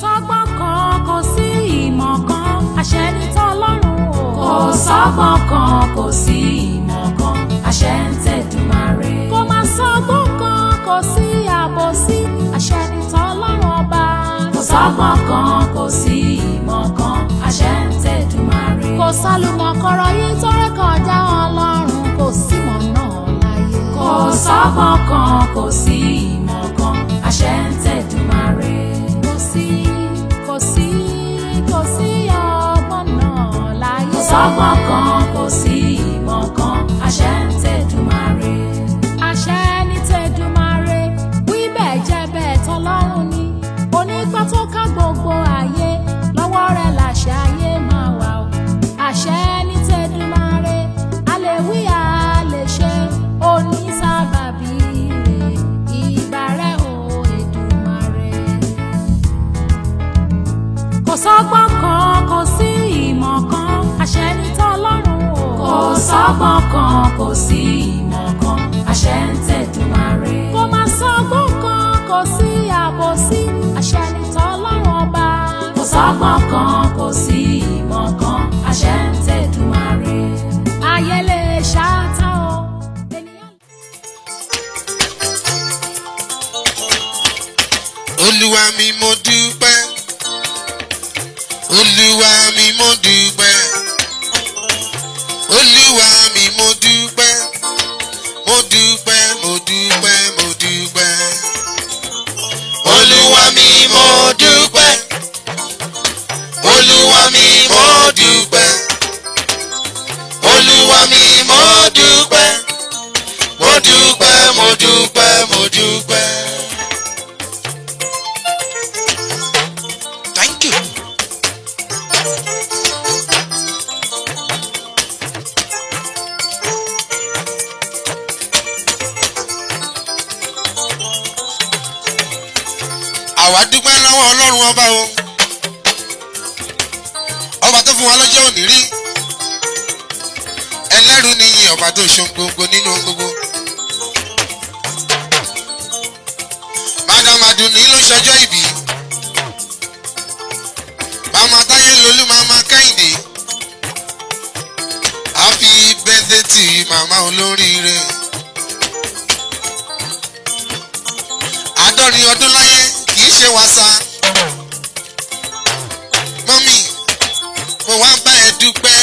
sọ́gbọ́n kan kò sí ìmọ̀ kan àṣẹ ní tọ́lọ́run o. kò sọ́gbọ́n kan kò sí ìmọ̀ kan àṣẹ ń tẹ̀dùmarè. kò má sọ́gbọ́n kan kò sí àbòsí àṣẹ ní tọ́lọ́run ọba. kò sọ́gbọ́n kan kò sí ìmọ̀ kan àṣẹ ń tẹ̀dùmarè. kò sálùmọ̀ kọ̀rọ̀ yìí tọ́rẹ́ kọjá ọlọ́run kò sí mọ̀ náà láyé. kò sọ́gbọ́n kan kò sí ìmọ̀ kan àṣẹ ń tẹ̀dùmarè. kò sí. sọ́gbọ́n kan kò sí ìmọ̀ kan àṣẹ ń tẹ̀dùmarè. àṣẹ ní tẹ̀dùmarè wí bẹ́ẹ̀ jẹ́ bẹ́ẹ̀ tọ́lọ́run ni onígbà tó ká gbogbo ayé lọ́wọ́ rẹ̀ a lè wí a lè ṣe onísábàbí rẹ̀ ìgbà rẹ̀ o Èdùmarè àṣẹ ní tọ́lọ́run o. kò sọ́gbọ́n kan kò sí ìmọ̀ kan àṣẹ ń tẹ̀dùmarè. kò má sọ́gbọ́n kan kò sí àbòsí àṣẹ ní tọ́lọ́run ọba. kò sọ́gbọ́n kan kò sí ìmọ̀ kan àṣẹ ń tẹ̀dùmarè. ayẹlẹ ṣáátá o. olúwa mi mo dúpẹ́ olúwa mi mo dúpẹ́ olúwa mi mo dúpẹ́ mo dúpẹ́ mo dúpẹ́ mo dúpẹ́ olúwa mi mo dúpẹ́ olúwa mi mo dúpẹ́ olúwa mi mo dúpẹ́ mo dúpẹ́ mo dúpẹ́ mo dúpẹ́. àwa dúpẹ́ lọ́wọ́ ọlọ́run ọba o ọba tó fún wa lọ́jọ́ òní rí ẹlẹ́rú ni yìn ọba tó ṣe gbogbo nínú gbogbo. madam aduni ló ṣọjọ́ ìbí mama táyé lolú mama kẹ́hìndé happy birthday to you mama olóríire àádọ́rin ọdún láyé ṣe wá sá. mọ́mí mo wá bá ẹ dúpẹ́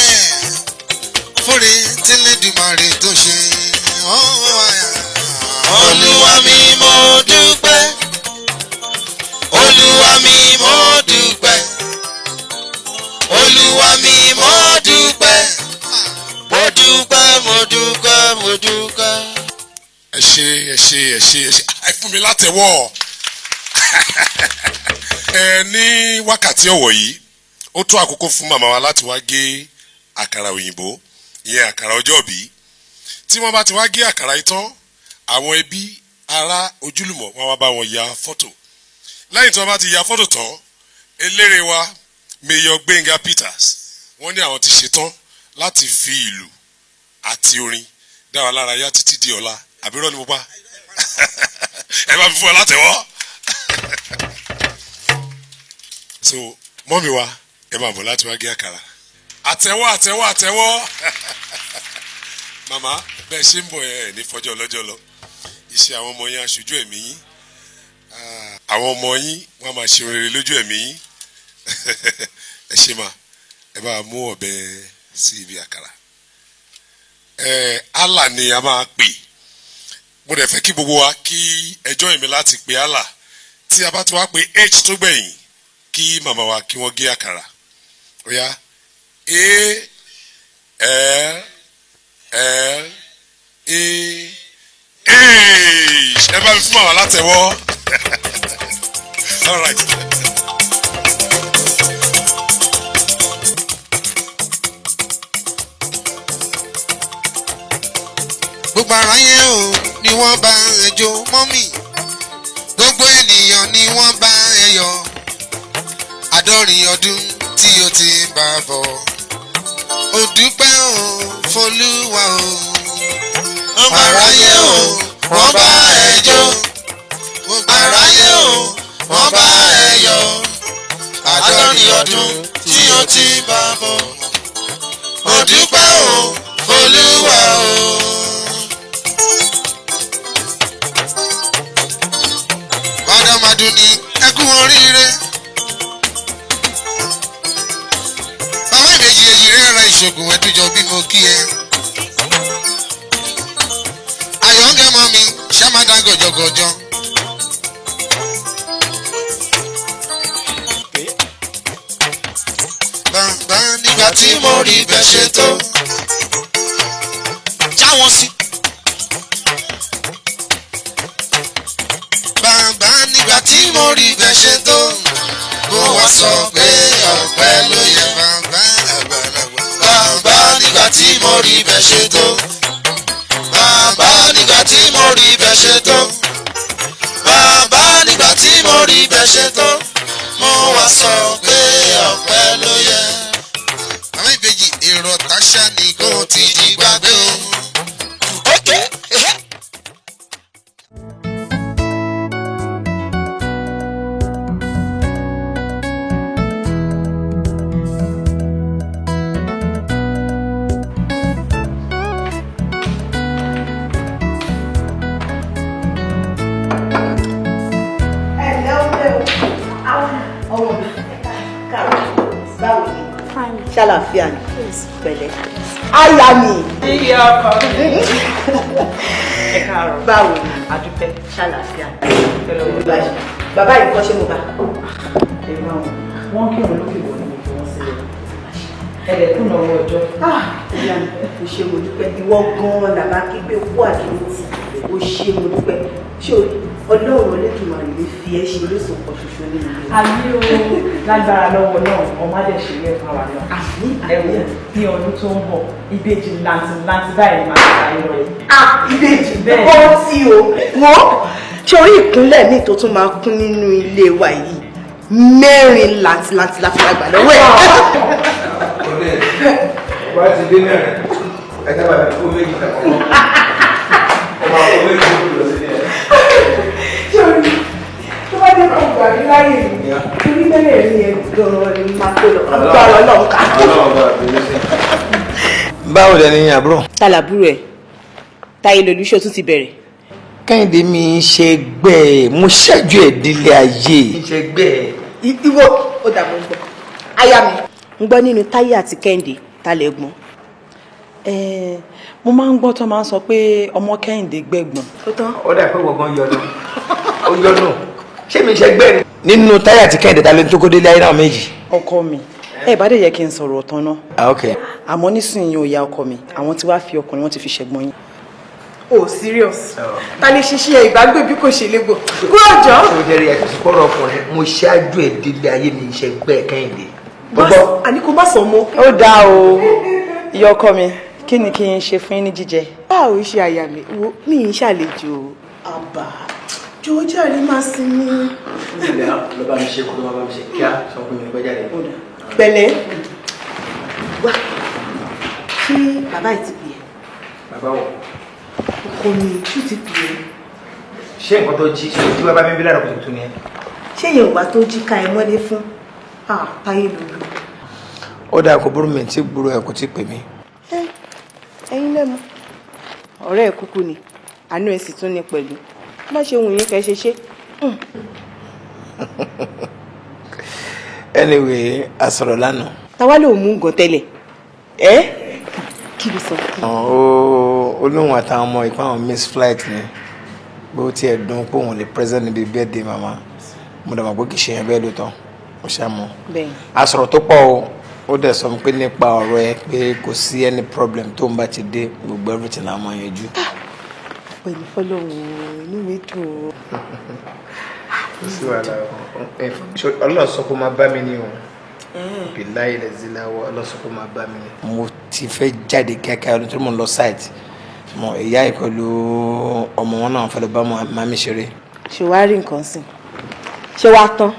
fúre tí lẹ́dùnmarè tó ṣe. olúwa mi mo dúpẹ́ olúwa mi mo dúpẹ́ olúwa mi mo dúpẹ́ mo dúpẹ́ mo dúpẹ́ mo dúpẹ́. ẹ ṣé ẹ ṣé ẹ ṣé ẹ fún mi látẹ̀wọ́ ẹ ní wákàtí ọ̀wọ̀ yìí ó tó àkókò fún màmá wa láti wá gé àkàrà òyìnbó ìyẹn àkàrà ọjọ́ bí tí wọ́n bá ti wá gé àkàrà yìí àwọn ẹbí ará ojúlùmọ̀ wọn wá bá wọn ya fọ́tò lẹ́yìn tí wọ́n bá ti ya fọ́tò tán eléré wa mayor Gbénga Peters wọ́n ní àwọn ti ṣetán láti fi ìlú àti orin dá wa lára yá títí di ọ̀la àbí rọ́ọ̀lù pupa ẹ bá fi fún ọ látẹ̀wọ́. so mọ́mí wa ẹ máa bọ̀ láti wá gé àkàrà àtẹ́wọ́ àtẹ́wọ́ àtẹ́wọ́ màmá bẹ́ẹ̀ ṣe ń bọ̀ ẹ̀ ní fọjọ́ lọ́jọ́ lọ iṣẹ́ àwọn ọmọ yín aṣojú ẹ̀mí yín ah, àwọn ọmọ yín wọ́n á máa ṣe rere lójú ẹ̀mí yín ẹ ṣe máa ẹ bá mú ọ̀bẹ sí ibi àkàrà Allah ni a máa pè mo dẹ̀ fẹ́ kí gbogbo wa kí ẹjọ́ ìmí láti pè Allah tí a bá ti wá pè h tó gbẹ̀yìn kí màmá wa kí wọ́n gé àkàrà ó yá a l l a e, ẹ bá mi fún màmá látẹ̀wọ́ all right. gbogbo aráyé o ni wọ́n bá ẹ jó gbogbo ènìyàn ni wọ́n bá ẹ àádọ́rin ọdún tí o ti bá bọ̀ ó dúpẹ́ o fọlúwa o àráyé o wọ́n bá ẹ jó àráyé o wọ́n bá ẹ yọ àádọ́rin ọdún tí o ti bá bọ̀ ó dúpẹ́ o fọlúwa o. Madam Aduni ẹ kú oríire. ṣoògùn ẹ tó jọ bí mo kí ẹ. àyọ̀ǹgẹ̀ mọ́ mi ṣá máa dá gọ̀jọ̀gọ̀jọ. bàbá nígbà tí mo rí bẹ́ẹ̀ ṣe tó. já wọn sí. bàbá nígbà tí mo rí bẹ́ẹ̀ ṣe tó. bó wá sọ pé ọ̀pẹ ló yẹ bàbá àgbàlagbà nígbà tí mo rí bẹ́ ṣe tó. bàbá nígbà tí mo rí bẹ́ ṣe tó. bàbá nígbà tí mo rí bẹ́ ṣe tó. mo wá sọ pé ọpẹ́ ló yẹ. àwọn ìbejì èrò táṣà ni kò ti di gbàgbé o. ṣàlàfíà ni pẹ̀lẹ́ àyà mi. iye ọkọ mi ẹ káàárọ̀ báwo ni àdúpẹ́ ṣàlàfíà bàbá yìí kọ́ ṣé mo bá. wọ́n kí òun lókè wọ̀ ní ìfẹ́ wọn sílẹ̀ ẹ̀rẹ̀ kùnà ọwọ́ ọjọ́. Ah! ìyá mi ṣe mo dúpẹ́ ìwọ gan-an làbá kígbe kú àdúrótì o ṣe mo dúpẹ́ ṣé o ọlọ́run olódùmarè ló fi ẹ́ ṣe lóṣù kan ṣoṣo ní ilé. àbí o lágbára lọ́wọ́ náà ọmọ adé ṣe yẹ fún wa náà. àbí àbí ní ọdún tó ń bọ̀ ìbejì láti láti báyìí máa ń ṣàyẹ̀ rẹ̀. a ìbejì bẹ́ẹ̀ kọ́ sí o wọ́n torí ìkúnlẹ̀ míì tó tún máa kún nínú ilé wa yìí mẹ́rin láti láti láti lágbà lọ́wọ́ ẹ̀. ọ̀rẹ́ ẹ̀ wá sórí tó bá dé kó mi torí bẹ́ẹ̀ ni ẹ gan-an ni máa tó lọ agbára ọlọ́run ká. àbúrò. ta làbúrò ẹ táyé lolúṣọ tún ti bẹ̀rẹ̀. kẹ́hìndé mi ń ṣe gbẹ́ ẹ̀ mo ṣẹ́jú ẹ̀ délé ayé. ń ṣe gbẹ́ ẹ̀. ìwọ ó dàbọ̀ ń gbọ́ aya mi. ń gbọ́ nínú táyé àti kẹ́hìndé ta lẹ́gbọ́n. ẹ̀ẹ́ mo máa ń gbọ́ tó máa ń sọ pé ọmọ kẹ́hìndé gbẹ̀gbọ̀n. ó tán ó dà pé gbọ̀ngàn yọnu ó yọnu ṣé mi ṣe gbẹ́ ni. nínú táyà tí kẹ́hìndé dalẹ̀ tó kó délé ayé náà méjì. ọkọ mi ẹ bá dé yẹ kí n sọ̀rọ̀ ọ̀tán náà. Ah, ok. àmọ́ nísìnyí ò ya ọkọ mi àwọn tí wàá fi ọkùnrin wọn ti fi ṣẹ̀gbọ́n yín. oh serious ta ni ṣíṣe ẹ ìbágbé bí kò ṣe légbò kú ọjọ́. mo jẹ́rìí ẹ̀ kò sí kọ́rọ̀ ọkùnrin mo ṣáájú ẹ̀ délé ayé mi ìṣẹ́gbẹ́ kẹ́hìndé. gbogbo àní kò má sọ mọ́. o iye ọkọ mi kí ni kí n ṣe fún yín ní jíjẹ. báwo ṣe àyà mi wo mi ń ṣàlejò. àbá jọ̀wọ́ jàre máa sinmi. ìdílé ló bá mi ṣe kó tó bá mi ṣe kíá sọ fún mi nígbà jáde. pẹ̀lẹ́ wá ṣé bàbá yìí ti pè é. bàbá wọ. ọkọ mi ṣù ti pè é. ṣé nǹkan tó jí ṣe tí bàbá mi bí lára kùtùkùtù ni ẹ. ṣé ìyẹn ò bá tó jí ká ẹ mọ́lé fún táyé lòlù. ó dáa kó burú mi tí gbúrò ẹ kò tí pè mí ẹ̀yin lẹ́mu ọ̀rẹ́ ẹ̀ kúkú ni àánú ẹ̀ sì tún ní pẹ̀lú má ṣe wùn yín kẹ́ ṣe ṣe. anyway a sọ̀rọ̀ lánàá. táwa ló mú nǹkan tẹ́lẹ̀ ẹ́ kí ló sọ. olóhùn àtàwọn ọmọ ìpá àwọn miss flight ni bó tiẹ̀ dùn pé òun lè present níbi birthday mama mo dàgbà pé kì í ṣe yẹn bẹ́ẹ̀ lóòótọ́ mo ṣàmù. a sọ̀rọ̀ tó pọ̀ o ó dẹ̀ sọ pé nípa ọ̀rọ̀ ẹ pé kò sí any problem tó ń bá ti dé gbogbo everything la máa yanjú. Ah, pẹ̀lú fọlọ́run inú mi dùn ó. kò sí wàhálà ọlọ́run sọ pé ó máa bá mi ní o eh. bìláyé lè ziláwọ ọlọ́run sọ pé máa bá mi ní. mo ti fẹ́ jáde kíákíá ọdún tó mọ̀ lọ site mo ìyá yìí ọmọ wọn náà fẹ́ bá màmá mi ṣeré. ṣé wàá rí nǹkan sìn ṣé wàá tán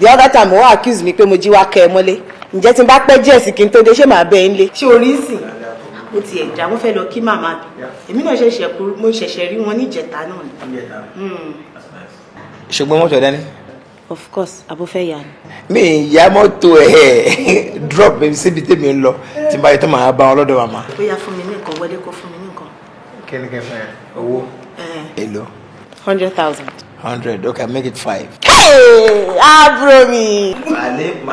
the other time wọ́n accuse mi pé mo jí wá kẹ́ ẹ mọ́lé ǹjẹ́ tí n bá pẹ́ díẹ̀ sí kí n tó dé ṣé màá bẹ ẹ́ ńlé. ṣé orí ń sìn ó ti ẹ̀dá wọ́n fẹ́ lọ kí màmá mi èmi náà ṣẹ̀ṣẹ̀ kúrú mo ṣẹ̀ṣẹ̀ rí wọn ní ìjẹta náà ni. Hmm. ṣùgbọ́n mọ́tò dání. of course abo fẹ́ yà ni. mi ìyá mọ́tò ẹ̀ drop mi síbi tèmi ń lọ tí báyìí tó máa bá wọn lọ́dọ̀ màmá. ó yá fún mi ní nǹkan wọlé kó fún mi ní nǹkan. kí ni kẹfẹ owó. Eh. èlò. hundred thousand. hundred okay make it five àbúrò ah, mi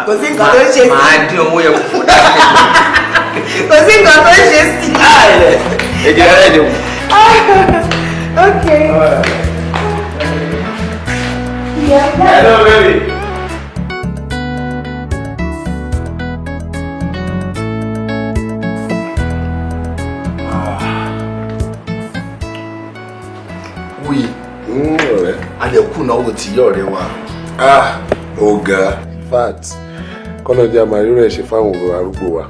kò sí nǹkan tó ń ṣe sí màá dín owó yẹn kò fún dáadé kò sí nǹkan tó ń ṣe sí. èdè rẹ dùn. ok. Hello baby. adẹ̀ kùnà owó tí yọ̀ rẹ wá ọ̀gá. Ah, in fact kọ́lọ́dé àmàlérò ẹ̀ ṣe fáwọn òru arúgbó wa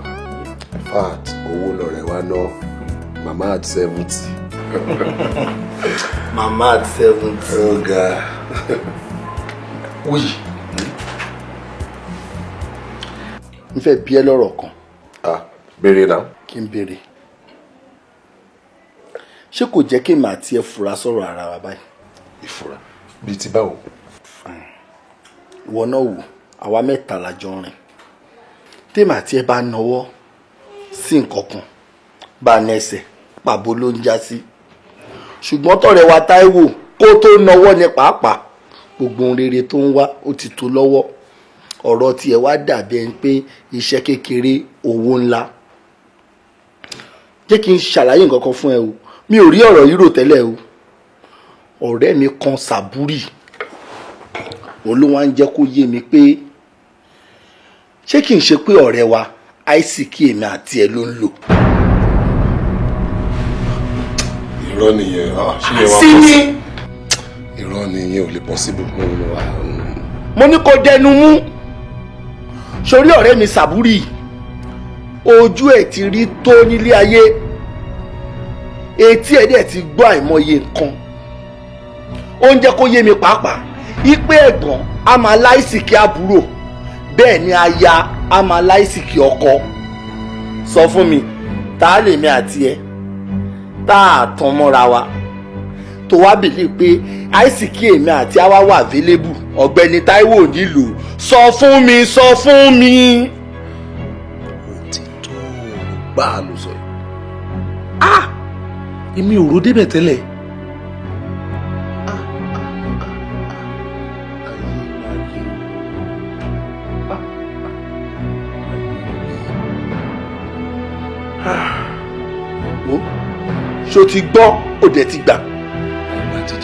in fact owó lọ̀rẹ́ wa náà mama at seventy. mama at seventy. Oga. wíì n fẹ́ bi ẹ́ lọ́rọ̀ kan. ah béèrè náà. kí n béèrè ṣé kò jẹ́ kí n máa tiẹ̀ fura sọ̀rọ̀ ara wa báyìí. ìfura bíi ti báwo. ìwọ náà wò àwa mẹ́ta la jọ rìn tèmi àti ẹ bá nawọ́ sí nǹkan kan bá a nẹsẹ̀ pàbó ló ń já sí ṣùgbọ́n tọ̀rẹ́ wa Táíwò kó tó nawọ́ ni pàápàá gbogbo ohun rere tó ń wá ó ti tó lọ́wọ́ ọ̀rọ̀ tiẹ̀ wá dàbí ẹni pé iṣẹ́ kékeré owó ńlá jẹ́ kí n ṣàlàyé nǹkan kan fún ẹ o mi ò rí ọ̀rọ̀ yìí rò tẹ́lẹ̀ o ọ̀rẹ́ mi kan sàbúrì òun ló wá ń jẹ́ kó yé mi pé ṣé kì í ṣe pé ọ̀rẹ́ wa àìsíkí èmi àti ẹ ló ń lò. irọ́ nìyẹn ah, ṣé ẹ wá pọ̀ sí irọ́ nìyẹn ò lè possible mo ní wa. Mm. mo ní kó dẹnu mú sórí ọ̀rẹ́ mi sàbúrì ojú ẹ̀ ti rí tó nílé ayé etí ẹ̀ dẹ̀ ti gbọ́ àìmọye nǹkan ó ń jẹ́ kó yé mi pàápàá ipe ẹ̀gbọ́n a máa láìsìkì àbúrò bẹ́ẹ̀ ni aya a máa láìsìkì ọkọ sọ fún mi tá a lèmi àti ẹ tá a tán mọ́ra wa tó wá bèlè pé àìsìkì èmi àti àwa wà available ọ̀gbẹ́ni Táíwò nílùú sọ fún mi sọ fún mi. ah èmi ò rò débẹ̀ tẹ́lẹ̀ ṣó ti gbọ́ ó dẹ̀ ti gbà. àìmọ̀ àtijọ́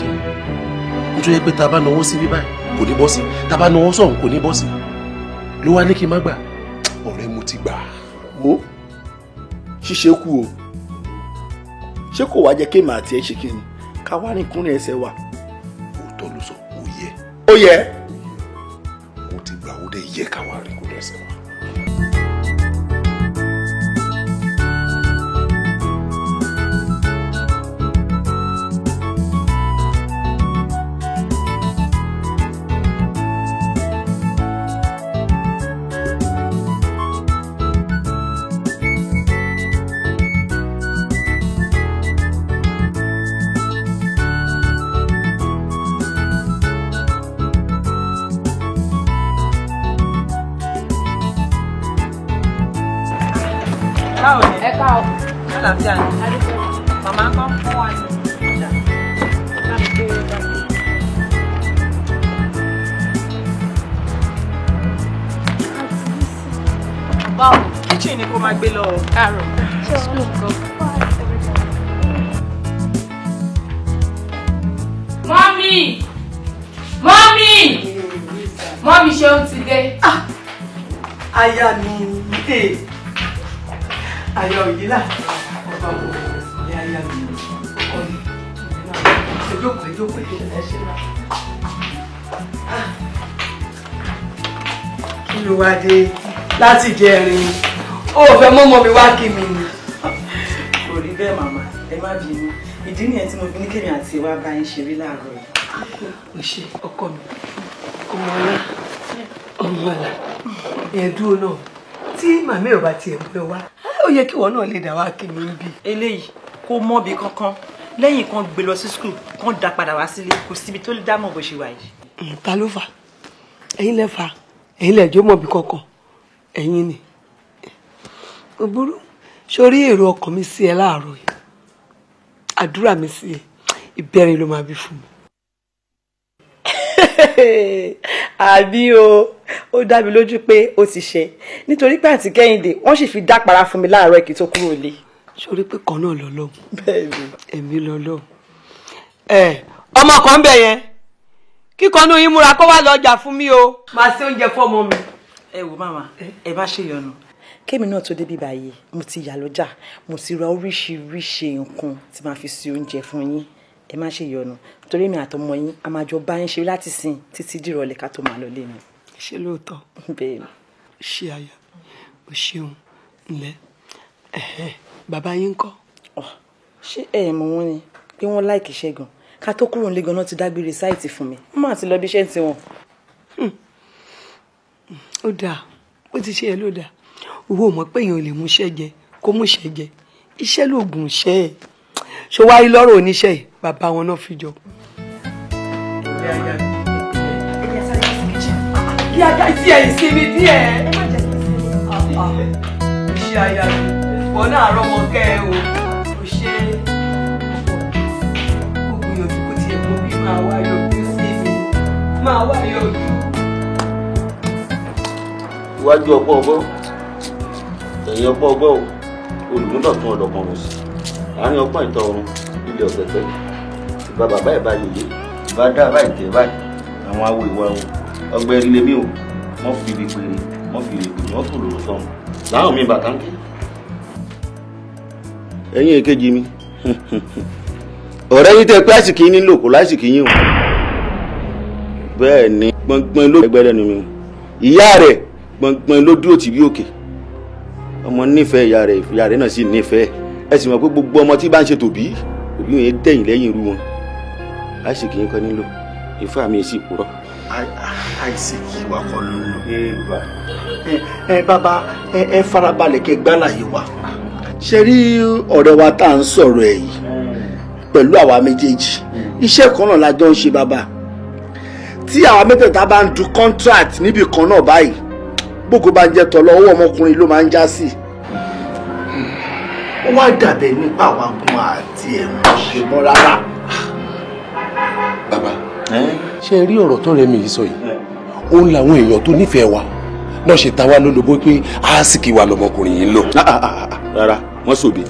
ó tún yẹ pé tá a bá náwó sí bí báyìí kò ní bọ́ sí tá a bá náwó sọ̀hún kò ní bọ́ sí ló wá ní kí n má gbà. ọ̀rẹ́ mo ti gbà ó ṣíṣe kú o ṣé kò wá jẹ́ kéèmà àti ẹ̀ ṣe kí ni ká wá ní kúnlẹ̀ ẹsẹ̀ wa. òótọ́ ló sọ ó yẹ. ó yẹ. mo ti gbà ó dẹ̀ yẹ ká wá rí. ẹ ká ọ. àlàáfíà ni màmá kan fún wa ní ọjà láti gbé e lọ. báwo kíchìn ni kó máa gbé lọ káàárọ̀ school kan. mọ́mí mọ́mí mọ́mí ṣé ti dé. Ah! aya mi ayọ̀ òye láti ọba kò ní ayé àgbẹ̀ ọkọ mi ẹjọ́kọ̀ ẹjọ́kọ̀ ẹjọ́kọ̀ ẹ ṣe náà. Ah. kí ló wá dé láti jẹ ẹrin ó fẹ́ mọ́mọ́ mi wá kí mi ni. kò rí bẹ́ẹ̀ màmá ẹ má bínú ìdí nìyẹn tí mo fi ní kémi àti ìwà bá yín ṣeré láàárọ̀ yìí. o ṣe ọkọ mi ọmọ ọlá ọmọ náà tí màmí ò bá tiẹ̀ mú wá ó yẹ kí ìwọ náà lè dà wá kí mi ń bì. eléyìí kò mọ̀bi kankan lẹ́yìn kan gbé lọ sí skul kan dá padà wá sílé kò síbi tó lè dá mọ̀ bó ṣe wà yìí. ta ló fà ẹ̀yin lẹ fà ẹ̀yin lẹ jó mọ̀bi kankan ẹ̀yin ni kò burú sórí èrò ọkàn mi sí ẹ láàárọ̀ yìí àdúrà mi sí ẹ ló máa bí fún mi. àbí o ó dá mi lójú pé ó ti ṣe nítorí pé àti kẹ́hìndé wọ́n sì fi dápara fún mi láàárọ̀ kí tó kúrò lé. sori pé kan náà lọ lọ́wọ́ bẹ́ẹ̀ni èmi lọ lọ́wọ́ ẹ ọmọ kan ń bẹ yẹn kíkanú yín múra kó wá lọ́jà fún mi o. máa ṣe oúnjẹ fọmọ mi. ẹ wò màmá ẹ bá ṣe yọnu. kémi náà tó débi báyìí mo ti yà lọ́jà mo ti ra oríṣiríṣi nǹkan tí màá fi ṣe oúnjẹ fún yín ẹ má ṣe yọnu torí èmi àtọmọ yín a máa jọ bá yín ṣe láti sìn títí dìrọ̀lẹ́ ká tó máa lọ lé mi. ṣé lóòótọ́ bẹ́ẹ̀ ni. ṣé aya o ṣeun ǹlẹ́ bàbá yín kọ́. ṣé ẹ mọ wọn ni pé wọn láìkì ṣẹ́gun ká tó kúrò nílé ganan ti dágbére sáìtì fún mi wọn máa ti lọ bí iṣẹ́ ti hmm. ó dáa ó ti ṣe ẹ ló dáa owó mọ̀ pé èèyàn lè múṣẹ́ jẹ kó múṣẹ́ jẹ iṣẹ́ lóògùn ṣẹ́ ẹ̀ ṣọwárí lọ́rọ̀ oníṣẹ́ yìí bàbá wọn náà fi jọ. ìyá ajá tí ẹ ìsinmi díẹ̀ ṣe àyà wọn náà rọmọ kẹ ẹ o kò iwájú ọgbọ́n ọgbọ́n ẹ̀yìn ọgbọ́n ọgbọ́n o olùmúdọ̀tún ọ̀dọ̀kan rò sí àárín ọgbọ́n ìtọ́ ọrùn ilé ọ̀tẹ̀tẹ̀ bá bàbá ẹ̀ bá yòyè bá dá bá ìtẹ̀ báyìí àwọn awo ìwà o ọgbẹ́ ilé mi ò mọ́ fi ibi pèrè mọ́ fi ibi pèrè mọ́ fi òróró sọ́hun láwọn mi bàtà ń kí. ẹ̀yin èkejì mi ọ̀rẹ́ yín tẹ́ pé àsìkò yín nílò kó lásìkò yín o bẹ́ẹ̀ ni gbọ̀ngbọ̀n ló gbẹ́gbẹ́ lẹ́nu mi o ìyá rẹ̀ gbọ̀ngbọ̀n ló dúró tì bí òkè ọmọ nífẹ̀ẹ́ ìyá rẹ̀ ìyá rẹ̀ náà sì nífẹ̀ẹ́ ẹ sì mọ̀ pé gbogbo ọmọ tí bá ń ṣe tòbí òbí yẹn dẹ̀yìn lẹ́yìn irú wọn. Isaac yín kan nílò ìfẹ́ mi èsì ìpúrọ́. Isaac wa kọ́ ló ń lò. ẹ bàbá ẹ farabalẹ̀ kẹ́ gbálàyé wa ṣe rí ọ̀rẹ́ wa tá à ń sọ̀rọ̀ ẹ̀ yìí pẹ̀lú àwa méjèèjì iṣẹ́ kan náà la jọ ń ṣe bàbá tí àwa mẹ́tẹ̀ẹ̀ta bá ń du contract níbì kan náà báyìí gbogbo bá ń jẹ tọ̀lọ́ owó ọmọkùnrin ló máa ń já sí. Hmm. ó wá dàbẹ̀ nípa àwọn agun àti ẹ̀rù ṣe mọ́ rárá ṣe rí ọ̀rọ̀ tó rẹmi yìí sọ yìí òun làwọn èèyàn tó nífẹ̀ẹ́ wa náà ṣe ta wá lólobó pé aásìkì wa lọmọkùnrin yìí ń lò. Ah, ah, ah, rárá wọn sòbí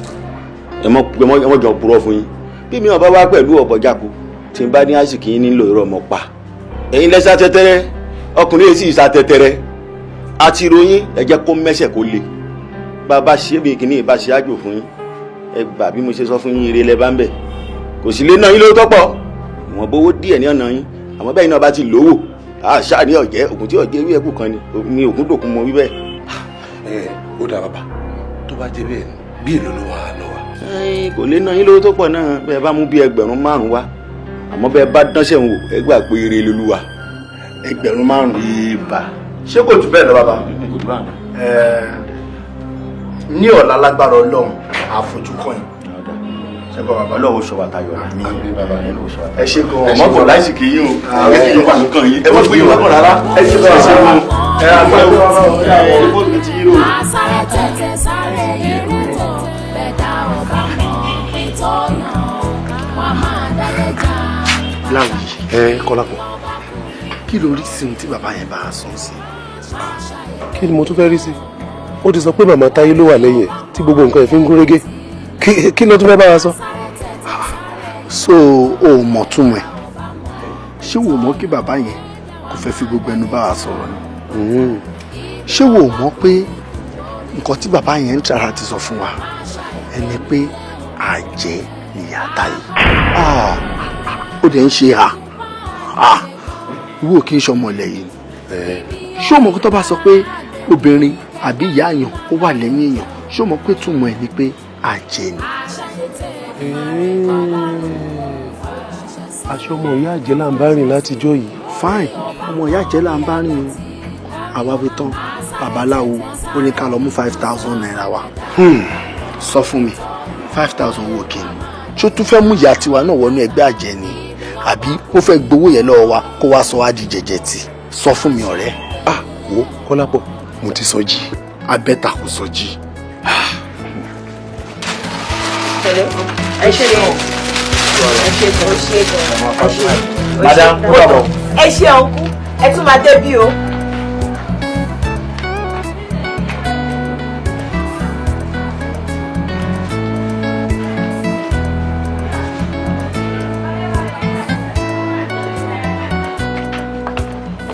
ẹ mọ jọ purọ́ fún yín bí mi ò bá wá pẹ̀lú ọ̀bọ̀jáko tí n bá ní aásìkì yín nílò irọ́ mọ́ pa ẹ̀yin lẹ́sà tẹ́tẹ́rẹ́ ọkùnrin yìí sì sa tẹ́tẹ́rẹ́ àti ìròyìn ẹ jẹ́ kó mẹ́sẹ̀ kó le bàbá ṣe bí kìíní ìbá ṣe ájò fún yín ẹ gbà bí mo ṣe sọ fún yín ire lẹ́ bá ń bẹ̀ kò sí lé náà yín lówó tọ́pọ̀ ìwọ̀n bówó díẹ̀ ní ọ̀nà yín àmọ́ bẹ́ẹ̀ náà bá ti lówó àṣà ní ọ̀jẹ́ ògùn tí ọ̀jẹ́ wíwẹ́kù kan ni ni ògùn dòkun mọ wíwẹ́. ẹ ah, eh, ó dà bàbá tó bá jẹ bẹ́ẹ̀ bí èlò ló wà lọ wa. kò lè ná yín lówó tó pọ̀ náà bẹ́ẹ̀ bá mú bí ẹgbẹ̀rún márùn-ún wá àmọ́ bẹ́ẹ̀ bá dánṣẹ́ wò ẹ gbà pé eré lolúwa ẹgbẹ̀rún márùn-ún. ibà ṣé kò jù bẹ́ẹ̀ lọ bàbá. ní ọ̀la lágbára ọlọ́run àfojúkọ́ yìí ọlọ́wọ́ sọ bàtà yọ̀ ní ẹ ṣe gan ọmọ bọ̀ láìsí kì í yín o ẹ kì í wà nìkan yín ẹ má gbé yín lọ́kàn rárá ẹ ṣe gan ọmọ bọ̀ ẹ àgbẹ̀ ọmọ ẹ ọmọ mi ti yín o. sáré tètè sáré kí ló rí sí ohun tí bàbá yẹn bá a sọ sí. kí ni mo tún fẹ́ rí sí ó ti sọ pé màmá táyé ló wà lẹ́yìn ẹ̀ tí gbogbo nǹkan ẹ̀ fi ń gúnrégé kí ló tún fẹ́ bá wa sọ so o mọ̀ tún ẹ̀ ṣé wò mọ́ kí bàbá yẹn kò fẹ́ fi gbogbo ẹnu bá wa sọ̀rọ̀ ni hmm. ṣé wò mọ́ pé nǹkan tí bàbá yẹn ń tara ti sọ fún wa ẹni pé àjẹ́ nìyá táyé ah, ó dẹ̀ ń ṣe à ìwọ kì í ṣọmọ ilẹ̀ yìí eh. ṣé o mọ̀ kó tó bá sọ pé obìnrin àbí ìyá àyàn ó wà lẹ́yìn èèyàn ṣé o mọ̀ pé túmọ̀ ẹ̀ ni pé àjẹ́ ni. aṣọ ọmọ ìyá àjẹ́ là ń bá rìn látijọ́ yìí. fine ọmọ ìyá àjẹ́ là ń bá rìn o àwa fi tán babaláwo ó ní ká lọ mú five thousand naira wa. Hmm. sọ fún mi five thousand owó kìíní ṣó tún fẹ́ mú ìyá tiwa náà wọnú ẹgbẹ́ àjẹ́ ni àbí ó fẹ́ gbowó yẹn lọ́wọ́ wa kó wá sọ wá di jẹ̀jẹ̀ tì sọ fún mi ọ̀rẹ́. ah wo kọ́lápọ̀ mo ti sọ jí abẹ́ta kò sọ jí. Ah ẹ ṣe gan ẹ ṣe gan ẹ ṣe gan ẹ ṣe gan. madam ó dàbọ̀. ẹ ṣe ọkú ẹ tún máa débí o.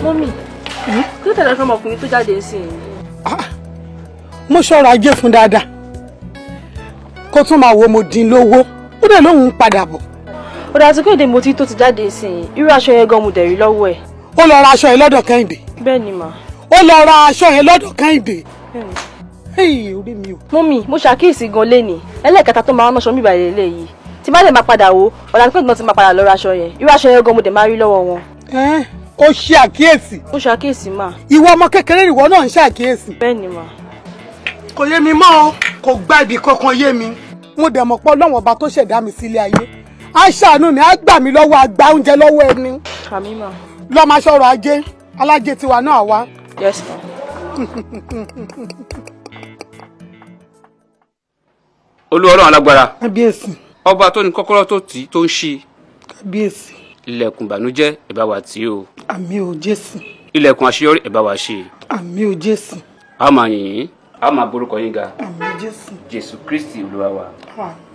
mọ́mì kí ló tẹ̀lé fún ọmọkùnrin tó jáde sí i. Ah, mo ṣọ́ra ajé fún dáadáa kó tún máa wo mo dín lówó ó dẹ̀ lóhùn padà bọ̀. ó dàtí kò dé mo ti tó ti jáde ìsìn irú aṣọ yẹn gan mo dẹ̀ rí lọ́wọ́ ẹ̀. ó lọ ra aṣọ yẹn lọ́dọ̀ kẹ́hìndé. bẹ́ẹ̀ ni mà. ó lọ ra aṣọ yẹn lọ́dọ̀ kẹ́hìndé. ẹyìn orí mi o. mummy mo ṣàkíyèsí gan lénìí ẹlẹ́ẹ̀kẹta tó máa ń ránṣọ mi ìbàlẹ̀ lẹ́yìn tí bá dẹ̀ máa padà wo ọ̀dà pé ìgbọ́n ti máa padà lọ ra aṣọ yẹn irú aṣọ yẹn gan mo dẹ̀ máa rí lọ́wọ́ wọn. ó ṣe àkíyèsí. ó ìwọ ọmọ kékeré ìwọ náà ń ṣàkíyèsí. bẹ́ẹ̀ ni mà kò yé mi mọ́ o kò gba ibì kankan yé mi. mo dẹ̀ mọ̀ pé ọlọ́wọ́n ọba tó ṣẹ̀dá mi sílé ayé á ṣàánú mi á gbà mí lọ́wọ́ àgbà oúnjẹ lọ́wọ́ ẹni. kàmímà. lọ́ọ́ máa ṣọ̀rọ̀ ajé alájẹ tiwa náà wá. yes ma. olú ọlọ́run alágbára. kábíyèsí. ọba tó ní kọ́kọ́rọ́ tó tì í tó ń ṣí. kábíyèsí. ilẹ̀kùn ìbànújẹ́ ẹ bá wa tì í o. àmì ò jésù. ilẹ̀kùn àṣeyọrí ẹ bá wa ṣe. àmì ò jésù. a máa yìn a máa borúkọ yín ga. àmín jésù. jésù kristi olúwa wa.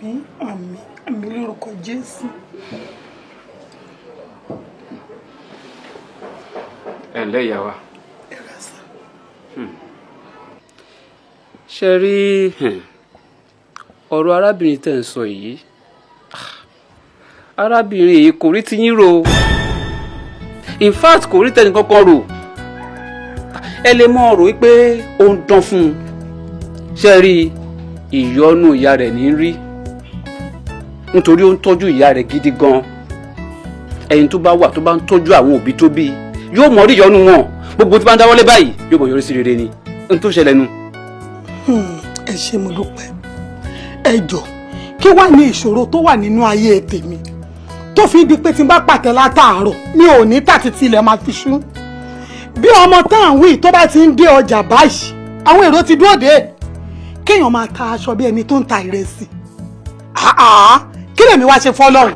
àmín àmín àmín lórúkọ jésù. ẹ ǹlẹ́ ìyá wa. Hmm. ṣe rí hmm, ọ̀rọ̀ arábìnrin tẹ̀ ń sọ yìí ah, arábìnrin yìí kò rí ti yín in fact kò rí tẹnìkankan rò ah, ẹ lè mọ ọ̀rọ̀ wípé ó ń dán fún un ṣe rí ìyọ́nú ìyá rẹ̀ ní rí nítorí ó ń tọ́jú ìyá rẹ̀ gidi gan ẹni tó bá wà tó bá ń tọ́jú àwọn òbí tó bí yóò mọ̀ rí ìyọ́nú wọn gbogbo tí bá ń dáwọ́lé báyìí yóò mọ̀ yọrí sí rere ni n tó ṣẹlẹ̀ nu. Hmm, ẹ ṣé mo dúpẹ́ ẹ jọ kí wàá ní ìṣòro tó wà nínú ayé tèmi tó fi di pé tí n bá pàtẹ látàárọ̀ mi ò ní tàti tilẹ̀ máa fi sún bí ọmọ táwọn wí tó bá ti ń dé ọjà báyìí àwọn èrò ti dúró dé kéèyàn máa ta aṣọ bí ẹni tó ń ta ìrẹsì kí lèmi wá ṣe fọlọ́run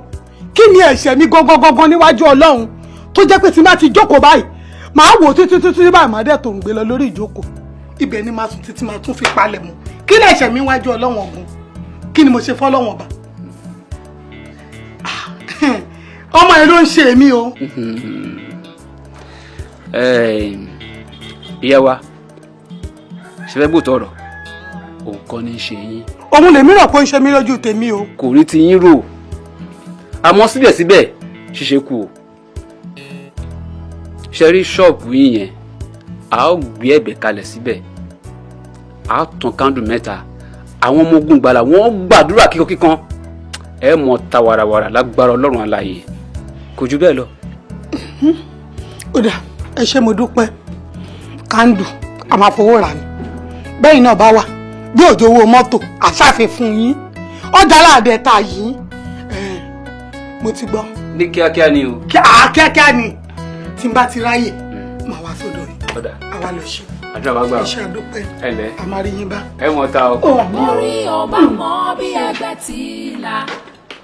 kí ni ẹ̀ṣẹ̀ mi gangan níwájú ọlọ́run tó jẹ́ pé tí má ti jókòó báyìí màá wò títí títí báyìí màá dẹ̀ tó ń gbé lọ lórí ìjókòó ibẹ̀ ni màá sùn títí màá tún fi palẹ̀ mọ́ kí ni ẹ̀ṣẹ̀ mi wájú ọlọ́run ọ̀gbun kí ni mo ṣe fọlọ́run ọba ah, ọmọ ẹ ló ń ṣe èmi o. ìyá wa ṣe fẹ́ gbòòtọ̀ ọ̀rọ̀ òun kọ́ ní ṣe yín. òun lèmi rò pé ń ṣe mí lójú tèmi o. kò rí ti yín rò àmọ́ síbẹ̀síbẹ̀ ṣíṣe kù o. ṣe rí ṣọ́ọ̀bù yín yẹn a ó gbé ẹ̀bẹ̀ kalẹ̀ síbẹ̀ a ó tan kándù mẹ́ta àwọn ọmọ ogun gbala wọ́n gbàdúrà kíkankíkan ẹ mọ̀ ta wàràwàrà lágbára ọlọ́run alààyè kò jù bẹ́ẹ̀ lọ. ó dà ẹ ṣé mo dúpẹ́ kándù a máa fowó rà ní bẹ́ẹ̀ náà bá wà bí òjò owó mọ́tò àṣàfẹ́ fún yín ọjà aláàdẹ́ta yìí mo ti gbọ́. ní kíákíá ni o. kíákíá ni tí n bá ti ráyè máa hmm. wá sọ́dọ̀ yìí àwa lọ ṣe. àdúrà bá iṣẹ́ àdópẹ́ ẹ̀lẹ́ àmàríyìn ẹ mọ̀ ta o. orí ọba mọ bí ẹgbẹ́ ti là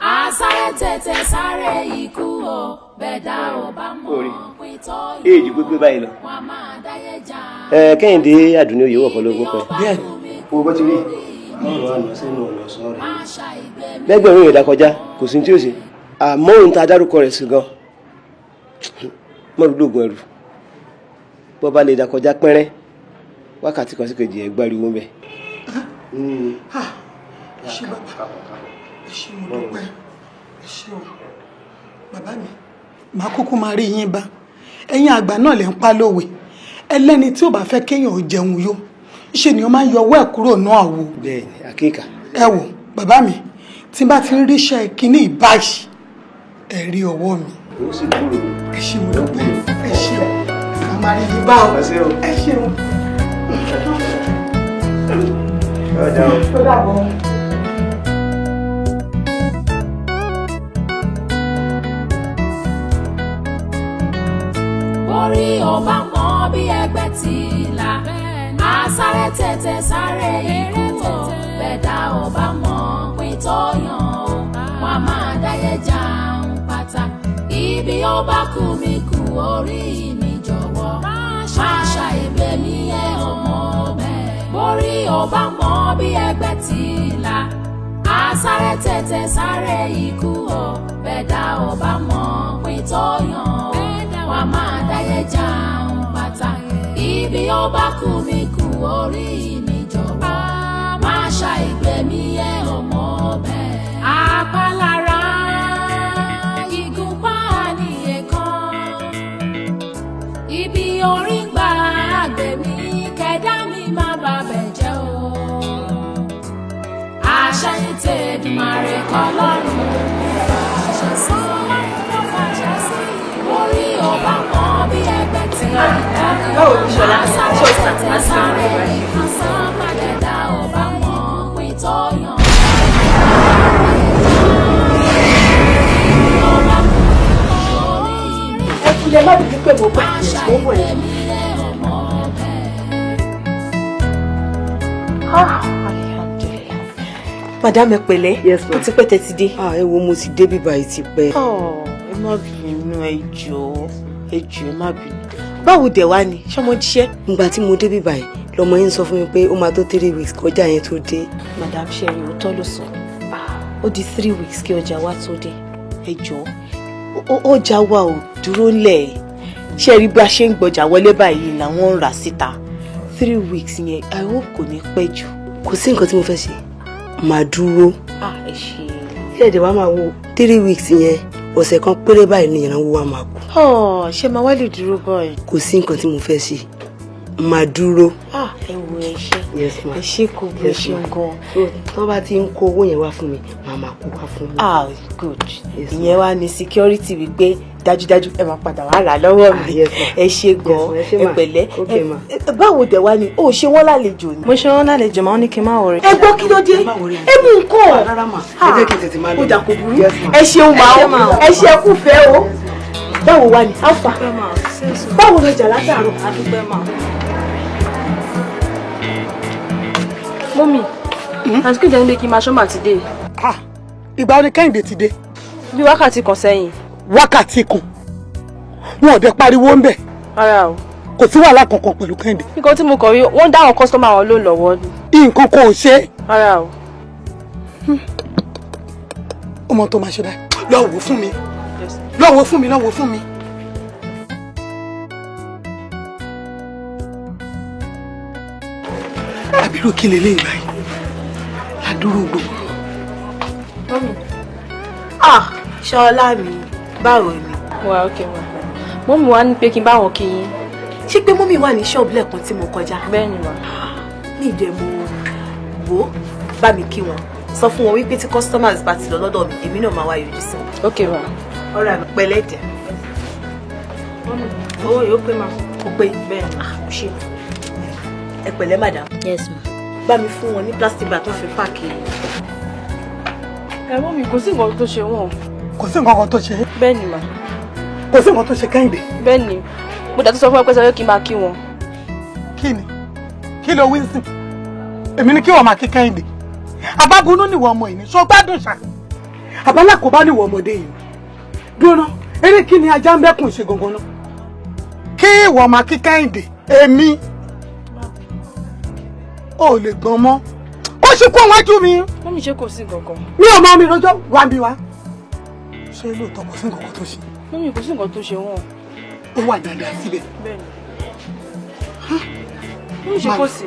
á sáré tètè sáré ikú o bẹ́ẹ̀dá ọba mọ pé tọ́ ìlú èèjì gbogbo báyìí lọ. wọ́n máa dáyé já. kẹ́hìndé àdùnní òye wọ̀ kọ́ bẹ́ẹ̀ ni owó bó ti rí. lẹ́gbẹ̀rún ìrẹ̀dá kọjá kò sí tí ó ṣe àmọ́ òun ta dárúkọ rẹ̀ sí gan ẹrù bọ́ bá lè dá kọjá pẹ́rẹ́ wákàtí kan sí kejì ẹ̀ ń bẹ̀. ṣé bàbá ẹ mo dúpẹ́ ẹ o bàbá mi màá kúkú máa rí yín bá ẹ̀yin àgbà náà lè ń pa lówe ẹlẹ́ni tí ò bá fẹ́ kéèyàn jẹun yó ṣe ni ó máa ń yọ ọwọ́ ẹ̀ kúrò ní àwo. bẹ́ẹ̀ni àkíkà. ẹ wò bàbá mi tí bá ti ń ríṣẹ́ kínní ìbáyìí ẹ rí ọwọ́ mi. ẹ ṣeun lọ́pọ̀ ẹ ṣeun àmàlí yìí bá ọ ẹ ṣeun. ó o orí ọba mọ bí ẹgbẹ́ ti là bẹ́ẹ̀ máa sáré tètè sáré ikú o bẹ́ẹ̀dá ò bá mọ pé tó yàn o wọ́n máa dáyé já pátá ibi ó bá kú mi kú orí mi jọ̀wọ́ máa ṣàìgbé mi yẹ ọmọ bẹ́ẹ̀ borí ò bá mọ bí ẹgbẹ́ ti là á sáré tètè sáré ikú o bẹ́ẹ̀dá ò bá mọ pé tó yàn o wọ́n máa dáyé já ibi ọba kù mí kù orí mi jọ̀wọ́ má ṣàìgbẹ̀mí ẹ ọmọ ọbẹ̀. apálára ìgúnpá nìyẹn kan ibi orí ń gbà àgbẹ̀mí kẹ̀dá mi má bàbẹ̀ jẹ́ o àṣẹ ìtẹ̀dùmarè kọ́ lọ́rùn. báwo ni Yes, ma'am. ó sàn á sàn án rẹ̀ wáyé. ẹkùnlẹ̀ má bìí pé mo gbà yẹn ti pẹ́ tẹ́ ti ah, ti dé bíbá oh, ẹ má bínú ẹ jọ̀ọ́ ẹ jọ̀ọ́ ẹ má bínú báwo dẹ̀ wá ni ṣọmọ jíṣẹ́. ìgbà tí mo débí báyìí lọmọ yín sọ fún mi pé ó máa tó three weeks kọjá yẹn tó dé. madam sherry òótọ́ ló sọ ah, ó di three weeks kí ọjà wa tó dé ẹ jọ ọjà wa ò dúró lẹ̀ ṣe rí bí a ṣe ń gbọjà wọlé báyìí làwọn ń rà síta three weeks yẹn i hope kò ní pẹ́ jù. kò sí nǹkan tí mo fẹ́ ṣe màá dúró. ah ẹ ṣe. ṣé ẹ̀dẹ̀ wa máa wo three weeks yẹn ọ̀sẹ̀ kan péré báyìí ni ìrànwọ́ wa máa kù. ọ̀ ṣe máa wá lè dúró bọ̀ ẹ̀. kò sí nǹkan tí mo fẹ́ ṣe máa dúró. Ah, ẹ wo ẹ ṣe ẹ ṣe kò bẹ ṣe gan. tó bá ti ń kó owó yẹn wá fún mi màá máa kó wá fún mi. ah good ìyẹn wá ní security wípé dájúdájú ẹ máa padà wàá rà lọ́wọ́ mi ah, ẹ ṣe gan ẹ pẹ̀lẹ́ báwo dẹ̀ wá ni o ṣe wọ́n lálejò ni. mo ṣe wọ́n lálejò máa ń ní kí n má wọrẹ. ẹ gbọ́ kí ló dé ẹ mú nǹkan ah, ó dà kó burú ẹ ṣeun máa ẹ ṣe kú fẹ́ o báwo wá ni alfa báwo lọ jà látàárọ̀. mọ́mì àti kéde ní kí n máa ṣọ́mà ti dé. ìgbà wo ni kẹ́hìndé ti dé. bí wákàtí kan sẹ́yìn. wákàtí kan wọn ò dé pariwo ń bẹ̀. rárá o. kò sí wàhálà kankan pẹ̀lú kẹ́hìndé. nǹkan tí mo kàn rí wọ́n ń dá àwọn kọ́sítọ́mà wọn lóun lọ́wọ́ ni. nǹkan kò ṣe. rárá o. ọmọ tó máa ṣe báyìí lọ wò fún mi lọ wò fún mi lọ wò fún mi. àbírò kí lè léyìí báyìí ládùúrú gbogbo. mọ́mí ah ṣọlá mi báwo ni. wà á òkè wà mọ́mí wa ní pé kí n bá wọn kí yín. ṣé pé mọ́mí wà ní ṣọ́ọ̀bù lẹ́ẹ̀kan tí mo kọjá. bẹ́ẹ̀ ni wà. ní ìdẹ̀mú wo bá mi kí wọn sọ fún wọn wípé tí customers bá ti lọ lọ́dọ̀ mi èmi náà máa wá yọjú sí wọn. ókè wà. ọ̀rọ̀ àmì pẹ̀lẹ́ jẹ́. owó yóò pé máa. ó pé bẹ́ẹ̀ ni. ah ṣe ẹ pẹ̀lẹ́ madam. yes ma. bá mi fún wọn ní plastic bag tó fi páàkì. ẹ mọ́ mi kò sí nǹkan tó ṣe wọ́n. kò sí nǹkan tó ṣe. bẹ́ẹ̀ ni ma. kò sí nǹkan tó ṣe kẹ́hìndé. bẹ́ẹ̀ ni mo dàtú sọ fún ẹ pé sọ kí n máa kí wọn. kí ni kí ló wí sí èmi ni kí wọn máa kí kẹ́hìndé abágunú ni wọn ọmọ yìí ni sọ gbádùn ṣá àbálákòóbá ni wọn ọmọdé yìí dúró eré kí ni ajá ń bẹ́kùn ṣe gangan kí ìwọ máa kí kẹ́hìndé èmi ò lè gan mọ́ ó ṣe kó wájú mi. wọ́n mi ṣe kò sí gangan. mi ò mọ mi lọ́jọ́ wá bí wa. ṣé lóòótọ́ kò sí nǹkan tó ṣe. wọ́n mi kò sí nǹkan tó ṣe wọ́n. ó wà dáadáa síbẹ̀. bẹ́ẹ̀ni. wọ́n mi ṣe ah, ah, kò sí. kò sí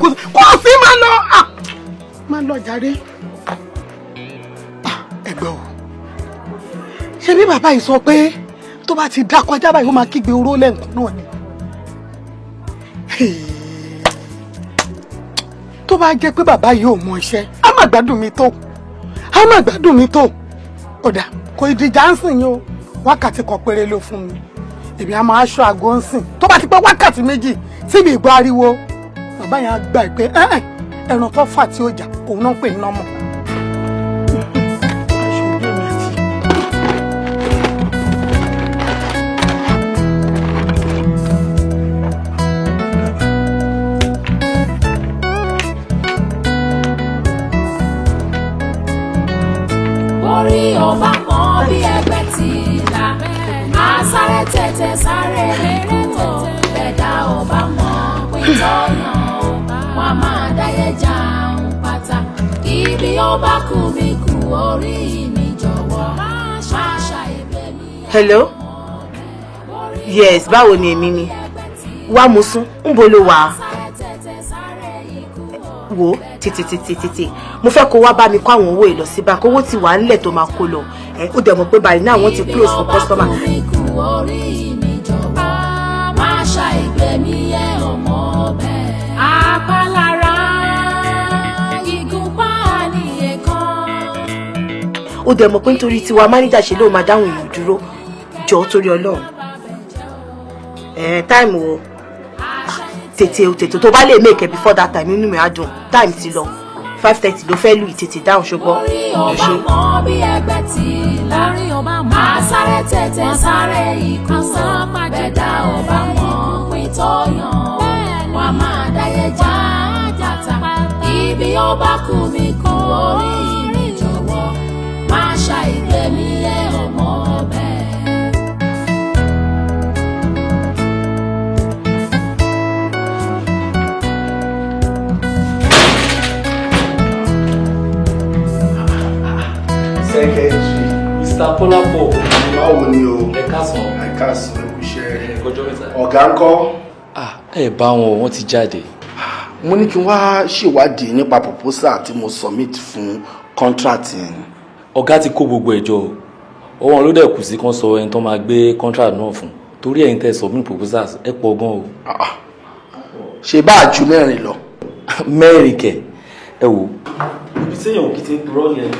kò sí kò sí máa lọ ah! máa lọ jàre. ẹgbẹ́ o ṣe bí bàbá yìí sọ pé tó bá ti dá kọjá báyìí ó máa kígbe oró lẹ́ǹkan náà ni tó bá jẹ́ pé bàbá yìí ò mọ iṣẹ́ á má gbádùn mi tó á má gbádùn mi tó ọ̀dà kò ìdìjà ń sìn yín o wákàtí kan péré ló fún mi èmi á máa aṣọ àgọ́ ń sìn tó bá ti pẹ́ wákàtí méjì síbi ìgbọ́ ariwo bàbá yẹn á gbà pé ẹran tó fà tí ó jà òun náà pè ní nọ́mọ̀. hello yes báwo ni èmi ni wá mo sún ń bo ló wà á wò ó tètètètètè mo fẹ́ kó wá bá mi kó àwọn owó yìí lọ sí bá kówó ti wà nílẹ̀ tó máa kó lọ ẹ ó dẹ̀ mọ̀ pé báyìí náà wọ́n ti close for customer. ó dẹ̀ mọ̀ pé nítorí tiwa mánéjà ṣe ló máa dáhùn ìlú dúró jọ torí ọlọ́run táìmù o tètè o tètè tó bá lè make before that time inú mi á dùn táìmù ti lọ five thirty ló fẹ́ lù ìtètè dáhùn ṣùgbọ́n kò ṣe. máa tètè sáré ikú bẹ́ẹ̀dá ọba mọ́ pin tọ́yàn máa dáyé já ibi ọba kù mí kú orí. Mr. Polapo. Báwo ni o? Ẹ káàsán. Ẹ káàsán ẹ kú iṣẹ́. Ọjọ́ mẹ́ta. Ọ̀gá ń kọ́. Ah, ẹ bá wọn, wọ́n ti jáde. Ah, mo ní kí n wá ṣèwádìí nípa proposal tí mo submit fún contract yẹn ọ̀gá ti kó gbogbo ẹ̀jọ́ ọwọ́n ló dẹ̀ kù sí kan sọ ẹni tó máa gbé contract náà fún torí ẹ̀yin tẹ́ submit proposals ẹ pọ̀ gan o. Ah, ṣe bá a ju mẹ́rin lọ. mẹ́rin kẹ̀ ẹ wò. ibi tí èèyàn kì í ti purọ́ yẹn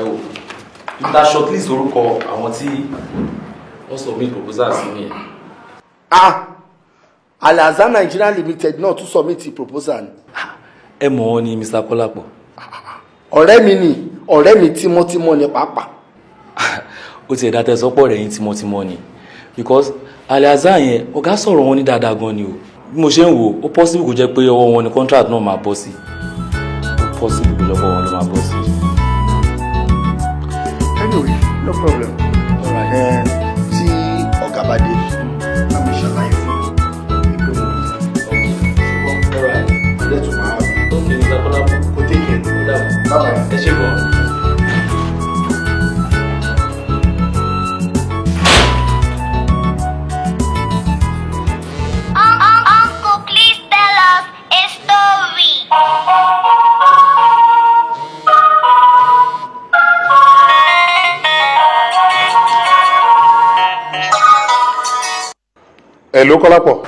ẹ wò níta shortlist orúkọ àwọn tí wọ́n submit proposals nìyẹn. Ah, Al-Hassan Nigeria Limited náà tún submit proposal. Ah, ẹ mọ̀ ọ́ ni Mr. Kọ́lápọ̀ ọ̀rẹ́ mi ni ọ̀rẹ́ mi tímọ́tímọ́ ni pàápàá. ó ti ẹ̀dá tẹ̀sọ́pọ̀ rẹ̀ yín tímọ́tímọ́ ni because Alhassan yẹn ọ̀gá sọ̀rọ̀ wọn ní dáadáa gan ni o bí mo ṣe ń wò ó possible kó jẹ́ pé ọwọ́ wọn ni contract náà máa bọ́ sí ó possible kó lọ́wọ́ wọn ló máa bọ́ sí. anyway no problem tí ọ̀gá bá dé. chegou. Uncle, please tell us a story. Hello Kọ́lápọ̀.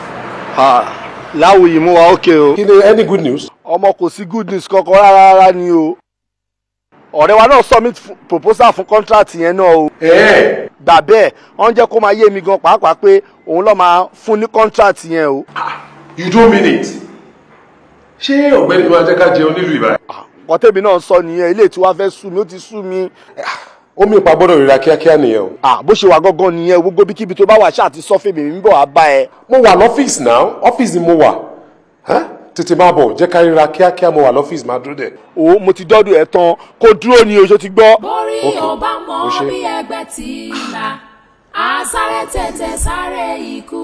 ha láwùyí mú wa ókè o. kí any good news. Omo kò sí good news kankan rárá rárá ni o ọ̀rẹ́ wa náà submit proposal fún contract yẹn náà o. gbà bẹ́ẹ̀ wọ́n jẹ́ kó máa yé mi gan pàápàá pé òun lọ́ọ́ máa fún ní contract yẹn o. Ah, you don't mean it ṣé ọ̀gbẹ́ni máa jẹ́ ká jẹun nílùú ìbàdàn. Ah, nǹkan tèmi náà sọ nìyẹn ilé tí wàá fẹ́ sú mi ó ti sú mi. Ah, omi ìpa gbọ́dọ̀ ríra kíákíá nìyẹn o. bó ṣe wà gangan nìyẹn gbogbo bíkíbi tó bá wà ṣáà ti sọ fún mi ń bọ̀ wá bá ẹ. mo wà lọ́fíìsì náà ọ́fíìsì mo wà tètè máa bọ̀ jẹ́ ká ríra kíákíá mo wà lọ́fíìsì máa dúró dẹ̀. o mo ti dọ́dún ẹ̀ tán kó dúró ni oṣù ti gbọ́. borí ọba mọ bí ẹgbẹ́ ti là á sáré tètè sáré ikú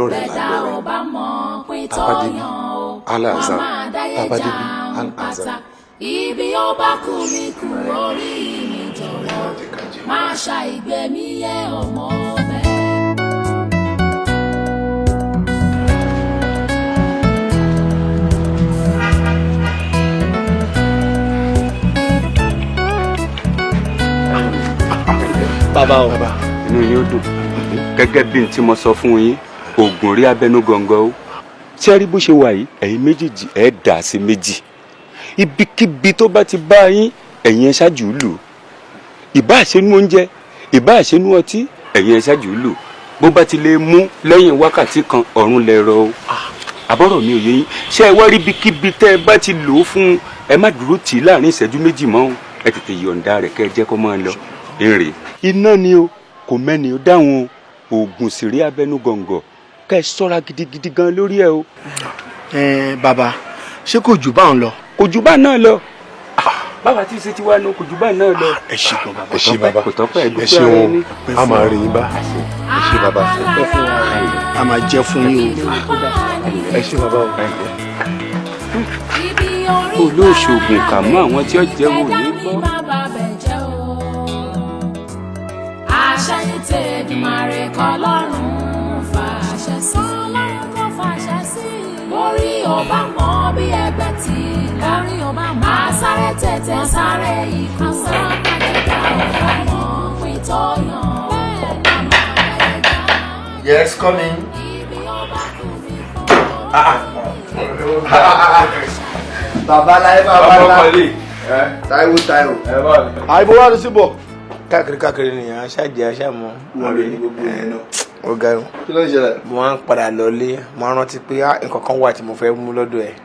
o bẹ́ẹ̀dá ọba mọ pín tọ́yàn o màmá dáyé jà ń pàtà ibi ọba kù mí kù orí mi jọ̀wọ́ má ṣàìgbẹ́mí yẹ ọmọ. bàbá o. bàbá inú yóò dùn gẹ́gẹ́ bí n tí mo sọ fún yín oògùn orí abẹ́nú gọ̀ǹgọ̀ o tí arí bó ṣe wà yìí ẹ̀yin méjèèjì ẹ̀ dà sí méjì ibikíbi tó bá ti bá yín ẹ̀yin ẹ̀ ṣáájú lù ìbá àṣenú oúnjẹ ìbá àṣenú ọtí ẹ̀yin ẹ̀ ṣáájú lù bó bá ti lè mú lẹ́yìn wákàtí kan ọ̀run lẹ rọ o àbọ̀rọ̀ mi ò yé yín ṣé ẹ wá rí ibikíbi tẹ́ ẹ bá ti lò ó fún ẹ má dúró tì í láàrin ìṣẹ́jú méjì mọ́ ẹ tètè yọ̀ǹda rẹ̀ kẹ́ ẹ jẹ́ kó máa lọ èrè. iná ni o kò mẹ́ni o dáhùn oògùn sírí abẹnugọ̀ngọ̀ ká ẹ sọ́ra gidigidi gan lórí ẹ o. ẹ bàbá ṣé kò jù báwọn lọ. kò jù bá náà lọ ah. báwa tí ṣe ti wá nu kò jù bá náà lọ. ẹ ṣe bàbá ẹ ṣe bàbá kò tọ́pẹ́ ẹ dúpẹ́ ara ẹni. a máa rí yín bá ẹ ṣe bàbá. a máa jẹ fún yín o. ẹ ṣe bàbá o. olóòṣogùn kà mú àwọn tí ó jẹ́ wò ní bọ́. tẹ̀dùmarè kọlọ́run fàṣẹ sí. kọlọ́run tó fàṣẹ sí. borí Taiwo, Taiwo. mọ bí ẹgbẹ́ tí lárí ò bá mọ. a sáré tètè sáré ikú. a sáré kàdédà ò bá mọ pin tó yàn. bẹ́ẹ̀ ni a máa kàdédà. yes coming. ibi ọba kò fi kọ́. babaláyé babaláyé Táíwò Táíwò. Àìbò wà ní síbò káàkiri káàkiri ni àwọn aṣáàjì àbí ọgá o mo máa ń padà lọlé mo máa ń rántí pé ah, nǹkan kan wà tí mo fẹ́ mú lọ́dọ̀ ẹ̀.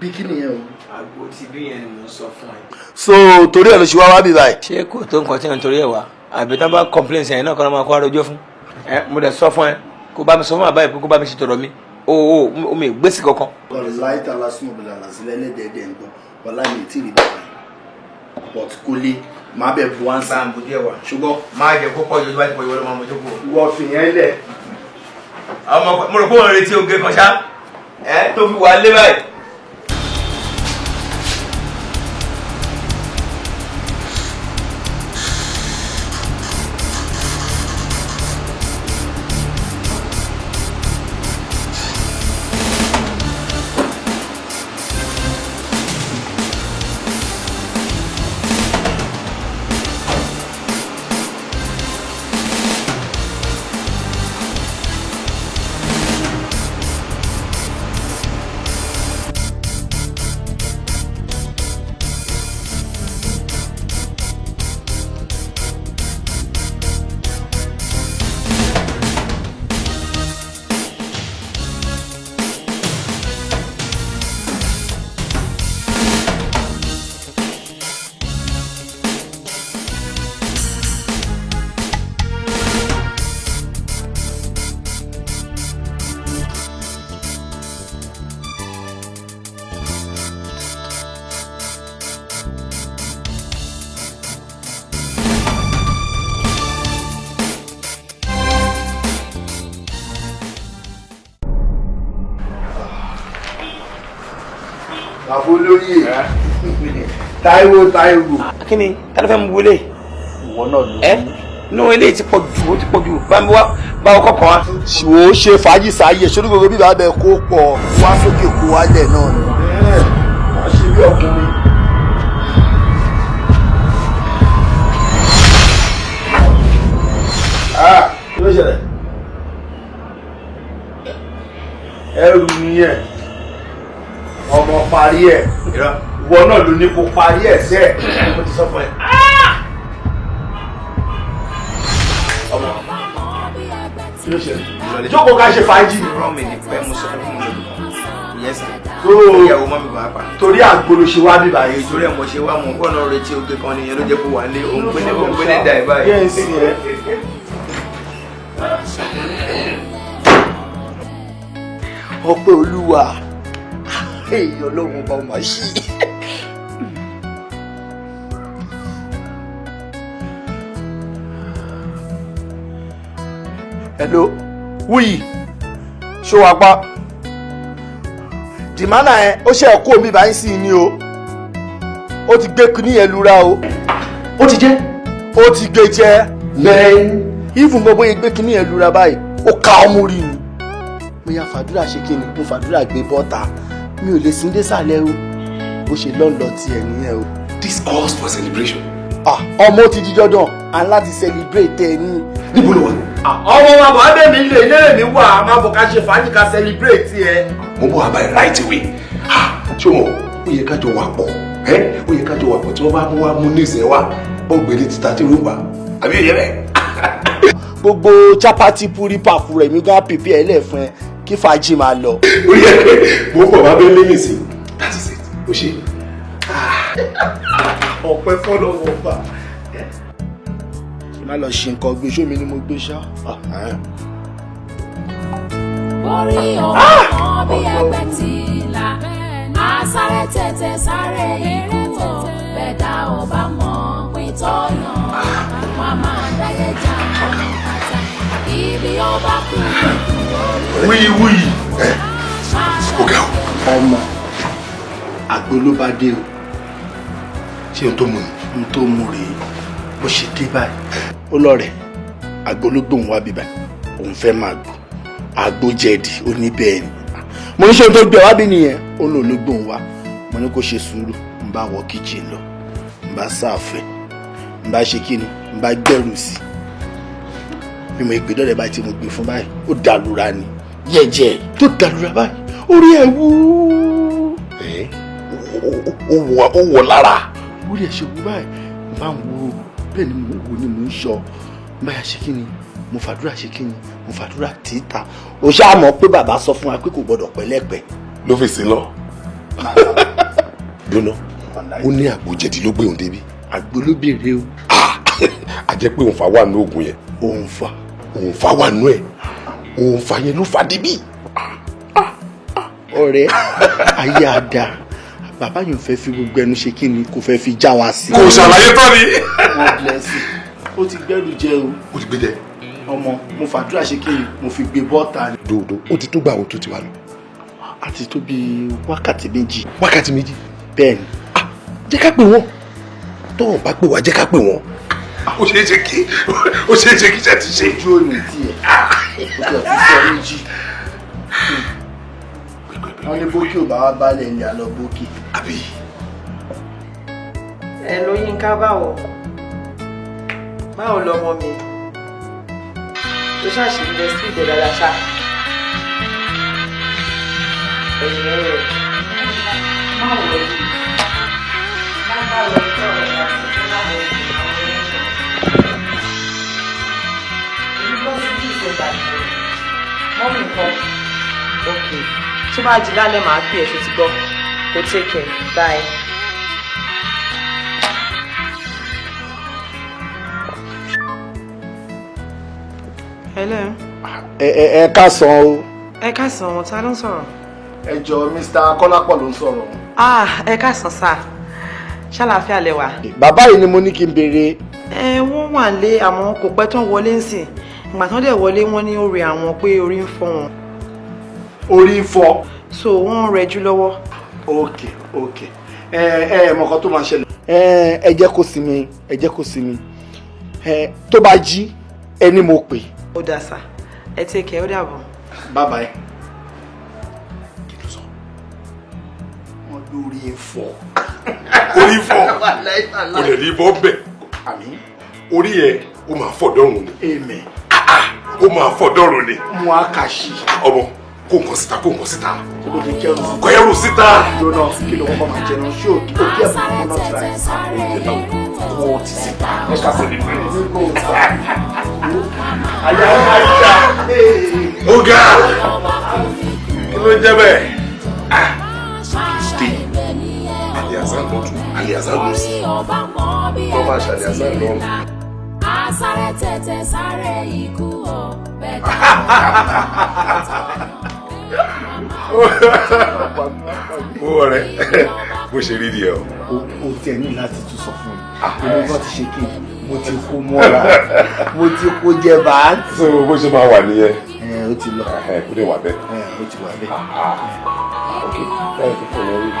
bí kí nìyẹn o. àgbo ti bí yẹn ni mo sọ fún ẹ. so torí ẹ ló ṣe wá wá bí báyìí. ṣé kò tó nǹkan tí ò ń torí ẹ wá àbí tá a bá complain sẹ́yìn náà kọ́ ló máa kó arójó fún. ẹ mo dẹ̀ sọ fún ẹ kó bá mi sọ fún bàbá yìí kó bá mi ṣe tọ̀rọ̀ mi o o mi gbèsè kankan. ọ̀rẹ́láyé tá máa bẹ̀ bu ansa. bá a mú díẹ̀ wá. ṣùgbọ́n. máa jẹ kó pọ̀jù ojú wa ti pọ̀jù wọlé ọmọ ojú kù. ìwọ fìyẹn lẹ̀. ọmọ mo rò pé òun retí oge kan ṣá ẹ tó fi wà lé báyìí. Táíwò Táíwò. Ah, kíni ta ló fẹ́ mú wọlé. ìwọ náà ló ń mú nínú ilé ti pọ̀ jù ó ti pọ̀ jù bá mi wá bá ọkọ̀ kan wá. ṣùgbọ́n ó ṣe fàájì sáyé sórí gbogbo bíbá bẹ kó pọ̀ wá sókè kó wálẹ̀ náà ni. bẹ́ẹ̀ wá sí ilé ọkùnrin. Ah, kí ló ṣẹlẹ̀ ẹrù nìyẹn ọmọ parí ẹ̀ ìwọ náà ló ní kó parí ẹ̀ṣẹ̀ ẹ̀ mo ti sọ fún ẹ. ọmọ kí ló ṣe jókòó ká ṣe fàájì. rán mi ní pẹ́ mo sọ fún mi lónìí torí àgbolo ṣe wá bíbá yìí. torí ẹ̀ mo ṣe wá mo kọ́ lọ retí oge kan nìyẹn ló jẹ́ kó wà ní òǹgbẹ́lẹ́ òǹgbẹ́lẹ́ dà ẹ̀ báyìí. yẹ́n sì yẹ. ọpẹ́ olúwa ah, èèyàn lóhun bá ọmọ ṣí. hello wuyi ṣó wa gbá dìmánà yẹn ó ṣe ẹ̀kọ́ omi báyìí sí ni o ó ti gbé kínní yẹn lura o. ó ti jẹ́. ó ti gbé jẹ́. lẹ́yìn. ìfún gbogbo yẹn gbé kínní yẹn lura báyìí ó ká ọmú rí ni. mo ya fàdúrà ṣe kí ni mo fàdúrà gbé bọ́ta mi ò lè sin désàlẹ̀ o bó ṣe lọ́nlọ́ ti ẹ̀ nìyẹn o. this calls for celebration. ah ọmọ ó ti di dandan and láti celebrate ẹ ní. níbo ló wà. Ah, ọmọ máa bọ̀ abẹ́ mi lè ilé mi wà máa bọ̀ ká ṣe fàájì ká celebrate ẹ. mo bọ̀ àbá ẹ̀ right away ah, ṣé wọn ò yẹ kájọ wà pọ̀ ẹ́ ó yẹ kájọ wà pọ̀ tí wọ́n bá mú wa mú ní ìsẹ̀ wa ó gbèrè títà tí rúbà àbí òye rẹ̀. gbogbo chapati puripa fúra èmi gan pèpè ẹ lẹ́ẹ̀fún ẹ kí fàájì máa lọ. ó yẹ kí mo bọ̀ bá bẹ́ẹ̀ lẹ́yìn sí i that is it ó ṣe. Ah, ọ̀pẹ fọ́lọ́wọ́ bá má lọ ṣe nǹkan gbé ṣó mi ni mo gbé ṣá. Ah, orí ọmọ ah! bí ẹgbẹ́ ti là á sáré tètè sáré ìrẹ́ tó bẹ̀dá ò bá mọ pín máa dáyé jà wọn kàtà ibi ọba kù wíyí wíyí ẹ ọmọ àgbo o ṣé n tó mú n tó mú rèé bó ṣe dé báyìí ó lọ́rẹ̀ àgbo ló gbóhùn wá bíbá òun fẹ́ máa gbò àgbo jẹ̀dì ó ní bẹ́ẹ̀ ni mo ní ṣe ohun tó gbẹ wá bí nìyẹn ó lò ló gbóhùn wá mo ní kó ṣe sùúrù n bá wọ kíchìn lọ n bá sáfẹ́ n bá ṣe kíni n bá gbẹ̀rù sí i bí mo ìpè dọ́rẹ̀ báyìí tí mo gbé fún báyìí ó dàlúra ni jẹ́jẹ́ tó dàlúra báyìí orí ẹ̀ wú ó wọ̀ lára orí ẹ̀ ṣe wú báyìí n ń wú display ni mò ń wò ni mò ń sọ báyà ṣe kí ni mo fàdúrà ṣe kí ni mo fàdúrà títà o ṣáà mọ̀ pé bàbá sọ fún wa pé kò gbọdọ̀ pẹ́ lẹ́pẹ́. ló fi sí lọ. dúnà ó ní àgbo jẹ̀dí débi. àgbo o. Ah! a jẹ́ pé òǹfà wà nù oògùn yẹn. òǹfà. òǹfà wà nù ẹ̀ òǹfà yẹn ló fà débi. Ah! ọ̀rẹ́ ayé àdá bàbá yóò fẹ́ fi gbogbo ẹnu ṣe kí ni kò fẹ́ fi já wa sí. kò ṣàlàyé tán ni. wọ́n bilẹ̀ sí i ó ti gbẹ́rù jẹ o. ó ti gbé jẹ. ọmọ mo fàdúrà ṣe kí ni mo fi gbé bọ́ọ̀tà ni. dòdò ó ti tó gbà wo tó ti wà lọ. a ti tó bíi wákàtí méjì. wákàtí méjì. bẹ́ẹ̀ni. ah jẹ́ ká pè wọ́n tó bá pè wá jẹ́ ká pè wọ́n. Ah, ó ṣeé ṣe kí ó ṣeé ṣe kí ṣe ti ṣe. ojú ò ní tiẹ̀ ah. ó ti ọ̀ wọ́n ní bókì ò bá wá balẹ̀ ní àlọ́ bókì. àbí. ẹ ló yín ká báwo báwo lọmọ mi tó ṣàṣì ń lọ sí ìdẹ̀rẹ̀ aláṣà ẹ̀yìn ẹ̀rọ báwo lọ yìí lágbára ọjọ́ ọ̀la tó láwọn. tó bá jí lálẹ́ màá pè é ti gbọ́ kó take care bye. hello. ẹ ẹ ẹ ká san o. ẹ ká san o ta ló ń sọ̀rọ̀. ẹ jọ mr kọ́lápọ̀ ló ń sọ̀rọ̀. ah ẹ ká san sá ṣàlàáfíà lẹ wà. bàbá yìí ni mo ní kí n béèrè. ẹ wọ́n wà lé àmọ́ kò pẹ́ tán wọlé ń sìn ìgbà tán dẹ̀ wọlé wọ́n ní ó àwọn pé orí ń fọ́ wọn orí ń so wọ́n ń rẹjú lọ́wọ́. ok ok ẹ ẹ mọ̀kọ́ tó máa ṣẹlẹ̀. ẹ ẹ jẹ́ kó sinmi ẹ jẹ́ kó sinmi ẹ tó bá jí ẹni mo pè. ó dà sá ẹ ti kẹ́ ó dàbọ̀. bye bye. kí ló sọ wọn lórí ẹ fọ orí fọ kò lè rí bọ́ bẹ̀ orí ẹ ó máa fọ̀ dọ́rùn ni ah, ah. ó máa fọ̀ dọ́rùn ni. mu akashi. ọmọ kó nǹkan síta kó nǹkan síta. kò yẹ kó síta. lọ́nà kí ló kọ́kọ́ máa jẹun ṣé òkè òkè ẹ̀fọ́ kò náà tura ẹ̀ kó yẹ kó kó ti síta. ẹ ká sọ ní pẹ́ẹ́lí. àyà ọmọ ajá. kí ló ń jẹ́ bẹ́ẹ̀. tuesday aliasan lọ́tún aliasan lọ́sí lọ́ba ó rẹ bó ṣe rí nìyẹn o. o tiẹ̀ ní láti tún sọ fún mi èmi ah. bá ti ṣe kí mo ti kó mọ́ra mo ti kó jẹ báàtì. so bó ṣe máa wà nìyẹn. ẹ o ti lọ. ẹ kó lè wà bẹ́ẹ̀. ẹ o ti wà bẹ́ẹ̀. Ah, ah. ok báyọ̀ tó fọ̀ lọ́wọ́.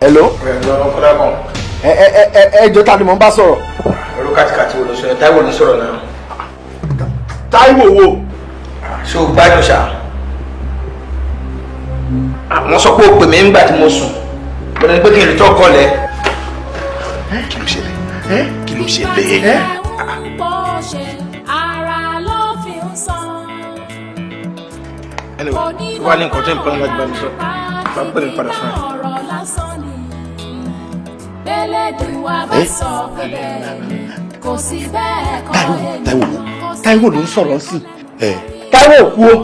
hello. hello fọlákàn. ẹ ẹ ẹ ẹ jọ ta ni mò ń bá sọ̀rọ̀. olú kàtìkàtì wo ló sọ táíwò ló sọ̀rọ̀ náà. táíwò wo. ṣé o gbádùn ṣá. wọ́n sọ pé o pè mí nígbà tí mo sùn mo ní pé kí n lè tọ́ kọ́ lẹ̀. kí ló ṣẹlẹ̀ kí ló ṣẹlẹ̀. anyway wọ́n á ní nǹkan tó ń pẹ́ wọn láti bá mi sọ bá ń pè mí padà fún ẹ bẹ́lẹ́dùwà Taiwo, eh? sọ pé bẹ́ẹ̀ ni kò sí bẹ́ẹ̀ kọ́ ènìyàn kò sí. Táíwò ló ń sọ̀rọ̀ sí i. Eh, Táíwò kú o.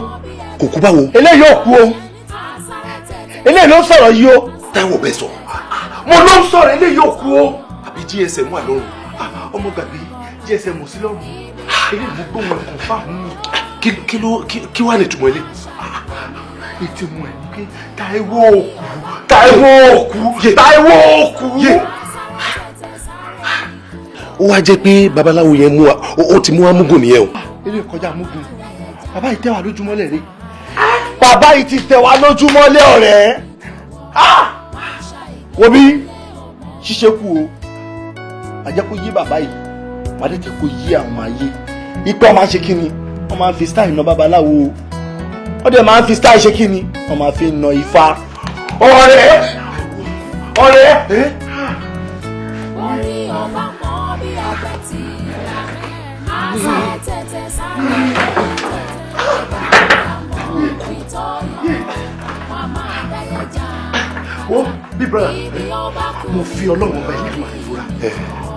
Kò kú báwo. Eléyìí ò kú o. Eléyìí ló ń sọ̀rọ̀ yìí o. Táíwò bẹ́ẹ̀ sọ. Mo ló ń sọ̀rọ̀ eléyìí ò kú o. Àbí GSM wà lọ́rùn. Ah, ọmọ gbàgbé GSM ò sí lọ́rùn. Ah. Eléyìí mo gbóhùn ẹ̀kọ́ fáwọn kí ló kí wà ní ìtumọ̀ ilé. Ah, ìtumọ̀ ẹ̀ pé Táíwò òkú Táíwò òkú Táíwò òkú ó wá jẹ́ pé babaláwo yẹn mú wa ó ti mú wa múgùn nìyẹn o. eré kọjá múgùn bàbá yìí tẹ́ wa lójúmọ́lẹ̀ rí. Ah! bàbá yìí ti tẹ́ wa lójúmọ́lẹ̀ ọ̀rẹ́. Ah! wo bí ṣíṣe kú o àjẹ́ kó yí bàbá yìí màá tètè kó yí àwọn ayé ipò ọmọ àṣẹ kí ni wọ́n máa ń fi style na babaláwo o wọ́n dẹ̀ máa fi style ṣe kí ni wọ́n máa fi na ifá ọ̀rẹ́ ọ̀rẹ́. Eh? bá mọ bí ọbẹ̀ mo fi ọlọ́run ọba ẹni ìgbà ìbúra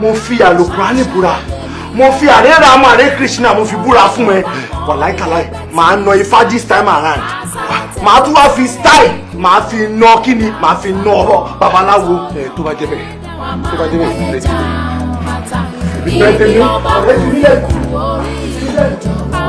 mo fi àlòkùrá níbúra mo fi àrẹ rama àrẹ krishna mo fi búra fún ẹ wàláìkàláì màá na ifá this time around màá tún wá fi style màá fi na kíni màá fi na ọ̀rọ̀ babaláwo tó bá jẹ́ bẹ́ẹ̀ tó bá débẹ̀ ìlú lẹ́tí. ìbí ọba kú orí ìjọba.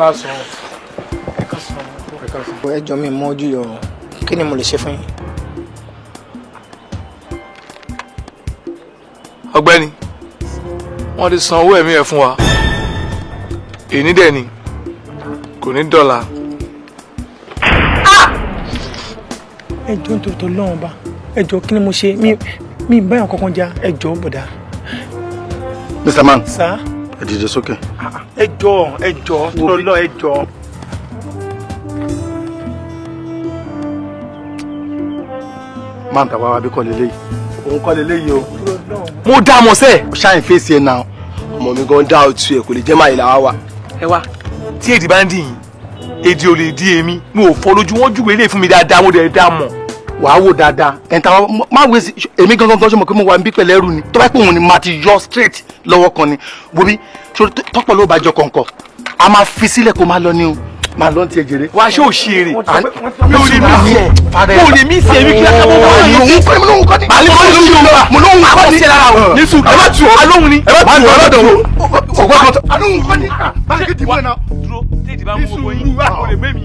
káàsán ẹ káàsán ẹ káàsán. ẹ jọ mi mọ ojú yọ kí ni mo lè ṣe fún yín. ọ̀gbẹ́ni wọ́n ti san owó ẹ̀mí ẹ̀ fún wa èyí dẹ̀ ni kò ní dọ́là. Ah! ẹ jọ nítorí tó lọ́wọ́n bá ẹ jọ kí ni mo ṣe mi báyọ̀ kankan já ẹ jọ Mr. Man. Sir. ẹ dìde sókè. Okay ẹ jọ ẹ jọ tó lọ ẹ jọ. máa ń tàwa wa bí kọ́ lélẹ́yìí òun kọ́ lélẹ́yìí o. mo dá a mọ̀ sẹ́ẹ̀. ṣáà ń fèsì ẹ̀ náà ọmọ mi gan dá otu ẹ kò lè jẹ́ máa ìlà wa wà. ẹ wá tí èdè bá ń dì yín èdè ò lè di èmi mo ò fọ lójú wọn júwèé lè fún mi dáadáa mo dẹ̀ dá a mọ̀ wàá wò dáadáa ẹ̀ǹtà má wé sí èmi gangan gan ṣe mọ̀ pé mo wà níbí pẹ̀lú ẹrù ni tó bá pè wọ́n ni màá ti yọ straight lọ́wọ́ kan ni bobi tọ́pọ̀ ló bá jọ kọ̀ǹkọ̀ a máa fi sílẹ̀ kó máa lọ ní o máa lọ ti ẹ jèrè. wàá ṣe òṣèré mi sí ẹ mi ò lè mí sí ẹ mi kí ẹ kábọ̀ wá yìí. òun kọ́ ni mo lóhun kọ́ ni. màá lè mọ ní sùn lọ́wọ́ mo lóhun kọ́ ni. ní sùn ẹ bá tu ọ alóhun ni. ẹ bá tu ọ lọ́dọ̀ wo. ọgbọ́n kan tó. alóhun kọ́ ni. báyìí kì í dìbò náà. dúró tí ìdìbò àwọn ọmọ yìí kò lè mẹ́mi.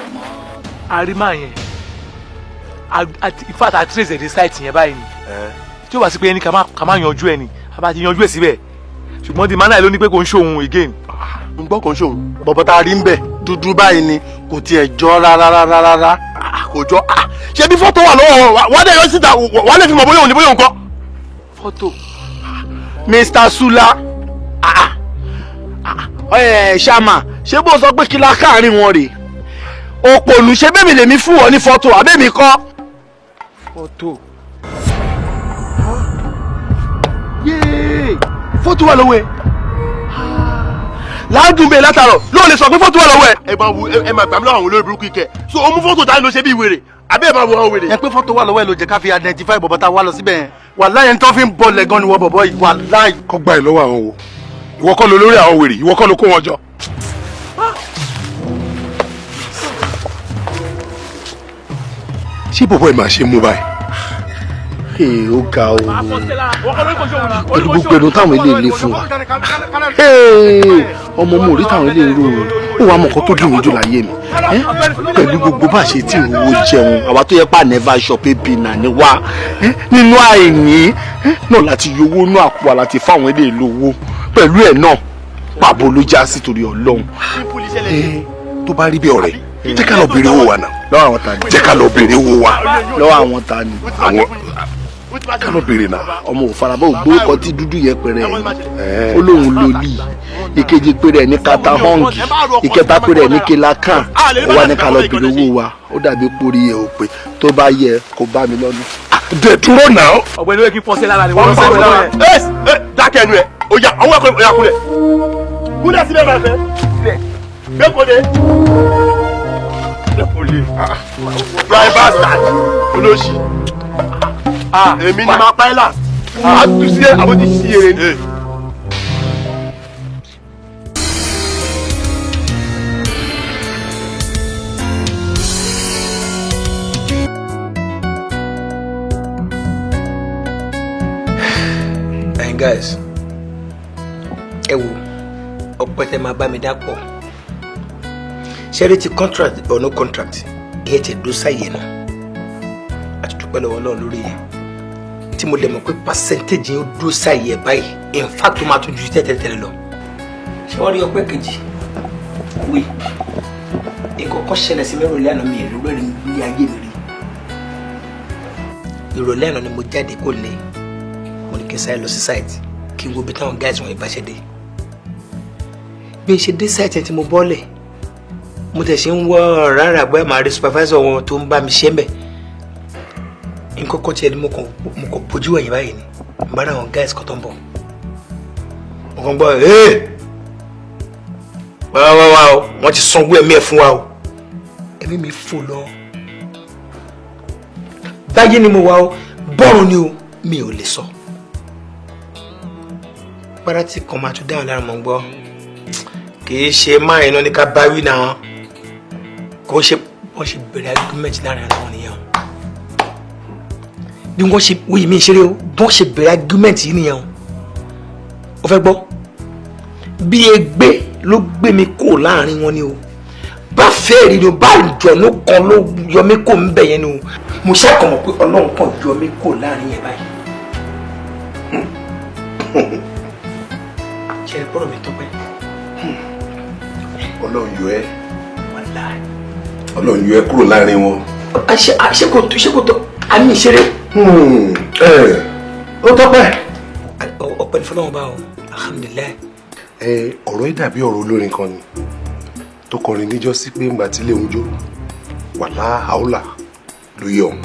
arima yẹn in fact i trace the site yẹn báyìí ni tí ó bá sí pé ẹni ká má yanjú ẹni a bá ti yanjú ẹ síbẹ̀ ṣùgbọ́n di maná ẹ ló ní pé kò ń ṣòun again. n ah, gbọ́ kò ń ṣòun bọ̀bọ̀ a rí ń bẹ̀ dúdú báyìí ni kò tiẹ̀ jọ rárá ah, kò jọ ah, ṣé bí fọ́tò wà lọ́wọ́ wà lè yọ síta wà lè fi mọ̀ bóyá òun ni bóyá òun kọ́. fọ́tò. Mr. Sula ṣàmà eh, ṣé bó sọ pé kí la káàárín wọn rèé òpònú ṣe bẹ́ẹ̀ mi lèmi fún ọ ní fọ́tò àbẹ́mi kọ́. fọ́tò yéé fọ́tò wà lọ́wọ́ ẹ̀ láàdùn bẹ́ẹ̀ látàrọ̀ lóò lè sọ pé fọ́tò wà lọ́wọ́ ẹ̀. ẹ máa wo ẹ máa gbà mí lọ́wọ́ àwọn olórí burúkú ikẹ̀ so o mú fọ́tò tá a lọ ṣe bí wèrè àbí ẹ máa wo àwọn wèrè. ẹ pé fọ́tò wà lọ́wọ́ ẹ ló jẹ́ ká fi identify bọ̀bọ̀ tá a wá lọ síbẹ̀ yẹn wàláyé ẹni tó fi ń bọlẹ̀ gan ni wọ́n bọ̀bọ̀ yìí wàláyé. kọ́ gba ìlọ́wọ́ àwọn wo ìwọ kọ́ lo lórí àwọn wèrè ìwọ kọ́ lo kó wọn jọ. ṣé bọ̀bọ̀ ẹ̀ máa ṣe mú báyìí. ee ó ga o pẹ̀lú gbogbo táwọn ilé ilé fún wa ọmọ mo rí táwọn ilé ìlú ó wàá mọ̀kọ́ tó dùn mí jù láyé mi pẹ̀lú gbogbo bá a ṣe tí ìrówó jẹun àwa tó yẹ pa never shop ebi nà ni wá nínú àìní náà láti yọwọ́ inú àpò àláti fáwọn ilé ìlú owó pẹ̀lú ẹ̀ náà pàbó ló já sí torí ọlọ́run tó bá rí bí ọ̀rẹ́ jẹ́ ká lọ bèrè owó wa náà. lọ́wọ́ àwọn ta ni. jẹ́ ká lọ bèrè owó lọ́wọ́ àwọn ta ni. àwọn ká lọ náà. ọmọ òfarabọ̀ ògbó kan tí dúdú yẹn pẹ̀rẹ̀ ẹ̀ ó lóun lólì ìkejì pẹ̀rẹ̀ ní kata hong ìkẹta pẹ̀rẹ̀ ní kelakan ó wá ní ká lọ bèrè owó ó dàbí porí ẹ̀ òpè tó bá yẹ kó bá mi lọ́nu. dẹ̀ dúró náà. ọ̀gbẹ́ni wẹ́ẹ́kì fọ́ sí lára ni wọ́n ń lára ẹ̀. dákẹ́ ẹnu ẹ̀ ó olè ah. fly bastard olóṣì ah, èmi ni máa pààyàn last ah, a tún sí àwọn ti ṣí ere Hey guys ẹ wo ọpẹ́ tẹ́ máa mi dá ṣẹ́rí ti contract or no contract ìyẹn ti dó sáyé nù àti dúpẹ́ lọ́wọ́ náà lórí yẹn tí mo dẹ̀ mọ̀ pé percentage yẹn ó dó sáyé báyìí in fact ó máa tún ju tẹ́tẹ́tẹ́lẹ̀ lọ ṣé wọ́n rí ọpẹ́ kejì wí nǹkan kan ṣẹlẹ̀ sí mẹ́rin ìlànà mi ìrírí rẹ̀ ní ayé mi rí ìrọ̀lẹ́ àná ni mo jáde kó lé mo ní kí n sáré lọ sí site kí n wo ibi táwọn guys wọ̀nyí bá ṣe dé bí n ṣe dé site tí mo bọ́lẹ̀ mo tẹ̀sí ń wọ rárá bóyá màá rí supervisor wọn tó ń bá mi ṣe ń bẹ̀ nǹkan kan tiẹ̀ ni mo kàn bójú ẹ̀yìn báyìí ni mo bá ráwọn guys kan ń bọ̀ mo kàn gbọ́ ee wá o wọ́n ti sanwó ẹ̀mí ẹ̀ fún wa o ẹ̀mí mi fò lọ báyìí ni mo wá o bọ́ọ̀rù ni o mi ò lè sọ párá tí kan máa tún dáhùn lára mọ̀ ń gbọ́ kì í ṣe máa iná ní ká báwí náà kò ṣe wọ́n ṣe bẹ̀rẹ̀ argument láàrin ara wọn nìyẹn o bí wọ́n ṣe wíyí mi ṣeré o bí wọ́n ṣe bẹ̀rẹ̀ argument yìí nìyẹn o o fẹ́ gbọ́ bí egbé ló gbé mi kó láàrin wọn ni o bá fẹ́ẹ̀rí ni o bá ìjọ̀nù kan ló yọ mí kó ń bẹ̀ yẹn ni o mo ṣàkàn mọ̀ pé ọlọ́run kan yọ mí kó láàrin yẹn báyìí. ṣe é gbọ́dọ̀ mi tó pẹ́. ọlọ́run yọ ẹ́. wàláì. Ọlọ́run yọ ẹ kúrò láàrin wọn. ṣé kò tó ṣé kò tó àmì ìṣeré. Hmm, ẹ ó tọ́pẹ́. ọpẹ́ ní fọlọ́wọ́n bá o alhamdulilayi. ẹ ọ̀rọ̀ yìí dàbí ọ̀rọ̀ olórin kan ni tó kọrin níjọ́ sí pé ńgbà tí ilé ń jó wàhálà àwòlà ló yẹ òun.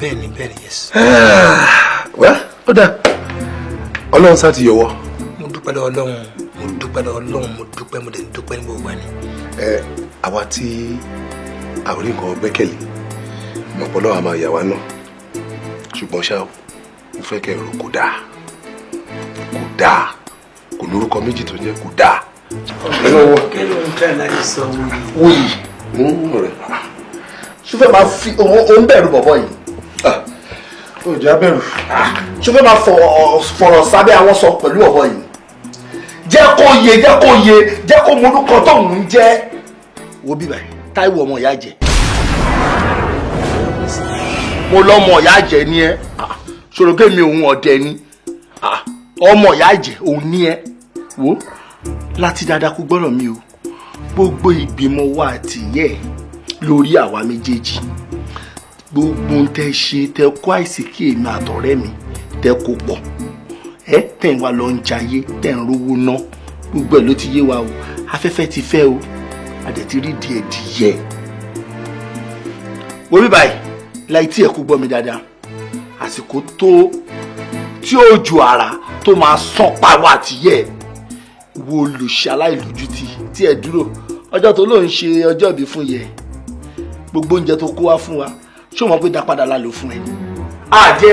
bẹ́ẹ̀ni bẹ́ẹ̀ni yes. Ah, wá ó dà Ọlọ́run sá ti yọwọ́. mo dúpẹ́ lọ́wọ́ Ọlọ́run mo dúpẹ́ lọ́wọ́ Ọlọ́run mo dúpẹ́ mo dẹ̀ dúpẹ́ ní gbogbo wa ni. ẹ àwa tí àwọn orí nǹkan gbẹ́kẹ̀lé ọ̀pọ̀lọpọ̀ àmọ́ ìyàwó náà ṣùgbọ́n ṣá mo fẹ́ kẹ́ ẹ̀rọ kò dáa kò dáa kò lórúkọ méjì tó ń jẹ́ kò dáa. ọ̀pọ̀lọpọ̀ kẹ́lẹ́ ń tẹ̀ láì sọ wọ́n. wọ́n ń rẹ̀. ṣùfẹ́ máa fi òun bẹ̀rù bọ̀bọ̀ yìí. ó ah. jẹ́ abẹ́rù. ṣùfẹ́ máa fọ̀rọ̀ sábẹ́ àwọn sọ pẹ̀lú ọ̀bọ̀ yìí. jẹ́ kó yé jẹ́ kó yé jẹ́ kó mọ orúkọ tóun ń jẹ́. wo bíbẹ̀. Táíwò ọmọ ìyá jẹ mo ìyá jẹ ní ẹ ah, ṣòrògé mi òun ni ah, ọmọ ìyá jẹ ẹ wo láti dáadáa gbọ́dọ̀ gbogbo ìgbìmọ̀ wa àti ìyẹ́ lórí àwa gbogbo ń tẹ ṣe tẹ kó àìsíkí èmi àdẹ̀tí rí díẹ̀ díẹ̀ wo bí báyìí láì tí ẹ̀ kó gbọ́ mi dáadáa àsìkò tó tí ó ju ara tó máa sán pàwọ́ àtìyẹ́ ẹ̀ wo olùṣe aláìlójútì tí ẹ̀ dúró ọjọ́ tó ló ṣe ọjọ́ ìbí fún yẹ gbogbo oúnjẹ tó kó wá fún wa ṣé o mọ̀ pé dá la lò fún ẹ àjẹ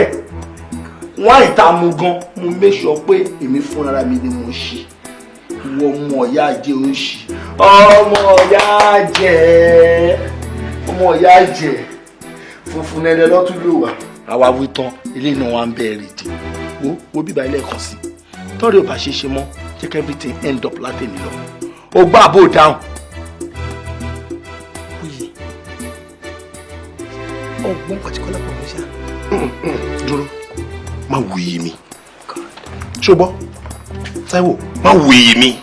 wọn àìta mu gan mo make pé èmi fúnra mi ni mo ṣe ìwọ ọmọ ìyá jẹ oṣì ọmọ ìyá jẹ ọmọ ìyá jẹ funfun ẹlẹ lọtún ló wà. àwa wí tán ilé náà wà ń bẹ̀rẹ̀ dé wo wo bíbá ilé ẹ̀kan sí tọ́rẹ̀ ò bá ṣe ṣe mọ́ check everything end up látẹ̀mí lọ ó gbá àbò dáhùn. ọgbọ́n pàtíkọ́lá pọ̀ mí ṣá. Hmm, hmm. dúró má wuyì mi ṣó gbọ́. Táíwò má wo èyí mi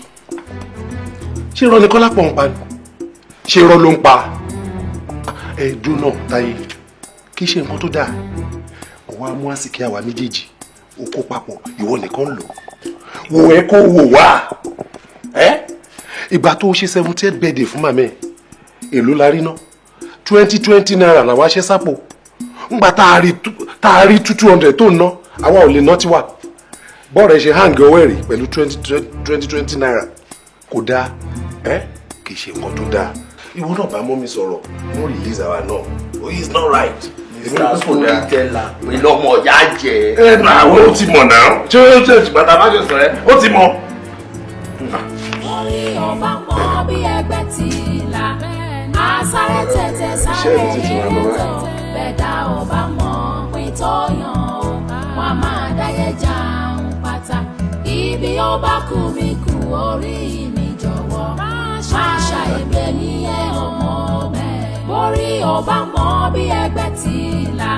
ṣé irọ́ ni Kọ́lá pọ̀ ń pa ni ṣé irọ́ ló ń pa ẹ dúnà Táyé kì í ṣe nǹkan tó dáa ọwọ́ amú àsìkè àwa méjèèjì ó kó papọ̀ ìwọ nìkan lò wò ẹ kó wò wá ẹ ìgbà tó ṣe seventy eight birthday fún màmá ẹ èló la rí náà twenty twenty naira làwa ṣe sápò ńgbà tá a rí two hundred tó ná àwa ò lè ná tiwa bọ́ọ̀rẹ́ ṣe hang ọwọ́ ẹ̀rí pẹ̀lú twenty twenty naira kò dáa ẹ́ kì í ṣe nǹkan tó dáa ìwọ náà bá mọ́ mi sọ̀rọ̀ no release our náà o oh, is not right. mr storyteller pé lọ́mọ ọ̀yá jẹ. ẹ nà àwọn ó ti mọ̀ náà ṣé ó ṣe ìbàdàn bá ṣe sọ̀rọ̀ ó ti mọ̀. orí ọba mọ ti là á bẹ́ẹ̀ dá ọba mọ pé tó yàn. ibi ó bá kù mí kù orí mi jọ̀wọ́ àṣà ibẹ̀ ni ẹ ò mọ̀ bẹ́ẹ̀ borí ò bá mọ̀ bí ẹgbẹ́ ti là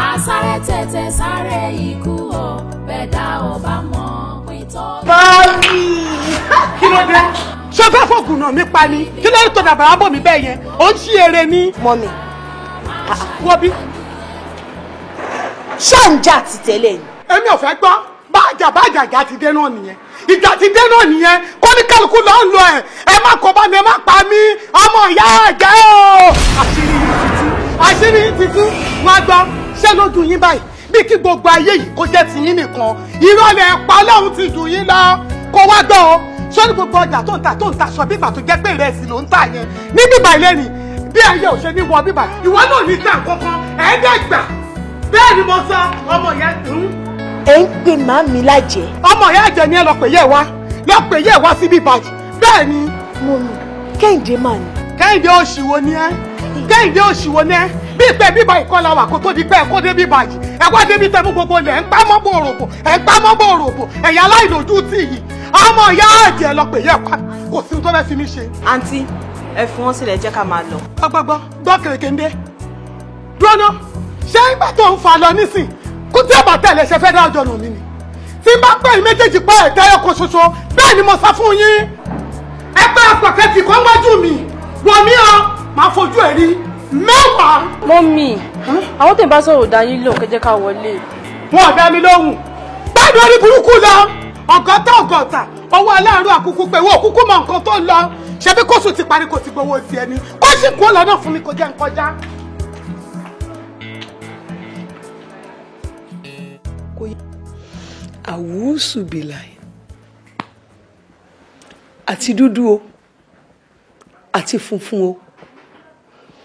á sáré tètè sáré ikú ọ̀ bẹ́ẹ̀ dá ò bá mọ̀ báyìí kí ló dé ṣé fẹ́ fògùn náà mi pa ni kí ló ń tọ́ dàbàrà bò mí bẹ́ẹ̀ yẹn ó ń ṣí eré ní. mọ́mì wọ́n bí. ṣé à ń jà ti tẹ́lẹ̀ ni. èmi ò fẹ́ gbọ́ báàjà báàjà ìjà ti dé náà nìyẹn ìjà ti dé náà nìyẹn kóníkàlùkù lọ ń lọ ẹ ẹ má kó bá mi ẹ má pa mí ọmọ ìyá ẹjẹ o. àṣírí yìí títí àṣírí yìí títí wọn gbọ́ ṣé lójú yín báyìí bí kí gbogbo ayé yìí kó jẹ́ ti yín nìkan ìrọ̀lẹ́ ẹ̀pá lọ́hùn ti dùn yín lọ kó wá gbọ́ o sọ́ni gbogbo ọjà tó ń ta tó ń ta sọ bíbà tó jẹ́ pé ìrẹsì ló ń tà yẹn ní bíbà ilé ni bí ayé ò ṣe ní wọ bíbà ìwọ náà ní tà kankan ẹ̀ẹ́dẹ́gbà bẹ́ẹ̀ ni mo sọ ọmọ yẹn dùn hmm? ẹ ń pè màmí lájẹ. ọmọ ìyá àjẹ ni ẹ lọ pè yẹ wá lọ pè yẹ wá síbí ìbàjẹ́ bẹ́ẹ̀ ni. mo nù kẹ́hìndé mà ní. kẹ́hìndé òṣìwò ni ẹ kẹ́hìndé òṣìwò ni ẹ bí ìpè bíbá ìkọlà wà kó tó di pé ẹ kó dé bíbá yìí ẹ wá débi tẹmú gbogbo lẹ ń pamọ́ bò òròbò ẹ ń pamọ́ bò òròbò ẹ̀yà aláìlójú tì yìí ọmọ ìyá àjẹ lọ pè yẹ wá kò sí tó fẹ́ fi mí ṣe. àǹtí ẹ fún wọn sílẹ̀ jẹ́ ká máa lọ. gbọ́gbọ́gbọ́ gbọ́ kèrèkèndé dúró ná ṣé ìgbà tó ń fa lọ nísìn tí ẹ bá tẹ̀lé ṣe fẹ́ dá ọjọ́ nù mí ni tí bá pẹ́ yìí méjèèjì pẹ́ ẹ̀dá ẹ̀kọ́ ṣoṣo bẹ́ẹ̀ ni mo sá fún yín ẹ pé àpọ̀kẹ́tì kan wájú mi wọ̀ mí ọ máa fojú ẹ̀ rí mẹ́wàá. mọ́mì hm? àwọn tèmi bá sọ̀rọ̀ dá yín lò kẹ́jẹ́ ká wọlé. wọn ò dá mi lóhùn gbádùn orí burúkú lọ ọ̀gọ́ta ọ̀gọ́ta ọwọ́ aláàárọ̀ àkúkú pé wọ́n òkúkú mọ nǹkan tó ń lọ ṣebí kóṣù ti parí kò ti gbowó tiẹ̀ ni kó sì kú ọ̀là náà fún mi kò jẹ́ nkọjá. àwùsùbìláì àti dúdú o àti funfun o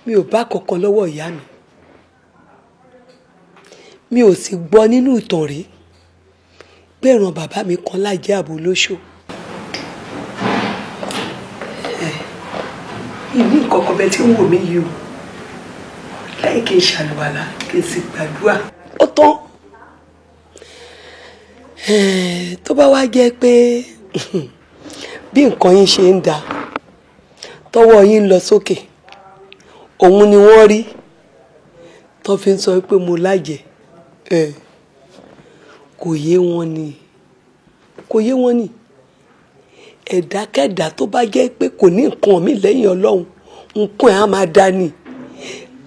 mi ò bá kankan lọ́wọ́ ìyá mi mi ò sì gbọ́ nínú ìtàn rí pé ìran bàbá mi kan lájẹ́ ààbò lóṣù. ìní ìkọ̀kọ̀ bẹ tí ń wò mí yìí o láì kí n ṣàlùwàlà kí n sì gbàdúrà. ó tán tó bá wá jẹ́ pé bí nǹkan yín ṣe ń da tọ́wọ́ yín lọ sókè òun ni wọ́n rí tó fi ń sọ pé mo lájẹ kò yé wọn ni kò yé wọn ni ẹ̀dákẹ́dá tó bá jẹ́ pé kò ní nǹkan mi lẹ́yìn ọlọ́run nǹkan ẹ̀ á máa da ni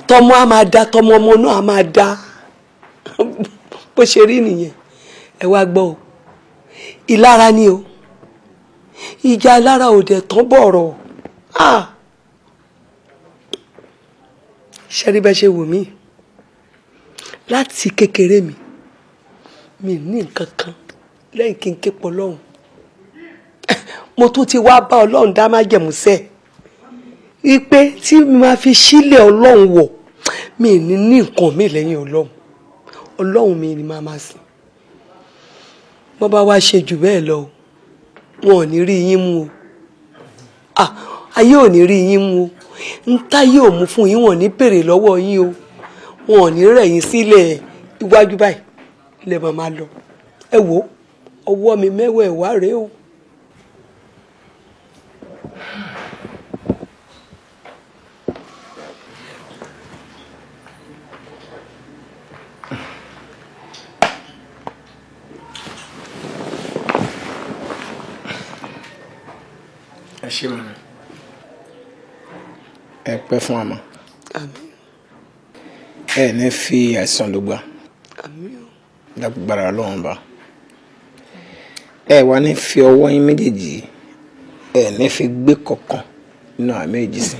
tọmọ á máa da tọmọ ọmọ náà á máa da bó ṣe rí nìyẹn ẹ wá gbọ́ o ìlara ni o ìjà alára ò tán bọ̀rọ̀ ṣẹ́rí bẹ́ẹ̀ ṣe wù mí láti kékeré mi mi ní nǹkan kan lẹ́yìn kí n ké pọ̀ lọ́hùn mo tún ti wá bá ọlọ́run dá májẹ̀mú sẹ́ wípé tí mi máa fi sílẹ̀ ọlọ́run wọ̀ mi ní nǹkan mi lẹ́yìn ọlọ́run ọlọ́run mi ni màá máa sìn bọ́ bá wá ṣe jù bẹ́ẹ̀ lọ wọn ò ní rí yín mú o ayé ò ní rí yín mú o ń táyé ò mú fún yín wọn ò ní béèrè lọ́wọ́ yín o wọn ò ní rẹ̀ sílẹ̀ iwájú báyìí lè máa lọ ẹ wò ọwọ́ mi mẹ́wẹ̀ẹ́wá rèé o. ṣe màmá ẹ pẹ́ fún àmọ́ ẹ ní fi àìsàn ló gbà lágbára lọ́wọ́n bá ẹ wà ní fi ọwọ́ yín méjèèjì ẹ ní fi gbé kọ̀ọ̀kan nínú àmì èjì sí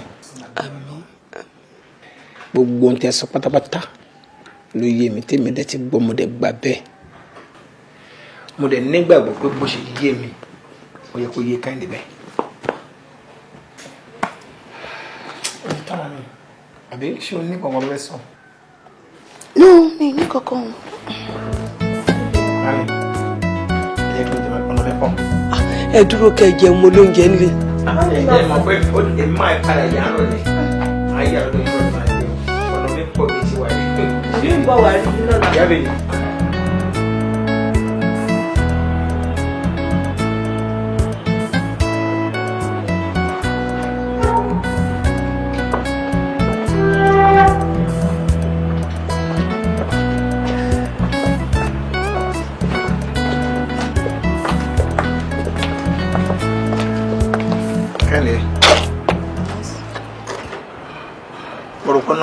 gbogbo ohun tí ẹ sọ pátápátá ló yé mi tèmi dẹ ti gbọ́ mo dẹ gbà bẹ́ẹ̀ mo dẹ nígbàgbọ́ pé bó ṣe yé mi ó yẹ kó yé káyìndé bẹ́ẹ̀. àbí ṣé o ní kankan fẹ́ sọ. no mi ní kankan. Ah, ẹ dúró kẹ jẹun mo lóúnjẹ nílé. ẹ jẹ́ mọ̀ pé ó lè má ẹ padà yà á rọ̀ ni ayé àlọ́ yìí ló máa ń lò ọ̀nà mi pọ̀ bí ti wà ní pé. mi ń bọ̀ wá rí nínú ọ̀nà.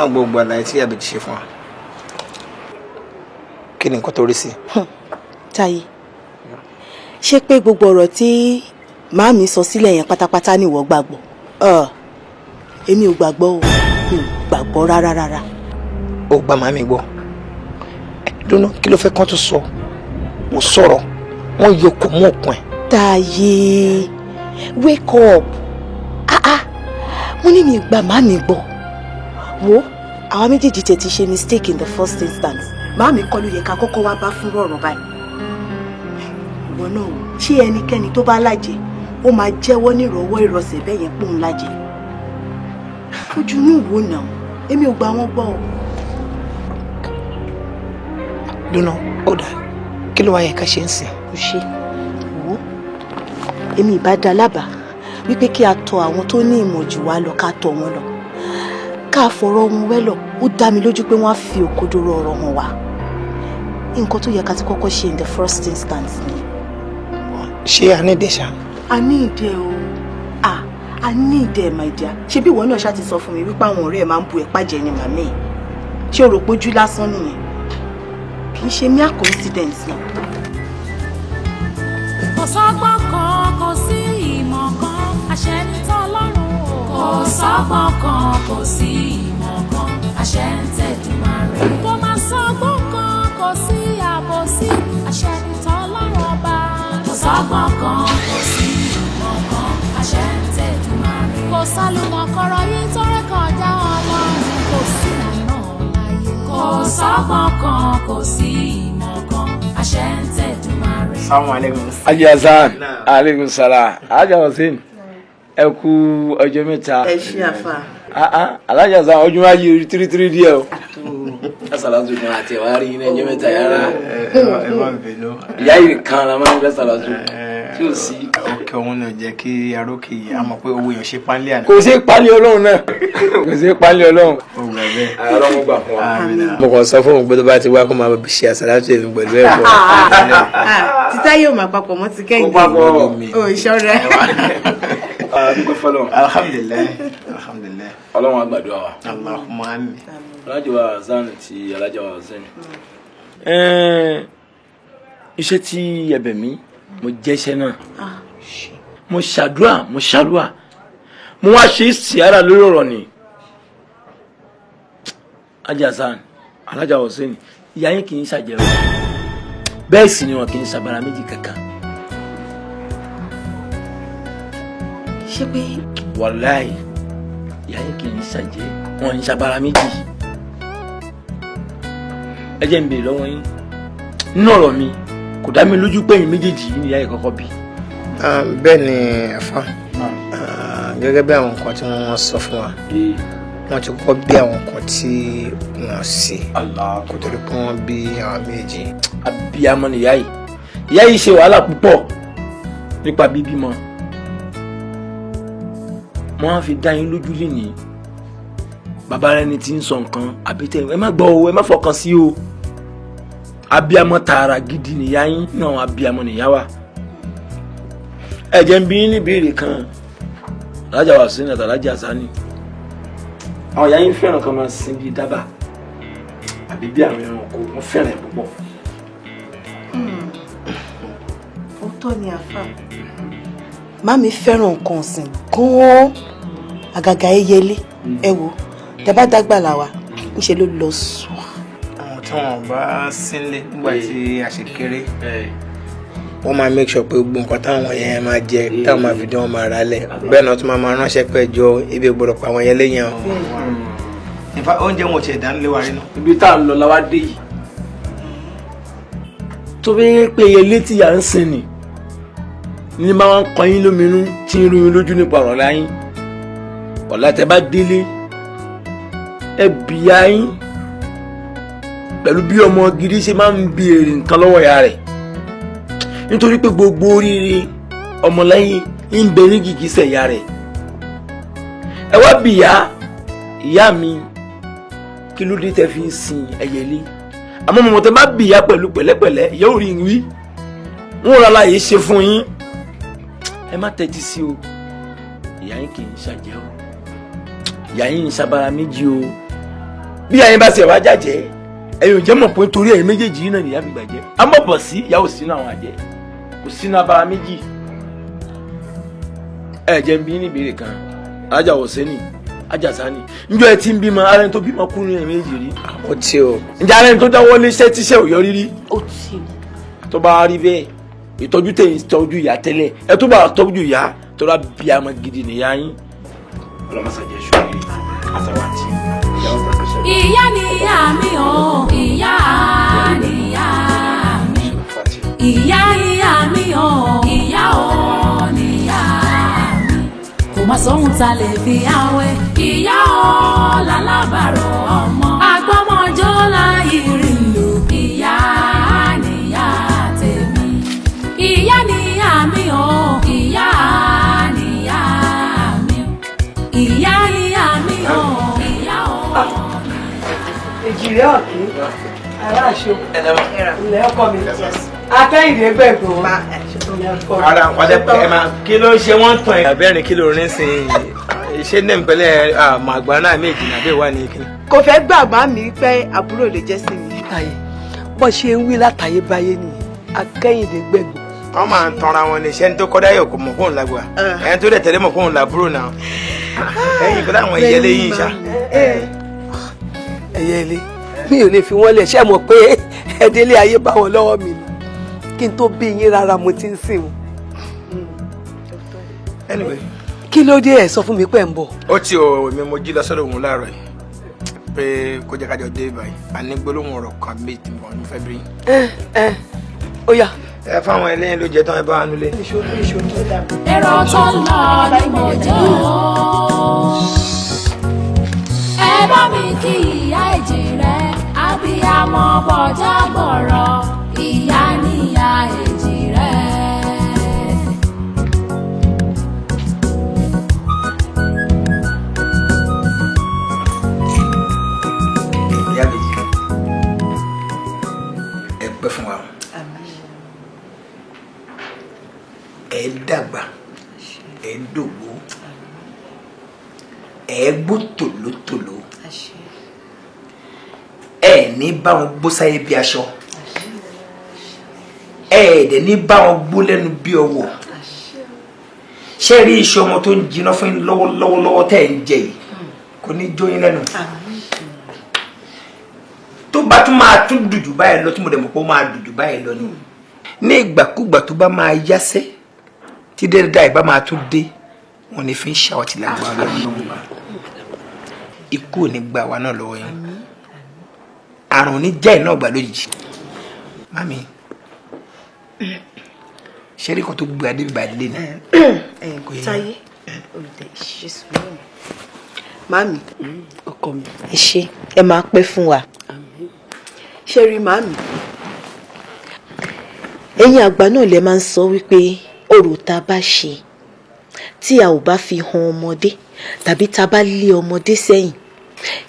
náà gbogbo àlàyé tí àbèjì ṣe fún wa kí ni nǹkan tó rí sí. Táyé ṣé pé gbogbo ọ̀rọ̀ tí màámi sọ sílẹ̀ yẹn pátápátá ni ìwọ gbàgbọ́ èmi ò gbàgbọ́ o mi ò gbàgbọ́ rárá rárá. ó gba màámi gbọ́ dúnú kí ló fẹ́ kán tó sọ ó sọ̀rọ̀ wọ́n yọ kò mú òkun Táyé wake up ah ah mo ní mi gba màámi gbọ́ wo àwa méjèèjì tẹ̀ ti ṣe mistake in the first instance màámi kọ́ ló yẹ ká kọ́kọ́ wá bá fún rọ̀rùn báyìí ìwọ náà wò ṣé ẹnikẹ́ni tó bá lájẹ́ ó máa jẹ́wọ́ nírọ̀wọ́ ìrọsẹ̀ bẹ́ẹ̀ yẹn pòun lájẹ́ ojú inú wo nà ó èmi ò gbà wọ́n gbọ́ o. dùnà ó dà kí ló wá yẹ ká ṣe ń sìn. kò ṣe wò ó èmi ìbá da lábàá wípé kí a tọ̀ àwọn tó ní ìmọ̀ jù wá lọ ká tọ̀ wọn lọ ká fọ̀rọ̀ ohun wẹ́lọ̀ ó dá mi lójú pé wọ́n á fi òkodoro ọ̀rọ̀ hàn wá nǹkan tó yẹ ká ti kọ́kọ́ ṣe in the first instance ni. ṣé a ní ìdẹ ṣá. a ní ìdẹ o a a ní ìdẹ my dear ṣé bí ìwọ náà ṣá ti sọ fún mi wípé àwọn ọ̀rẹ́ ẹ̀ máa ń bu ẹ̀pá jẹ ni màmí ẹ̀ ṣé o rò pé ojú lásán nìyẹn kì í ṣe mere coincidence ni. kò sọ́gbọ́n kan kò sí ìmọ̀ kan àṣẹ ní kò sọ́gbọ́n kan kò sí ìmọ̀ kan àṣẹ ń tẹ̀dùmarè. kò má sọ́gbọ́n kan kò sí àbòsí àṣẹ nìtàn ọlọ́run ọba. kò sọ́gbọ́n kan kò sí ìmọ̀ kan àṣẹ ń tẹ̀dùmarè. kò sálùmọ̀ ajazan aleykum salam ajazan ẹ kú ọjọ́ mẹ́ta. ẹ ṣí àfa. alájà sá ọdún wa yìí tírítírí díẹ̀ o. asalatu kan àti ẹwà rí iná ẹjọ́ mẹ́ta yàrá. ẹ má bẹ̀lú. ìyá yìí kan la máa ń gbé salatu tí ò sí. òkè òun náà jẹ́ kí arókè yìí a mọ̀ pé owó yẹn ṣe pálí àná. kò sí pálí ọlọ́run náà kò sí pálí ọlọ́run. o gbà bẹ́ẹ̀. ara mo gbà fún wa. mo kàn sọ fún òun pé tó bá ti wá kó máa ṣe àsálàtù ẹ̀sìn pẹ̀lú ẹ̀ pọ̀. títáyé ò máa papọ̀ mọ́ ti kẹ́hìndé. ó papọ̀ ò ìṣọ́rẹ́ àdúgbò fọlọ. alhamdulilayi alhamdulilayi. ọlọ́run àgbàdua wa. alahuma ami. alájà wa zan ti alájà wa zan. iṣẹ́ tí ẹ̀bẹ̀ mi mo jẹ́ṣẹ́ náà mo ṣàdúrà mo ṣàdúrà mo wá ṣe ìsìára lórí ọ̀rọ̀ ni ajazan alájà hussein ìyá yín kì í ṣàjẹrò bẹ́ẹ̀ sì ni wọn kì í ṣàbàrà méjì kankan ṣé pé. wàláì ìyá yẹn kì í ṣàjẹ́ wọn ń ṣàbára méjì ẹ jẹ́ ń béèrè lọ́wọ́ yín nínú ọ̀rọ̀ mi kò dá mi lójú pé méjèèjì yìí ni ìyá yẹn kọ́kọ́ bí. Ah, bẹ́ẹ̀ ni ẹ̀fọn ah, gẹ́gẹ́ bí àwọn nǹkan tí wọ́n sọ fún wa wọ́n ti kọ́ bí àwọn nǹkan tí wọ́n ṣe kó tó di pé wọ́n bí àwọn méjì. abiyamọ nìyá yìí ìyá yìí ṣe wàhálà púpọ̀ nípa bíbímọ mo á fi dá yín lójú lénìí bàbá rẹ ni ti ń sọ nǹkan àbí tẹ ẹ má gbọ́ o ẹ má fọkàn sí o abiyamọ tààrà gidi nìyá yín náà abiyamọ nìyá wa ẹ jẹ́ ń bi yín níbèrè kan alájà wà sí nàtà alájà sani àwọn ìyá yín fẹ́ràn kan máa sin bíi dábàá àbí bí àwọn ẹranko wọ́n fẹ́ràn ẹ̀ púpọ̀. Hmm. ó ni àfáà mami fẹ́ràn nǹkan ọ̀sìn gan-an àgàgà ẹyẹlé ẹ wo tẹ́bá dágbà làwà ńṣe ló lọ sùn. àwọn tí wọn bá sínlé nígbà tí a ṣe kéré wọ́n máa make sure pé gbogbo nǹkan táwọn yẹn máa jẹ táwọn máa fi dán wọn máa ra lẹ̀ bẹ́ẹ̀ náà tún máa máa ránṣẹ́ pẹ́ jọ ibi gbọ́dọ̀ pa àwọn yẹn lẹ́yìn àwọn. ìfà oúnjẹ wọn ò tiẹ̀ dá nílé wa rí náà. ibi tá a lọ la wá dé yìí. tó bí pé iye létí yà ń sin ni ní máa ń kọ yín lóminú tí ń rú yín lójú nípa ọ̀rọ̀ láyín ọ̀la tẹ bá délé ẹ bìyà yín pẹ̀lú bí ọmọ gidi ṣe máa ń béèrè nǹkan lọ́wọ́ ìyá rẹ̀ nítorí pé gbogbo oríire ọmọlẹ́yìn ń bẹ ní gìgísẹ̀ ìyá rẹ̀ ẹ wá bìyà ìyá mi kí ló dé tẹ fi ń sin ẹyẹlé àmọ́ mọ̀mọ́ tẹ bá bìyà pẹ̀lú pẹ̀lẹ́pẹ̀lẹ́ ìyá ò rí wí wọn ò rà láàyè ṣe fún yín ẹ má tẹ́tí sí o ìyá yín kì í ṣàjẹ́ o ìyá yín ń ṣabara méjì o bí ayé bá ṣe wá jàjẹ́ ẹ̀yin ò jẹ́ mọ̀ pé torí ẹ̀yin méjèèjì yìí náà nìyá fi gbàjẹ́ a mọ̀ bọ̀ sí ìyá ò sínú àwọn àjẹ́ kò sínú abara méjì ẹ jẹ́ ń bí ní ìbéèrè kan ajá òsínì ajá sani njọ́ ẹ ti ń bímọ ara ẹni tó bímọ kú ní ẹ̀yin méjèèjì rí. ó o. ǹjẹ́ ara ẹni tó dáwọ́ léṣẹ́ tíṣẹ́ ò yọrí rí. ó tó bá rí bẹ́ẹ̀ ìtọ́jú tẹ̀ ń tọ́jú ìyá tẹ́lẹ̀ ẹ tó bá tọ́jú ìyá tọ́lá bí amọ̀ gidi nìyá yín ọlọ́mọsàjẹ́ ṣùgbọ́n àtàwátì ìyá nìyá mi ò ìyá nìyá mi ìyá ìyá mi ò ìyá ò nìyá mi kò má sóhun ta lè fi áwẹ́ ìyá ò lálábàárọ̀ ọmọ. èjìrè ọ̀kí aláṣọ ilẹ̀ ọkọ mi akẹ́yìndé gbẹ̀gbọ̀n ara nǹkan ẹ máa kí ló ṣe wọ́n tàn ẹ̀. abẹ́rin kí ló rin sí i ṣé ní ìpínlẹ̀ màgbà náà méjì nàbẹ́ wà ní ìkíni. kò fẹ́ gbàgbá mi pé àbúrò lè jẹ́ sí mi. ayé bó ṣe ń wí látàyébáyé nìyí akẹ́yìndé gbẹ̀gbọ̀n wọn máa ń tanra wọn ní iṣẹ́ ní tó kọ́ dáyọ̀ kò mọ̀ fóun lágbà ah. ẹni tó dẹ̀ tẹ̀lé mọ̀ fóun làbúrò náà ah. ẹ̀yin kó dáwọn ìyẹlé yín ṣá. Eh, eh ẹ̀yẹ ilé mi ò lè fi wọ́n lẹ̀ ṣe mọ̀ pé ẹ̀dẹ́lé ayé bá wọn lọ́wọ́ mi kí n tó bí yín rárá mo ti ń sìn wọn. anyway. kí ló dé ẹ sọ fún mi pé ń bọ̀. ó ti o mi mo jí lọ sọ́dọ̀ òun láàárọ̀ yìí pé kó jẹ́ kájọ dé báyìí àní gbólóhùn ọ̀rọ̀ kan bíi ti mọ̀ ní fẹ́ ẹ ẹ ó yá. ẹ fáwọn ẹlẹ́yin ló jẹ tán ẹ bá wọn nulẹ̀. ẹ̀rọ tó ń lọ ló mọ̀ jọ́ ẹ bá mi kí ìyá èjìrẹ abiyamọ bọjá gbọrọ ìyá níyà èjìrẹ. ìyá bèjì ẹ pẹ́ fún wa ẹ dàgbà ẹ dògbò ẹ gbó tòlótòló ẹ ní bá wọn gbó sáyé bí aṣọ ẹ dẹ̀ ní bá wọn gbó lẹ́nu bí ọwọ́ ṣé rí iṣu ọmọ tó ń jiná fún yín lọ́wọ́lọ́wọ́ tẹ̀ ń jẹ yìí kò ní jó yín lẹ́nu tó bá tún máa tún dùdù báyìí lọ tí mo dẹ̀ mọ̀ pé ó máa dùdù báyìí lọ ni ní ìgbàkúgbà tó bá máa yáṣẹ́ tí dẹ́rẹ́dá ìbá máa tún dé wọn ni fi ń ṣàwọ̀tì lágbára lọ́wọ́ ikú ò ní gba àwa náà lọ́wọ́ yẹn àrùn ní jẹ́ iná ọgbà lójijì mami ṣeré kan tó gbogbo adé bíbá ilé náà. táyé olùdẹ ìṣe sùúrù mami ọkọ mi ẹ ṣe ẹ máa pẹ́ fún wa ṣe mami ẹ̀yin àgbà náà lè máa ń sọ wípé orò tá a bá ṣe tí a ò bá fi hàn ọmọdé tàbí tá a bá lé ọmọdé sẹ́yìn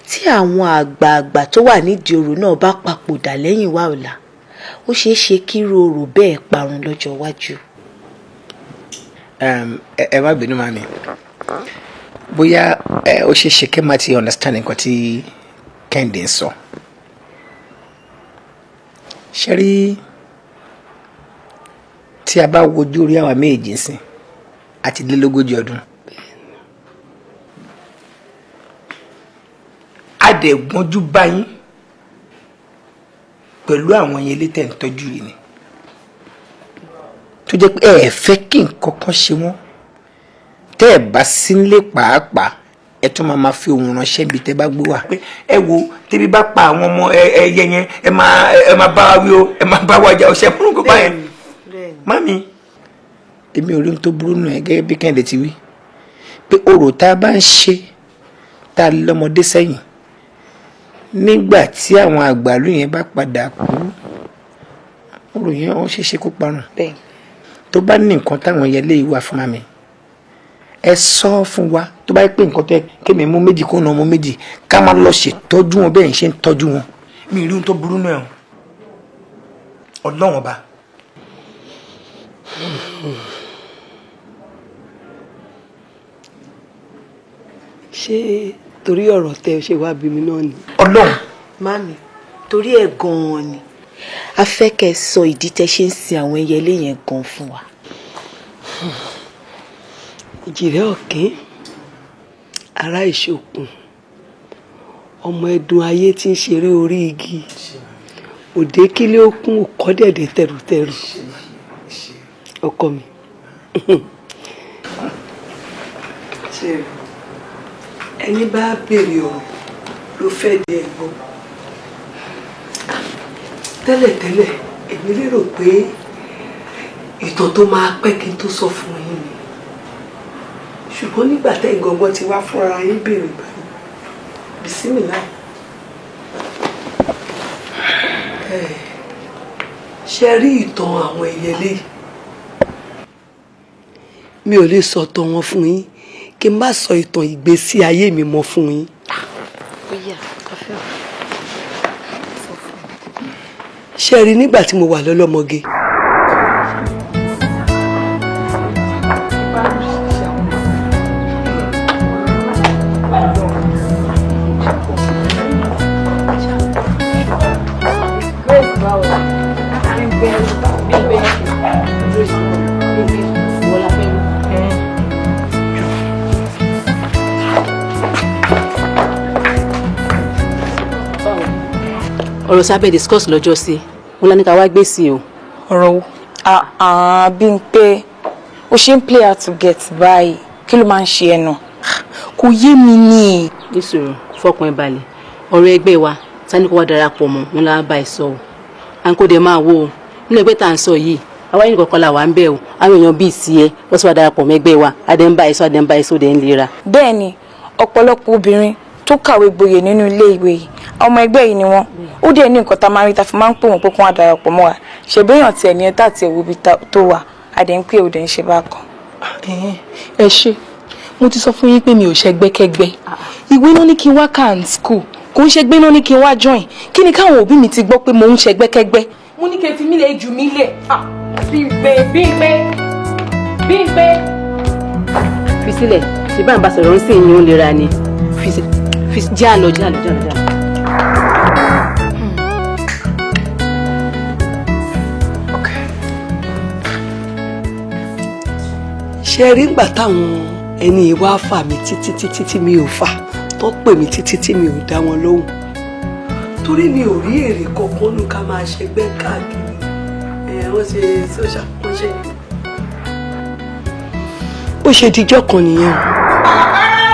tí àwọn àgbààgbà tó wà nídìí orò náà bá papòdà lẹ́yìn wá ọ̀la ó ṣeé ṣe kírú orò bẹ́ẹ̀ parun lọ́jọ́ iwájú. ẹ má bínú màmí bóyá ó ṣeé ṣe kẹ́ máa ti understand nǹkan tí Kẹ́hìndé ń sọ. ṣe rí tí a bá wojú orí àwọn méjì sí àti lélógójì ọdún adẹ̀gbọ́njú bá yín pẹ̀lú àwọn yẹn létẹ̀ ń tọ́jú yìí ni tó jẹ́ pé ẹ fẹ́ kí nǹkan kan ṣe wọ́n tẹ́ ẹ bá sí nílé pàápàá ẹ tún máa ma fi òun ránṣẹ́ bíi tẹ́ bá gbé wà. ẹ wo tẹ́bí bá pa àwọn ọmọ ẹyẹ yẹn ẹ máa ẹ máa bá wa wí o ẹ máa bá wa jà ọṣẹ fún báyẹn. mami èmi ò rí ohun tó burú nù ẹ gẹ́gẹ́ bí kẹ́hìndé ti wí pé orò tá a bá ń ṣe tá a lọ́mọdé sẹ́yìn nígbà tí àwọn àgbàlú yẹn bá padà kú ọ̀rọ̀ yẹn ó ṣeé ṣe kó parun tó bá ní nǹkan táwọn yẹlé yìí wà fún mami ẹ sọ fún wa tó bá yẹ pé nǹkan tó yẹ kémi mú méjì kó na ọmọ méjì ká máa lọ ṣètọ́jú wọn bẹ́ẹ̀ ń ṣe ń tọ́jú wọn. mi ìlú tó burú náà ọlọ́wọ́n ba. ṣé torí ọ̀rọ̀ tẹ ṣe wá bí mi náà ni. ọlọ́run. mami torí ẹ̀ gan-an ni a fẹ́ kẹ́ ẹ sọ ìdí tẹ ṣe ń sin àwọn ẹyẹlé yẹn gan fún wa. ìjìrẹ́ ọ̀kín ará ìṣòkun ọmọ ẹdun ayé tí ń ṣeré orí igi òde kílé okun òkọ́dẹ̀dẹ̀ tẹrùtẹrù ọkọ mi. ẹni bá béèrè ọ̀rọ̀ ló fẹ́ di ẹ̀gbọ́n tẹ́lẹ̀tẹ́lẹ̀ èmi lérò pé ìtàn tó máa pẹ́ kí n tó sọ fún yín ni ṣùgbọ́n nígbà tẹ́ ìgangan ti wá fúnra yín béèrè báyìí bìsímìlá ṣe rí ìtàn àwọn ẹyẹlé mi ò lè sọ tán wọn fún yín kí n má sọ ìtàn ìgbésí ayé mi mọ́ fún yín. ṣe rí nígbà tí mo wà lọ́lọ́mọge. ọ̀rọ̀ sábẹ́ discuss lọ́jọ́ sí i wọn lánìí ká wá gbé sí i o. ọ̀rọ̀ wo àbí ń pé o ṣe ń play out to get by, kí ló máa ń ṣe ẹnu kò yé mi ni. nísòro fọkàn ẹ balẹ̀ ọ̀rọ̀ ẹgbẹ́ wa tani kò wá darapọ̀ mọ́ wọn làwọn bá ẹ sọ o à ń kó dẹ máa wò ó nínú ẹgbẹ́ tá à ń sọ yìí àwa yìí kọ̀ọ̀kan là wà ń bẹ̀ o àwọn èèyàn bíi tiẹ̀ wọ́n sì wá darapọ̀ mọ́ ẹgbẹ́ wa adẹ́nba ẹ̀sọ́ adẹ́nba ẹ̀sọ́ dẹ̀ ń lera. bẹ́ẹ̀ ni ọ̀pọ̀lọpọ̀ obìnrin tó kàwé gboyè nínú ilé ìwé yìí ọmọ ẹgbẹ́ yìí ni wọ́n ó dẹ̀ ní nǹkan tá a máa rí ta fi máa ń pè wọ́n pé kí wọ́n darapọ̀ mọ́ wa ṣèbéyàn tiẹ̀ ní ẹ̀ta àti ẹ̀wò ibi tó wà àdé ń pè ó ń ṣe bákan. ẹ ṣe mo ti sọ fún yín pé mi ò ṣẹgbẹ́kẹ́gbẹ́ ìwé náà ní kí n wá kà ń school kò ń ṣe gbé ní kí n wá join kí ni káwọn òbí mi ti gbọ́ pé mo ń ṣẹgbẹ́kẹ́gbẹ́. mo ní kí n fi mí lè jù mí lè Bímpé Bímpé Bímpé. fi sílẹ̀ ṣe bá ń bá sọ̀rọ̀ ń sìn yín ó lera ni fi jẹ́ àlọ́ jẹ́ àlọ́ jẹ́ àlọ́ jẹ́ àlọ́ ṣe rí ngbà táwọn ẹni ìwà fà mí títí títí tí mi ò fà tó pè mí títí tí mi ò dá wọn lóhùn torí mi ò rí èrè kankan ní ká máa ṣẹgbẹ́ káàkiri ẹ̀ ṣe sọ́ṣà wọ́n ṣe. ó ṣe dijọ́ kan nìyẹn o.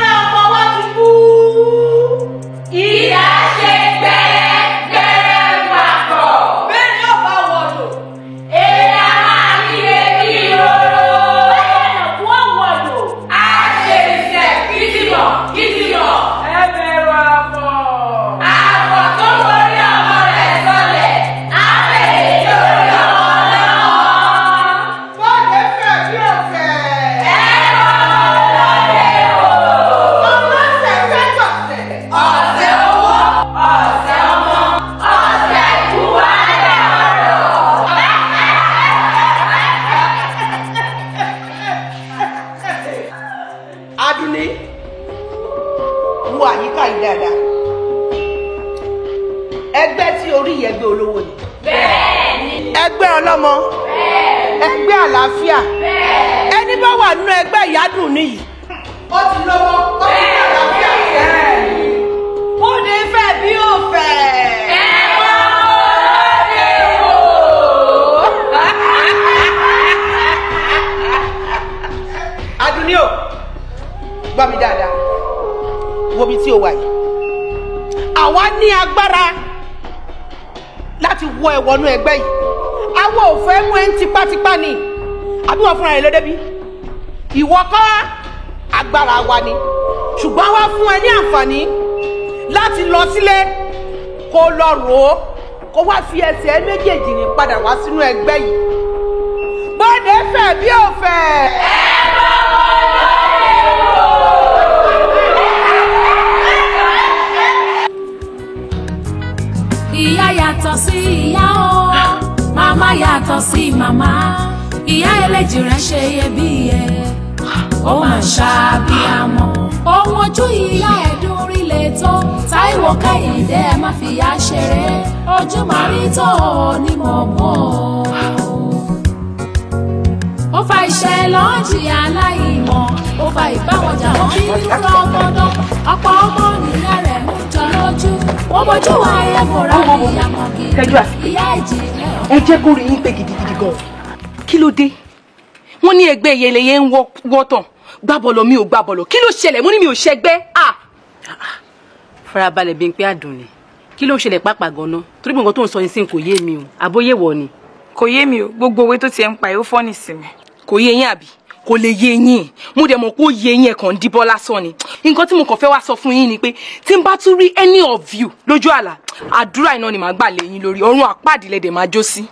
mi yìí. ó ti lówó ó ti ní àlàáfíà fẹ́. bóde fẹ́ bí ó fẹ́. Adúnní o dáadáa wo mi tí o wà yìí àwa ní agbára láti wọ ẹ̀wọ̀nú ẹgbẹ́ yìí àwa ò fẹ́ mú ẹ ń tipátipá ni àbí wọ́n fúnra rẹ̀ lọ́dẹ́bí ìwọ kọ́ agbára wa ni ṣùgbọ́n wá fún ẹ ní àǹfààní láti lọ sílé kó lọ rò ó kó wá fi ẹsẹ̀ ẹ méjèèjì rìn padà wá sínú ẹgbẹ́ yìí bọ́ọ̀dẹ fẹ́ bí ò fẹ́. ẹ bá wọn lọ sí ìyá yàtọ̀ sí ìyá o màmá yàtọ̀ sí màmá ìyá ẹlẹ́jì rẹ̀ ṣe iyebíye ó máa ń ṣàbí àmọ́ ohun ojú ìyá ẹ̀dùn orílẹ̀ tó Táíwò Kẹ́hìndé ẹ má fi yá ṣeré ojú máa rí tó ní mọ̀ mọ́ ó fa iṣẹ́ lọ́ọ̀jì aláìmọ̀ ó fa ìbáwọjà wọn bí rírọ ọmọdọ́ ọ̀pọ̀ ọmọ nìyá rẹ̀ ń jọ lójú ó bójú wa ayé fòrá ìyá mọ̀gìrì ìyá ìjì rẹ̀. ẹ jẹ́ kó rí yín pé gidigidi gan-an kí ló dé wọ́n ní ẹgbẹ́ yẹlẹyẹ ń wọ́ tán gbá bọ́ọ̀lù mi ò gbá bọ́ọ̀lù kí ló ṣẹlẹ̀ mo ní mi ò ṣẹgbẹ́ à. Ah! farabalẹ̀ bíi pé àdùn ni kí ló ń ṣẹlẹ̀ pàápàá gan-an torí gbogbo tó ń sọ yín sí kò yé mi o àbóyé ni. kò yé mi o gbogbo owó tó tiẹ̀ ń pa ẹ̀ ó fọ́ nísìnyí. kò yé yín àbí kò lè yé yín mo dẹ̀ mọ̀ pé yé yín ẹ̀ kàn ń lásán ni nǹkan tí mo kàn fẹ́ wá sọ fún yín ni pé tí n bá tún rí any of you lójú àlá àdúrà iná ni màá gbà lé yín lórí ọ̀run àpáàdì lẹ́dẹ̀ máa jó sí.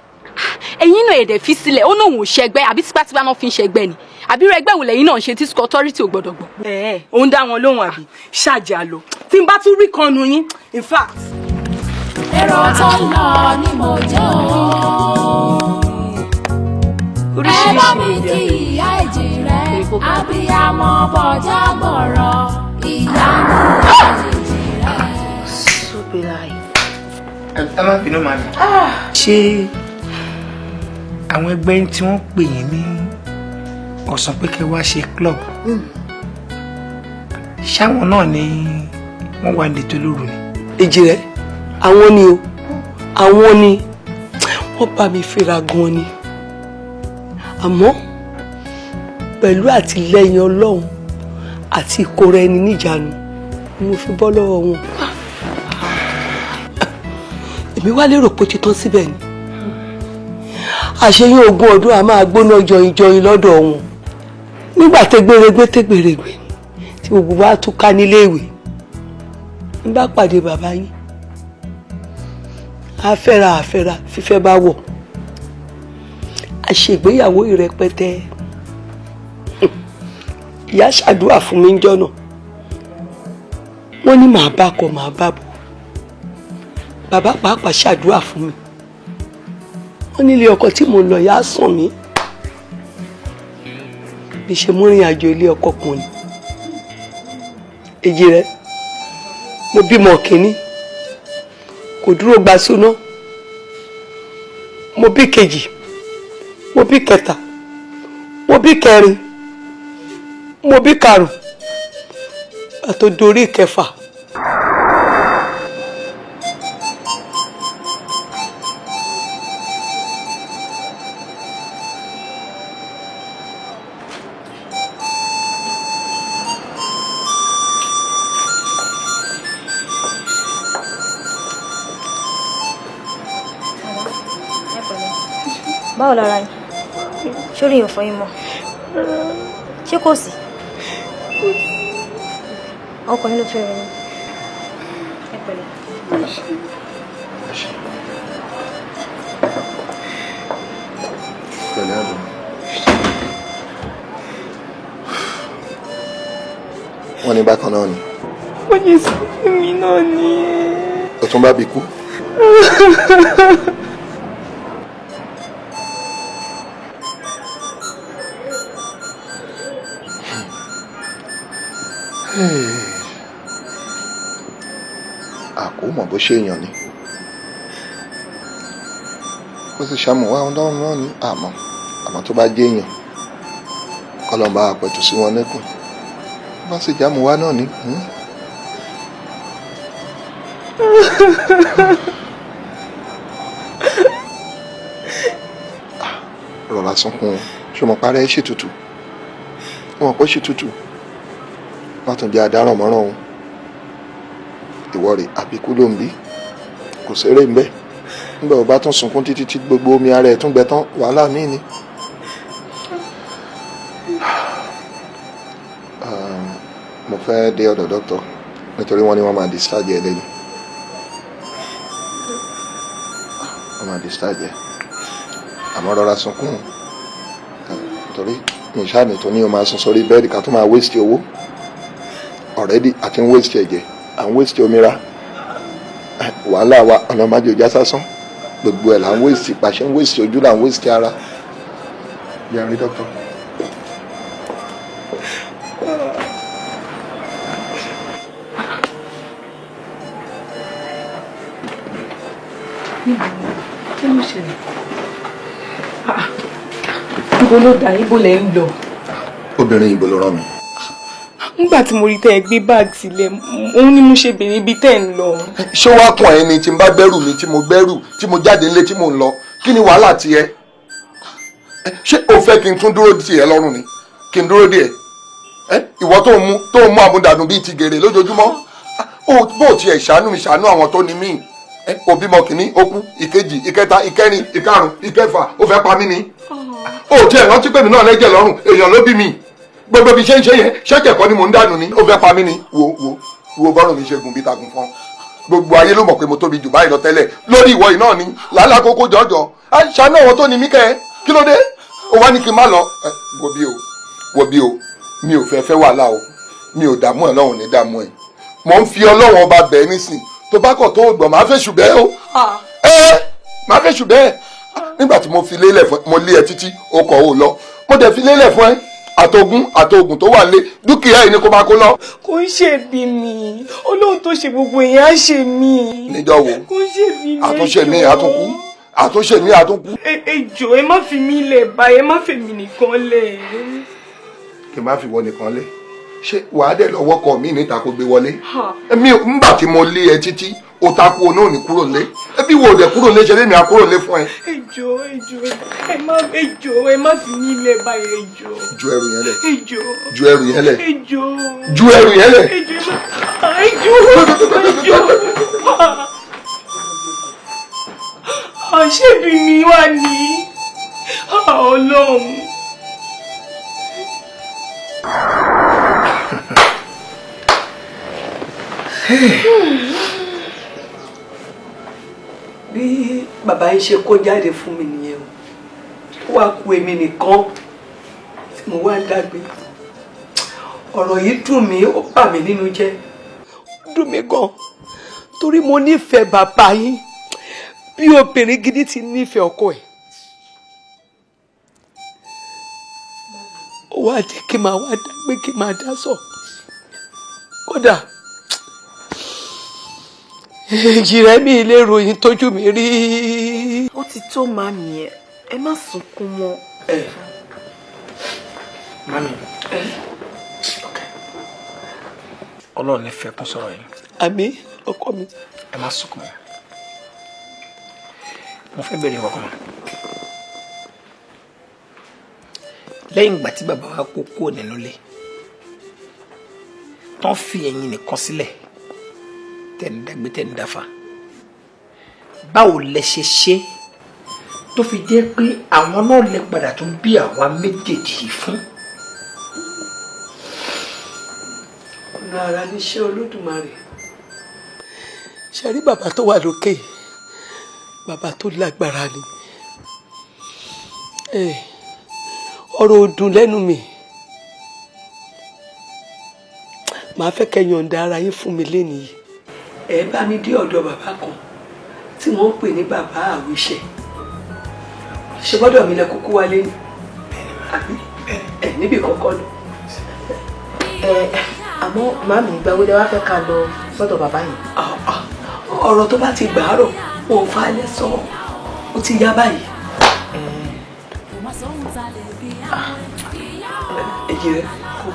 ẹ̀yin náà ẹ̀dẹ̀ fi sílẹ̀ ó náà wò ṣẹgbẹ́ àbí tipátipá náà fi ń ṣẹgbẹ́ ni àbí rẹ ẹgbẹ́ ìwòlẹ́yìn náà ń ṣe tí school authority ò gbọ́dọ̀ gbọ́. ẹ ẹ òun dá wọn lóhùn àbí ṣáàjà lọ tí n bá tún rí kan nu yín in fact. èrò tó lọ ni mo jẹ́ o. ẹ bá mi kí ìyá ìjì rẹ abiyamọ bọjá gbọrọ ìyá ìjì rẹ. ẹ má bínú màmí. Ah. ṣé àwọn ẹgbẹ́ tí wọ́n pè yín ní ọ̀sán pé kẹ́ wá ṣe club ṣáwọn náà ni wọ́n wà ní tolóru ni. èjì rẹ àwọn ni o àwọn ni wọ́n bá mi fẹ́ra gan ni àmọ́ pẹ̀lú àtìlẹ́yìn Ọlọ́run àti ìkóra ẹni níjànú mo fi bọ́ lọ́wọ́ wọn. èmi wá lérò pé ó ti tán síbẹ̀ ni àṣeyín ogún ọdún a máa gbóná jọyìn jọyìn lọ́dọ̀ wọn nígbà tẹgbẹrẹgbẹ tẹgbẹrẹgbẹ tí gbogbo wa tún ká nílé ìwé ń bá pàdé bàbá yín afẹ́ra afẹ́ra fífẹ́ bá wọ̀ a ṣègbéyàwó ìrẹpẹtẹ ìyá ṣàdúrà fún mi jọ́nà wọ́n ní màá bá kọ màá bá bọ̀ bàbá pàápàá ṣàdúrà fún mi wọ́n nílé ọkọ tí mo lọ yá sàn mí bí ṣe mú rìn àjò ilé ọkọ kan ni èyí rẹ mo bímọ kínní kò dúró gba súná mo bí kejì mo bí kẹta mo bí kẹrin mo bí karùn àtòdorí kẹfà. báwo lára yín sórí yóò fọyín mọ́ ṣé kò sí ọkọ yín ló fẹ́ rẹ̀ ẹ pẹ̀lẹ́. pẹ̀lẹ́ àbọ̀. wọ́n ní bákan náà ni. wọ́n ní sọ́kùnrin náà ni. ọ̀tún bá bí kú. àkómọ̀ bó ṣe èèyàn ni ó sì ṣàmùwá ọlọ́run náà ní àmọ́ àmọ́ tó bá jẹ́ èèyàn kọlọ́n bá pẹ̀tù sí wọn lẹ́kùn bá sì jámùwá náà ní. Hmm? Ah, rọra sunkún ṣọmọ parẹ́ ṣètùtù wọn kò ṣètùtù má tún jẹ́ àdáràn mọ́ràn òun ìwọ rè àbíkú ló ń bí kò ṣeré ń bẹ́ẹ̀ nígbà wo bá tún sunkún títí tí gbogbo omi ara ẹ̀ tún gbẹ tán wàhálà míì ni. Ehm, mo fẹ́ dé ọ̀dọ̀ dọ́kítọ̀ nítorí wọ́n ní wọ́n máa discharge ẹ lẹ́nu wọ́n máa discharge ẹ àmọ́ rọra sunkún nítorí mi ṣáà ní tó o máa sun sórí bẹ́ẹ̀dì ká tó máa waste owó already àti ń waste ẹ̀jẹ̀ à ń waste omira wàhálà wa ọ̀nà májòjá sásán gbogbo ẹ̀ là ń waste pàṣẹ ń waste ojú là ń waste ara yẹn rí dọ́kítọ̀. kí ló ṣẹlẹ̀ ah, ah. ibo ló dà ibo lẹ̀ ń lọ. obìnrin ibo ló rán mi nígbà tí mo rí tẹ́ ẹ gbé báàgì sílẹ̀ òun ni mo ṣe béèrè ibi tẹ́ ẹ ń lọ. ṣé wàá kún ẹ ni tí n bá bẹ̀rù mi tí mo bẹ̀rù tí mo jáde nílé tí mo ń lọ kí ni wàhálà tiẹ̀ ṣé o fẹ́ kí n tún dúró tiẹ̀ lọ́rùn ni kí n dúró díẹ̀ ìwọ tó mú tó mú àmúdànù bíi ti gèrè lójoojúmọ́ bó o tiẹ̀ ṣàánú mi ṣàánú àwọn tó ní míì o bímọ kìíní o kú ìkejì ìkẹta ìkẹrin ìkarùn ìkẹfà o fẹ́ pa mí ni o tiẹ̀ rántí pé mi náà lẹ́jẹ̀ lọ́rùn èèyàn ló bí mi gbogbo bí ṣe ń ṣe yẹn ṣẹ́jẹ̀kọ́ ni mò ń dànù ni ó fẹ́ pa mí ni wo wo wo bọ́rùn mi ṣe gùn bí tagun fún gbogbo ayé ló mọ̀ pé mo tóbi jù báyìí lọ tẹ́lẹ̀ lórí ìwọ yìí náà ni làálàá kókó jọjọ ṣàánú àwọn tó ní mí kẹ́ kí ló dé ó wá ní kí n má lọ wo bí o wo bí o mi ò fẹ́ fẹ́ wàhálà o mi ò dààmú ẹ̀ lọ́wọ́n ní dààmú ẹ̀ mò ń fi ọlọ́wọ́n ọba bẹ̀ ẹ́ nísìn tó bá kọ̀ tó gbọ̀n máa fẹ́ ṣù o ẹ máa fẹ́ ṣù àtògùn àtògùn tó wà lé dúkìá yìí ni kó máa kó lọ. kò ń ṣèbí mi olóhùn tó ṣe gbogbo èèyàn á ṣe mí. níjọ wo kò ń ṣèbí mi àtúnṣe mi àtúnkú àtúnṣe mi àtúnkú. ẹ jọ ẹ má fi mí lẹ̀ báyìí ẹ má fi mí nìkan lẹ̀. kì í má fi wọ nìkan lẹ̀ ṣé wàá dẹ̀ lọ́wọ́ kọ mí níta kó gbé wọlé. mi ń bà tí mo lé ẹ títí ó takú oní òní kúrò lé ẹbí wo òdẹ kúrò lé ṣẹlẹ mi àkúrò lé fún ẹ. ẹjọ ẹjọ ẹ má ẹjọ ẹ má fi ní ilẹ̀ báyìí ẹjọ. ju ẹrù yẹn lẹ. ẹjọ ju ẹrù yẹn lẹ. ẹjọ ju ẹrù yẹn lẹ. ẹjọ ẹjọ ẹjọ. àṣẹbí mi wà ní Ọlọ́run. Hey. bí bàbá yín ṣe kó jáde fún mi nìyẹn o wá ku èmi nìkan mo wá dàgbé ọ̀rọ̀ yìí dùn mí ó bà mí nínú jẹ́ dùn mí gan torí mo nífẹ̀ẹ́ bàbá yín bí obìnrin gidi ti nífẹ̀ẹ́ ọkọ ẹ̀ ó wá di kí n máa wá dàgbé kí n máa dá sọ kódà èyí rẹ mi ilé ìròyìn tójú mi rí. ó ti tó màmí ẹ ẹ má sunkún mọ́. ẹ màmí ọlọ́run lè fẹ́ kún sọ̀rọ̀ yìí. àmì ọkọ mi. ẹ má sunkún mọ́ mo fẹ́ bẹ̀rẹ̀ ọkàn lẹ́yìn ìgbà tí bàbá wa kó kúrò nínú ilé tán fi ẹ̀yin nìkan sílẹ̀. Si tẹ̀ ń dágbé tẹ̀ ń dáfà báwo lẹ ṣe ṣe tó fi jẹ́ pé àwọn náà lè padà tún bí àwa méjèèjì fún. ọ̀nà ara níṣẹ́ olódùmarè ṣe bàbá tó wà lókè bàbá tó lágbára ni ọ̀rọ̀ ò lẹ́nu mi màá fẹ́ kẹ́ ara yín fún mi lénìí ẹ bá mi dé ọ̀dọ̀ bàbá kan tí wọ́n ń pè ní bàbá àwíṣẹ́ ṣe gbọ́dọ̀ mi lẹ kúkú wálé ni àbí ẹ níbi kọ̀ọ̀kan lọ. ẹ àmọ́ màmí ìgbàwé lẹ wá fẹ́ ká lọ sọ́dọ̀ bàbá yìí. ọ̀rọ̀ tó bá ti gbàárọ̀ wọn ò fa alẹ́ sọ ó ti yá báyìí. ẹ ẹ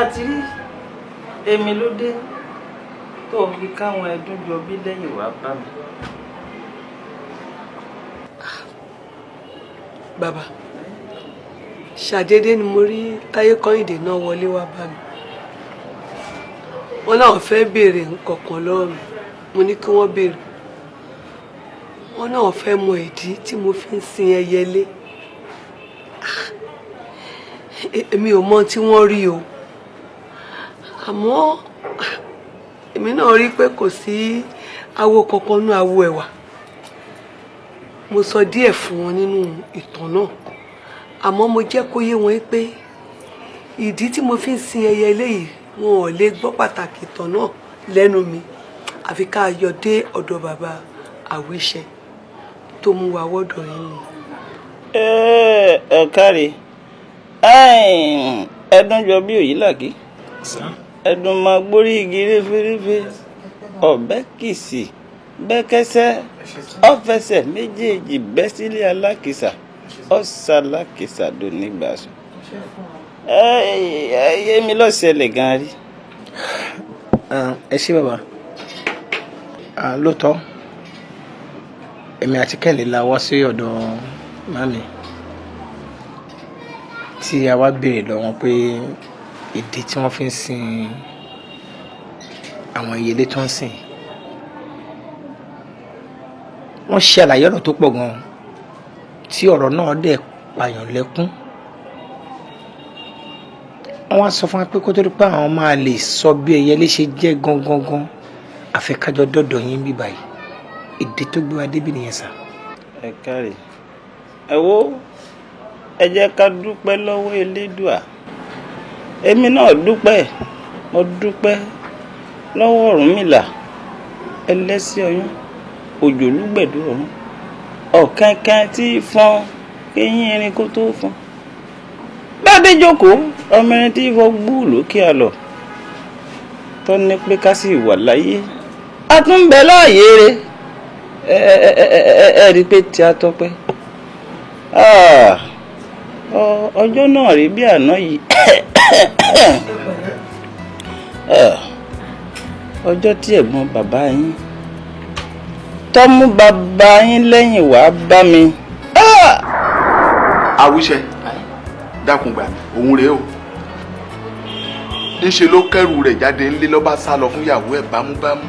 a ti rí èmi ló dé tó fi káwọn ẹdún jọ bí lẹ́yìn wá bá mi. bàbá ṣàdédé ni mo rí táyé kọ́hìndé náà wọlé wá bá mi wọn náà fẹ́ béèrè nǹkankan lọ́wọ́ mi mo ní kí wọ́n béèrè wọn náà fẹ́ mọ ìdí tí mo fi ń sin ẹyẹlé ah, e-, èmi ò mọ tí wọ́n rí o. Ah. E, àmọ́ èmi náà rí pé kò sí awo kankan nú awo ẹ̀wà mo sọ díẹ̀ fún wọn nínú ìtàn náà àmọ́ mo jẹ́ kó yé wọn pé ìdí tí mo fi ń sin ẹyẹ eléyìí wọn ò lè gbọ́ pàtàkì ìtàn náà lẹ́nu mi àfi ká yọ dé ọ̀dọ̀ bàbá àwíṣẹ tó mú wa wọ́dọ̀ yín ni. ẹ káre ẹdún jọ bí òyìnlá kí. sàn ẹ̀dùnmọ̀ gbórí igi réferéfe ọ̀bẹ kìsì bẹ́kẹ́sẹ́ ọ̀fẹsẹ̀ méjèèjì bẹ́ sílé alákìsà ọ̀sàlákìsà dònígbàsó. ẹ ẹ yé mi lọ́sẹ̀lẹ̀ gan rí. ẹ ṣé bàbá lóòótọ́ èmi àti kẹ́lẹ́ la wá sí ọ̀dọ̀ mami tí a wá béèrè lọ́wọ́ pé. Pe ìdí tí wọ́n fi ń sin àwọn ìyẹlé tó ń sìn wọ́n ṣe àlàyé ọ̀rọ̀ tó pọ̀ gan-an tí ọ̀rọ̀ náà dẹ̀ pààyàn lẹ́kún wọ́n wá sọ fún wa pé kó tó di pé àwọn máa lè sọ bí ẹyẹlé ṣe jẹ́ gangan gan àfẹ́kájọ dọ́dọ̀ yín bí báyìí ìdí tó gbé wa débi nìyẹn sà. ẹ káre ẹ wo ẹ jẹ́ ká dúpẹ́ lọ́wọ́ elédùà èmi náà dúpẹ́ mo dúpẹ́ lọ́wọ́ Ọ̀rúnmìlà ẹlẹ́sìn ọyún òjòlúgbẹ̀dù ọ̀run ọ̀kánkán tí fọn eyín irin kó tó fọn bàdé jókòó ọmọ irin tí fọn gbúù lókè àlọ́ tó ní pé ká sì wà láyé a tún bẹ láàyè rẹ ẹ ẹ ẹ ẹ rí i pé tí a tọpẹ́. Ah ọjọ́ náà rí bí àná yìí ọjọ́ tí ẹ̀gbọ́n bàbá yín tó mú bàbá yín lẹ́yìn wá bá mi. àwíṣẹ dákun gbà mí òun rèé o níṣẹ́ ló kẹ́rù rẹ̀ jáde ńlé lọ́ba sá lọ fún ìyàwó ẹ̀ bámúbámú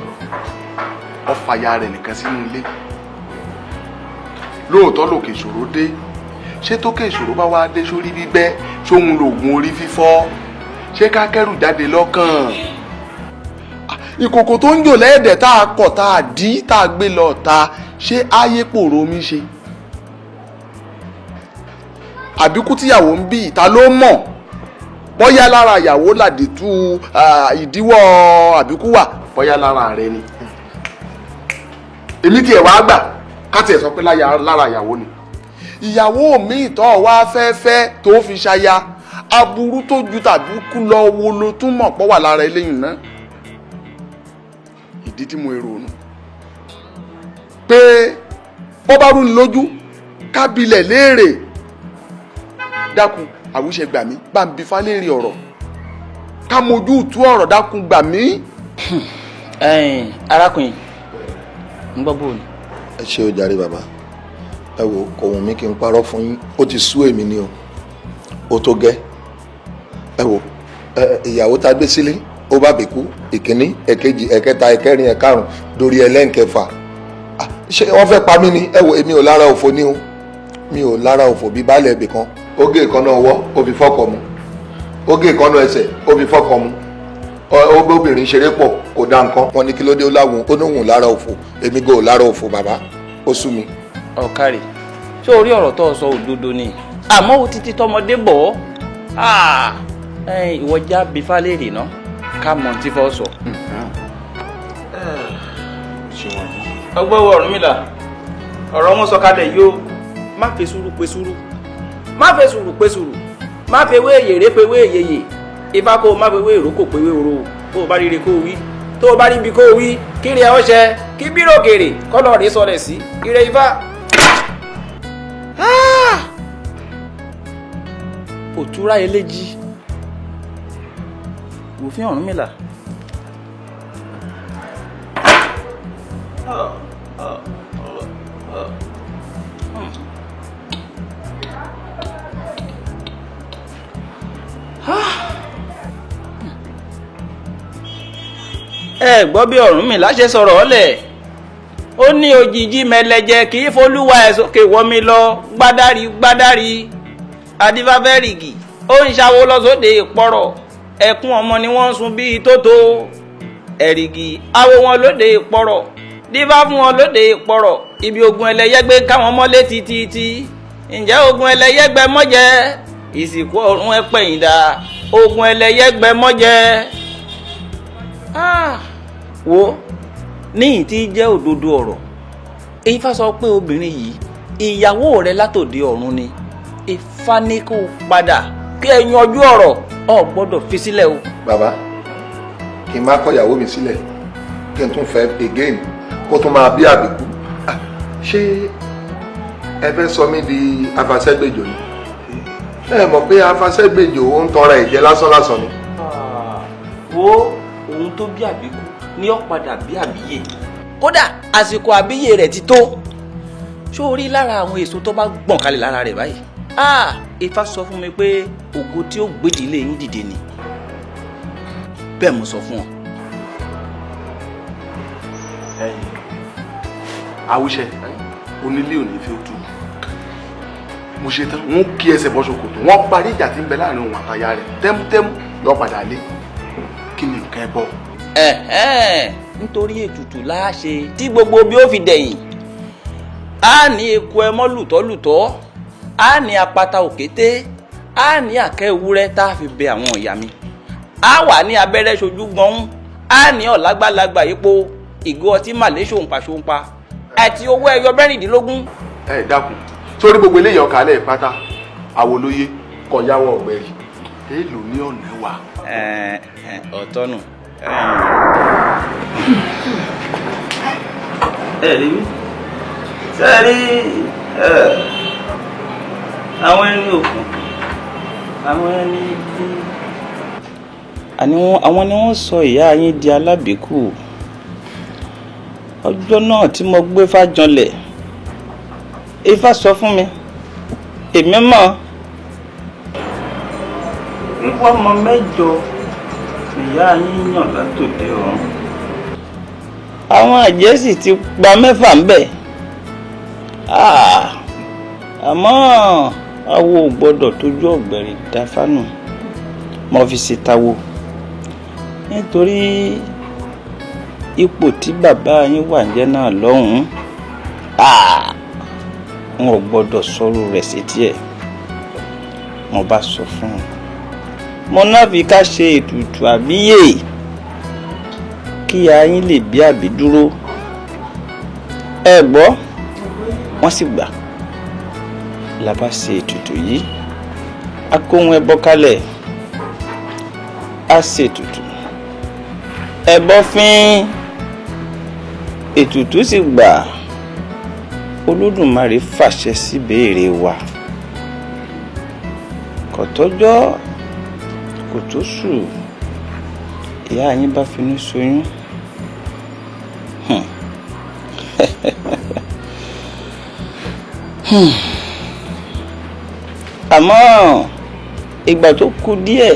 ọ̀fàyà rẹ̀ nìkan sínú ilé lóòótọ́ lòkè ìṣòro dé ṣé tókè ìṣòro bá wá dé sórí bíbẹ́ sóhun lògùn orí fífọ́ ṣé ká kẹ́rù jáde lọ́kàn ìkòkò tó ń jò lẹ́ẹ̀dẹ̀ tá a kọ̀ tá a dí tá a gbé lọ ta ṣé ayé pòrò omi ṣe àbíkú tíyàwó ń bí ìta ló mọ̀ bóyá lára ìyàwó làdìtú ìdíwọ́ àbíkú wà bóyá lára rẹ ni èmi tiẹ̀ wá gbà ká tiẹ̀ sọ pé lára ìyàwó ni ìyàwó mi ìtọ́ wa fẹ́ẹ́fẹ́ tó fi ṣaya aburú tó ju tàbí kú lọ wo ló tún mọ̀ pọ̀ wà lára eléyìí náà ìdí tí mo èrò nù pé bó bá rú ni lójú kábílẹ̀ léèrè dákun àwùṣe gbà mí bá ń bi fálẹ́rì ọ̀rọ̀ ká mojú tú ọ̀rọ̀ dákun gbà mí. arákùnrin ń gbọ́ bóòlù. ẹ ṣe o jàre bàbá ẹ wò kò wù mí kí n parọ́ fún yín ó ti sú èmi ni o ó tó gẹ́ ẹ wò ìyàwó tá a gbé sílé ó bá bìkú ìkíní ẹ̀kejì ẹ̀kẹta ẹ̀kẹrin ẹ̀karùn dórí ẹlẹ́ǹkẹfà ṣé wọ́n fẹ́ pa mí ni ẹ wò èmi ò lára òfò ni o mi ò lára òfò bíi baálé ibì kan ó gé ìkànnà ọwọ́ ó fi fọ́kọ̀ mu ó gé ìkànnà ẹsẹ̀ ó fi fọ́kọ̀ mu obìnrin ṣeré pọ̀ kò dá nǹkan wọn ní kí ló dé ó láwùn ó lóhùn lára òfò èmi gò lára òfò bàbá ó sú mi ọ̀kàrẹ̀ ṣé orí ọ̀rọ̀ tó sọ òdodo ni àmọ́ o ti ti tọmọdé bọ̀ ọ́ ah! ìwọ já bifá léèrè ná ká mọ̀ tí fọ́ sọ. ọgbọ́n wo Ọ̀rúnmìlà ọ̀rọ̀ wọn sọ kalẹ̀ yìí ó má fi sùúrù pe sùúrù má fi sùúrù pe sùúrù má fi wé yèrè pe wé yèyè ifá kó o má fi wé èrò kò pe wé oró kó o bá rí re kó o wí tó o bá ríbi kó o wí kí rí ẹ ọṣẹ kí bírò kèrè kọlọ rí sọlẹ sí ire ifá. Ah! òtúrá eléjì òfin Ọ̀rúnmìlà. ẹ ah! hmm. eh, gbọ́ bí Ọ̀rúnmìlà ṣe sọ̀rọ̀ ọ́lẹ̀ ó ní òjìji mẹlẹjẹ kì í folúwa ẹ̀ sókè wọmi lọ gbádárì gbádárì adífáfẹ́rìgì ó ń ṣàwo lọ́sọ̀dẹ̀ ìpọ̀rọ̀ ẹkún ọmọ ni wọ́n ń sun bíi tótó ẹ̀rìgì awo wọn lóde ìpọ̀rọ̀ dífá fún wọn lóde ìpọ̀rọ̀ ibi ogun ẹlẹ́yẹgbé káwọn mọ́lé títí ǹjẹ́ ogun ẹlẹ́yẹgbẹ mọ́jẹ́ ìsìnkú ọ̀run ẹpẹ̀yìndà ogun ẹlẹ́yẹgbẹ mọ́jẹ́ ah wo níyì tí jẹ́ òdodo ọ̀rọ̀ Ifá sọ pé obìnrin yìí ìyàwó rẹ látòde ọ̀run ni Ifá ní kó padà kí ẹ yanjú ọ̀rọ̀ ọ gbọ́dọ̀ fi sílẹ̀ o. bàbá kì í máa kọ ìyàwó mi sílẹ̀ kí n tún fẹ́ again kó tún máa bí àbíkú ṣé ẹ fẹ́ sọ mí di afasẹ́gbèjò ni ẹ mọ̀ pé afasẹ́gbèjò ó ń tọrọ ẹ̀jẹ̀ lásánlásán ni. wo ohun tó bí àbíkú ní ọ̀padà bí àbíyè kódà àsìkò àbíyè rẹ̀ ti tó ṣó o rí lára àwọn èso tó bá gbọ̀n kalẹ̀ lára rẹ̀ báyìí ah ifá sọ fún mi pé ògo tí ó gbèdì ilé yín dìde ni bẹ́ẹ̀ mo sọ fún ọ. ẹ̀yin awúṣẹ onílé òní fi ó tú mo ṣe tán wọn kí ẹsẹ̀ bọ ṣòkòtò wọn parí ìjà tí ń bẹ láàrin òun àtàyà rẹ̀ tẹmútẹmú lọ padà lé kí ni nǹkan ẹ bọ. nítorí ètùtù láà ṣe tí gbogbo bí ó fi dẹ̀yìn á ní eku ẹmọ́ lùtọ́lùtọ́ á ní apata òkété á ní àkẹ́ ewúrẹ́ tá a fi bẹ àwọn ìyá mi á wà ní abẹ́rẹ́ ṣojú gbọ́n á ní ọ̀lágbàlagbà epo ìgò ọtí màlẹ́ ṣòǹpa ṣòǹpa àti owó ẹyọ mẹ́rìndínlógún. ẹ dákun sórí gbogbo eléyìí ọkà alẹ́ ìpátá àwòlóye kọjá wọn ọ̀gbẹ́rì èèlò ní ọ̀nà wa. ọ̀tọ́nù. Eh, eh, ẹ rí mi ṣe rí àwọn ẹni òkun àwọn ẹni tí. àwọn ni wọ́n sọ ìyá yín di alábìíkú ọjọ́ náà tí mo gbé fájọlẹ̀ ifá sọ fún mi èmi mọ̀. wíwọ́n ọmọ mẹ́jọ ìyá yín yàn látòde ọ̀run. àwọn àjẹsì ti gba mẹ́fà ń bẹ̀ ah, àmọ́ awo ò gbọ́dọ̀ tójú ọ̀gbẹ̀rì dáfánù mo fi ṣe tawo nítorí ipò tí bàbá yín wà ń jẹ́ náà lọ́hùn-ún wọn ah, ò gbọ́dọ̀ sọ̀rọ̀ rẹ̀ sétí ẹ̀ mo bá sọ fún un mọ̀nàfíkà ṣe ètùtù àbíyè kí ayín lè bí àbí dúró ẹ gbọ́ wọ́n sì gbà la bá ṣe ètùtù yìí a kó ohun ẹbọ kalẹ̀ a ṣe ètùtù ẹbọ fín ètùtù sì gbà olódùmarè fàṣẹ sí béèrè wa kò tọ́jọ́ kò tó sù ìyá yín bá finú ṣoyún hmm. hmm. àmọ́ ìgbà tó kù díẹ̀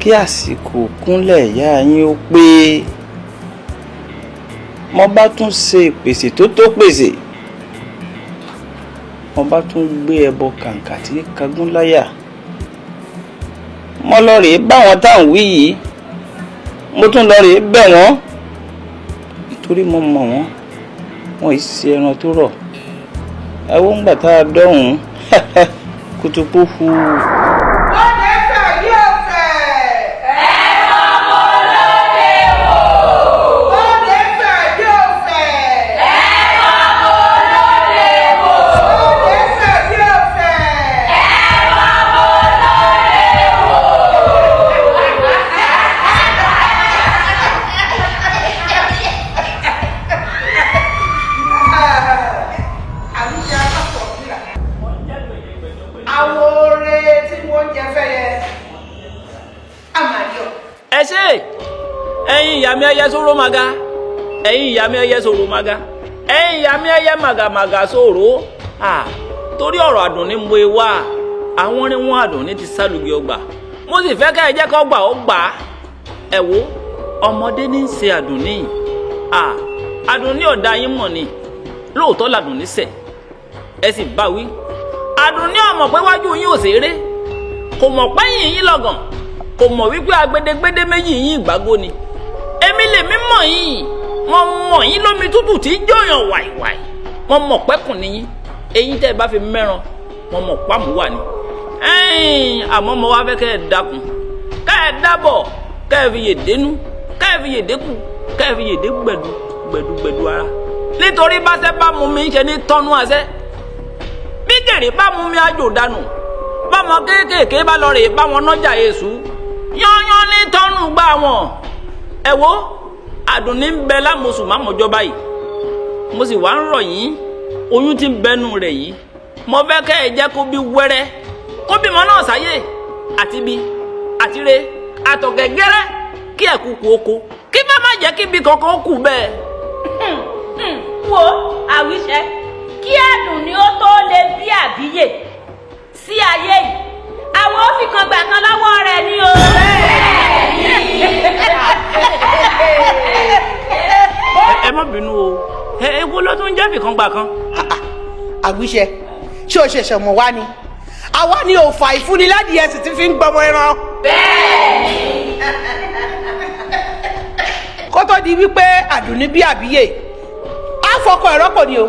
kí àsìkò kúnlẹ̀ ìyá yín ó pé mo bá tún ṣe pèsè tó tó pèsè mo bá tún gbé ẹbọ kàǹkà tí kagún láyà mo lọ rèé báwọn táwọn wí yìí mo tún lọ rèé bẹ̀ wọ́n nítorí mo mọ̀ wọ́n wọn ì ṣe ẹran tó rọ̀ ẹ̀wọ̀n ń gbà tá a dọ̀hún kùtùkù ẹyẹ maga ẹ̀yin ìyá mi ẹyẹ sóró maga ẹ̀yin ìyá mi ẹyẹ maga sóró ah torí ọ̀rọ̀ àdùnní mo e wá àwọn orin wọn àdùnní ti sálùgbé ọgbà mo sì fẹ́ ká ẹ jẹ́ kó gbà ó gbà á ẹ wo ọmọdé ní í ṣe àdùnní à àdùnní ọ̀dà yín mọ̀ ni lóòótọ́ làdùnní sẹ̀ ẹ sì bá wí àdùnní ọmọ pé wájú yín ò ṣeré kò mọ̀ pẹ́yìn yín lọ́gàn kò mọ̀ wípé agbedegbede méjì yín ìgbàgbó ni èmi lèmi mọ̀ yín mo mọ̀ yín lómi tútù tí í jọyàn wàìwàì mo mọ̀ pẹ́kùn nìyí eyín tẹ́ ẹ bá fi mẹ́ran mo mọ̀ pàmò wà ní. àmọ́ mo wá fẹ́ kẹ́ ẹ dákun kẹ́ ẹ dábọ̀ kẹ́ ẹ fi yèdè nú kẹ́ ẹ fi yèdè kù kẹ́ ẹ fi yèdè gbẹ̀dú gbẹ̀dú gbẹ̀dú ara. nítorí báṣẹ́ bá mú mi ṣe ní tọ́nú àṣẹ bí gèrè bá mú mi àjò dànù báwọn kéékèèké bá lọ rè báwọn nọ́jà èṣù yányán ní tọ́nú gbà wọ́n ẹ wo àdùnní ń bẹ lámosù mámọjọ báyìí mo sì wá ń rọ̀ yín oyún ti ń bẹnu rẹ̀ yìí mo fẹ́ kẹ́ ẹ jẹ́ kó bí wẹ́rẹ́ kó bímọ náà sáyé àti bí àti re àtọ̀gẹ́gẹ́rẹ́ kí ẹ kú kú oko kí má má jẹ́ kí bí kankan kù bẹ́ẹ̀. wo àwíṣẹ kí àdùnní ó tó lè bí àbíyè sí ayé yìí àwọn ó fi kan gbà kan lọ́wọ́ ni o ẹ má bínú o ewu ló tún jẹ́ fìkan gbà kan. Ah, ah, àgbíṣe ṣé o ṣẹ̀ṣẹ̀ mọ̀ wá ni àwa ni ò fà ìfúnni ládìí ẹ̀sìn tí fi ń gbọmọ ẹran. bẹ́ẹ̀ni. kó tó di wípé àdùnní bí àbíyè á fọkọ ẹ̀rọ pọ̀ ni o.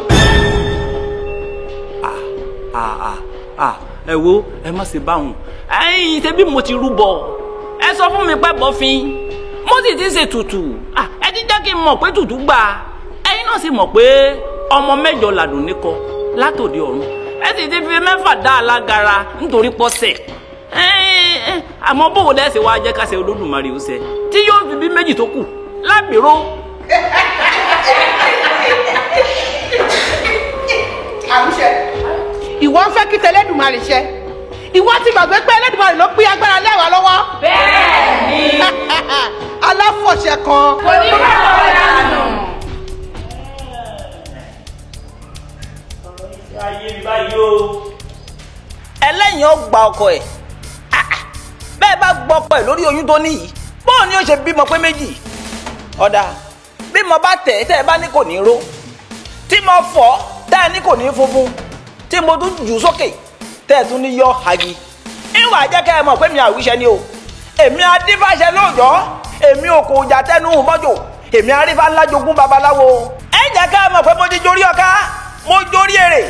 Ah, ẹ wo ẹ má ṣe báwọn ẹ̀yin ṣe mo ti rúbọ. ẹ sọ fún mi pé bọ́fin mo sì ti ṣe tutù ẹ ti jẹ́ kí n mọ̀ pé tutù gbà ẹ̀yin náà sì mọ̀ pé ọmọ mẹ́jọ làdùn níkọ látòdì ọ̀run ẹ sì ti fi mẹ́fà dá alágara nítorí pọ́sẹ̀ àmọ́ bòwò lẹ́sẹ̀ wá jẹ́ kásẹ̀ olódùmarè ó sẹ tí yóò fi bí méjì tó kù lágbèrò. àmúṣe ìwọ ń fẹ́ kí tẹlẹ́dùmarè ṣe. ìwọ ti gbàgbé pé Ẹlẹ́dùmarè ló pín agbára lé wa lọ́wọ́. bẹ́ẹ̀ni. aláfọ̀ṣẹ kan. kò ní ká lọ́wọ́ dànù. ẹlẹ́yìn ó gba ọkọ ẹ̀ ah, bẹ́ẹ̀ bá gbọ́ ọkọ ẹ̀ lórí oyún tó níyì bóun ni ó ṣe bímọ pé méjì ọ̀dà bímọ bá tẹ̀ tẹ́ ẹ bá ní kò ní ró tí mo fọ̀ tẹ́ ẹ ní kò ní funfun tí mo tún jù sókè. So tẹ̀sùn ní yọ hagi ìwà jẹ́ kẹ́ ẹ mọ̀ pé mi àwíṣẹ́ ni o èmi adífàṣẹ lóòjọ́ èmi òkò ìjà tẹnu mọ́jò èmi arífà ńlá jogún babaláwo ẹ jẹ́ kẹ́ ẹ mọ̀ pé mo ti jorí ọká mo jorí èrè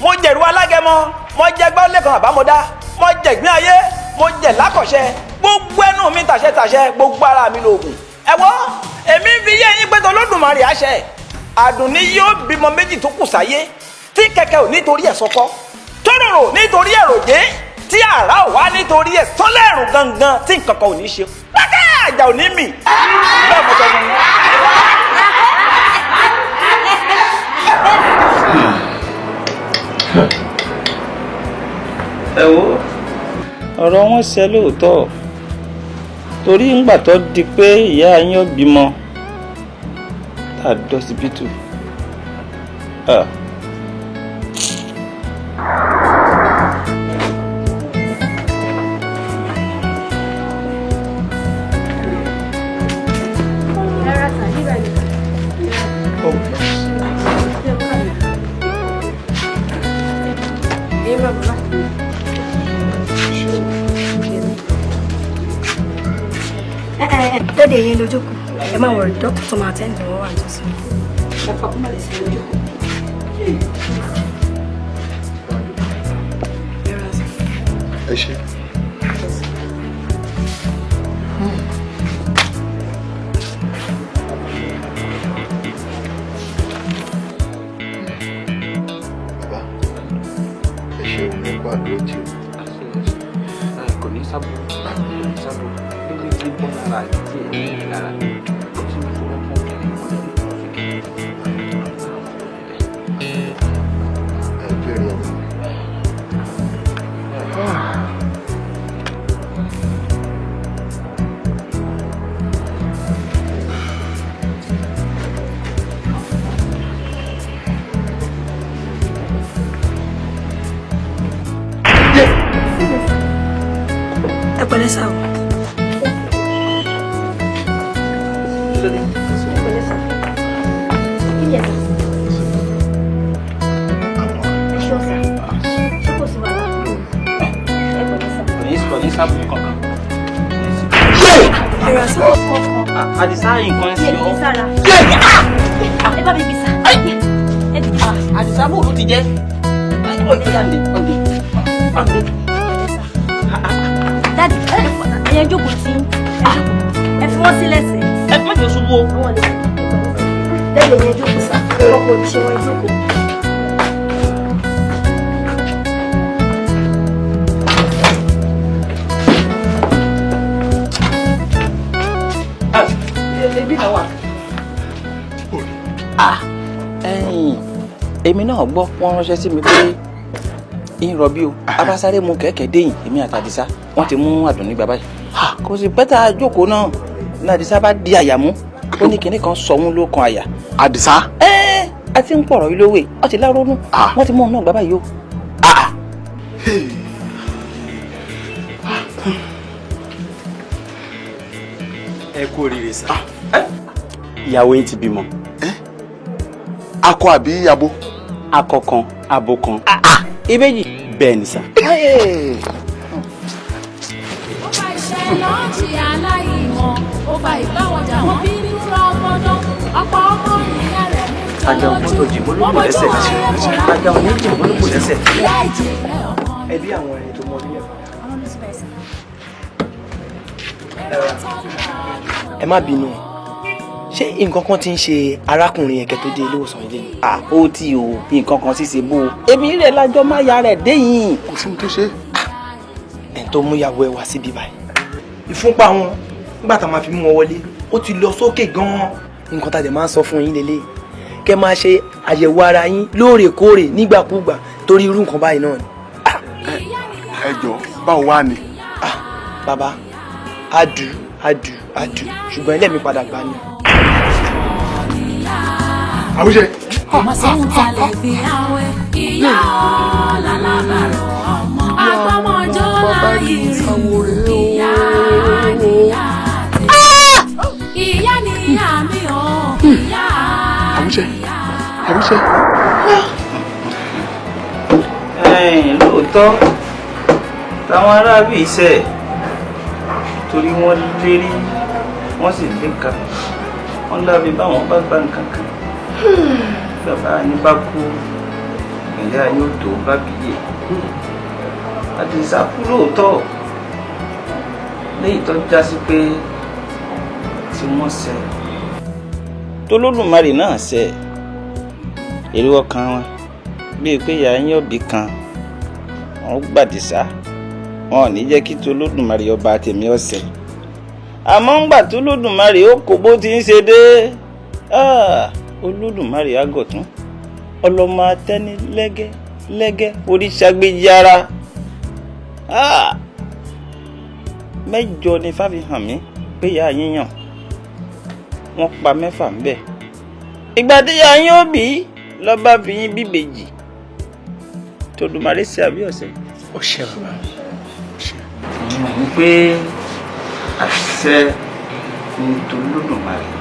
mo jẹ̀rú alágẹmọ mo jẹ gbọ́lẹ́kan àbámọ́dá mo jẹ̀gbín ayé mo jẹ̀ lákọ̀ṣẹ gbogbo ẹnu mi tàṣẹ tàṣẹ gbogbo ara mi lóògùn ẹ wò èmi fi yé yín pé t'Olódùmarè àṣẹ àdùnní yóò bímọ méjì tó kù sáyé tí kẹ̀kẹ́ ò nítorí ẹ̀ sọkọ́ tó rorò nítorí èròjé tí àrà ò wá nítorí ẹ̀ sọ́lẹ̀rù gangan tí nǹkan kan ò ní ṣe pátá àjà ò ní mì bẹ́ẹ̀ mo sọ fún un. ẹ wo ọ̀rọ̀ wọn ṣe lóòótọ́ torí ńgbà tó di pé ìyá yín ò bímọ tá a dọ́sibítù. Ah. bọ́dẹ̀ yẹn lójókòó ẹ má wọ̀rọ̀ dókítà tó máa tẹ́ǹdì wọn wà tó sí ẹ ṣe. Bàbá ẹ ṣe nípa lójì. Eh, pada saat àdìsá nǹkan sí ọ. ẹ bá mi bì sá. àdìsá bò ló ti jẹ́. dadi ẹyẹ jókòó tí ẹ fi wọ́n sí lẹ́sẹ̀. ẹ má jẹ́ ṣubú o. lẹ́yìn ẹyẹ jókòó sá ọkọ̀ òṣèwọ̀n jókòó. èmi náà gbọ́ wọ́n ránṣẹ́ sí mi pé ń rọbí o abasáré mu kẹ̀kẹ́ déyìn èmi àtàdísá wọ́n ti mú àdùnní gbà báyìí kò sì pẹ́tà jókòó náà ní àdísá bá di àyà mú ó ní kinní kan sọ òun ló kan àyà. àdísá. ẹ ẹ a ti ń pọ̀rọ̀ yìí lówè ọ ti lárónú wọ́n ti mú òun náà gbà báyìí o. ẹ kú oríire sá. ìyàwó yín ti bímọ. akọ àbí abo akọ kan abo kan ah, ah. ìbejì bẹ́ẹ̀ ni sà. ó fa ìṣẹ́ lọ́ọ̀tì aláìmọ̀ ó fa ìbáwọ̀jà wọn bí nípa ọgbọ́dọ̀ ọ̀pọ̀ ọmọ ìyá rẹ̀ àjà òun tó jì mọ́lùmọ́ lẹ́sẹ̀ àjà òun jì mọ́lùmọ́ lẹ́sẹ̀ ẹbí àwọn ẹni tó mọ nílẹ̀. ẹ má bínú ṣé nǹkan kan ti ń ṣe arákùnrin yẹn kẹtó dé ilé ìwòsàn ilé ni. à ó ti o nǹkan kan ṣíṣe bó èmi rẹ̀ lájọ́ má ya rẹ̀ déyìn. kò sí mi tó ṣe. ẹ̀ tó mú ìyàwó ẹ wá síbí báyìí. ìfúnpá wọn nígbà tá a máa fi mú wọn wọlé ó ti lọ sókè gan-an. nǹkan tá a jẹ máa ń sọ fún yín lélẹ̀ kẹ́ máa ṣe àyẹ̀wò ara yín lóòrèkóòrè nígbàkúùgbà torí irú nǹkan báyìí náà ni. ẹ jọ báwo wá ni. bàbá adu adu adu ṣùgbọ́n ẹlẹ́mi padà gbani àwùjẹ. ọmọ sẹ́yìn talẹ̀ fi àwẹ̀ ìyá ọ̀la lábàrò ọmọ agbọ́mọjọ́ láyé rí ìyá níyà tẹ̀ ìyá níyà mi ò ìyá àwùjẹ àwùjẹ. lóòótọ́ táwọn aráàlú iṣẹ́ torí wọ́n lérí wọ́n sì léka wọ́n lábẹ́ báwọn bá gba nǹkan kan bàbá yín bá kú ìyá yóò tó bá bíyè àdìsá kú lóòótọ́ léyìí tó já sí pé tí wọ́n ṣe. tolódùmarè náà ṣe èrò ọkàn wọn bíi pé ìyá yín ọ̀bì kan wọn gbàdìsá wọn ò ní jẹ́ kí tolódùmarè ọba tèmi ọ̀sẹ̀ àmọ́ ńgbà tolódùmarè ó kó bó ti ń ṣe dé. Ah olódùmarè àgọ̀tún ọlọ́mọ atẹ́ni lẹ́gẹ́ lẹ́gẹ́ oríṣàgbéjára ah! mẹ́jọ ni fàfihàn mi pé ìyá yín yàn wọ́n pa mẹ́fà ń bẹ̀. ìgbà tí ìyá yín ó bí lọ́ba fi yín bíbèjì tòdùmarè sí àbí ọ̀sẹ̀. ó ṣe bàbá ó ṣe. mo mọ̀ pé àṣẹ ni tolódùmarè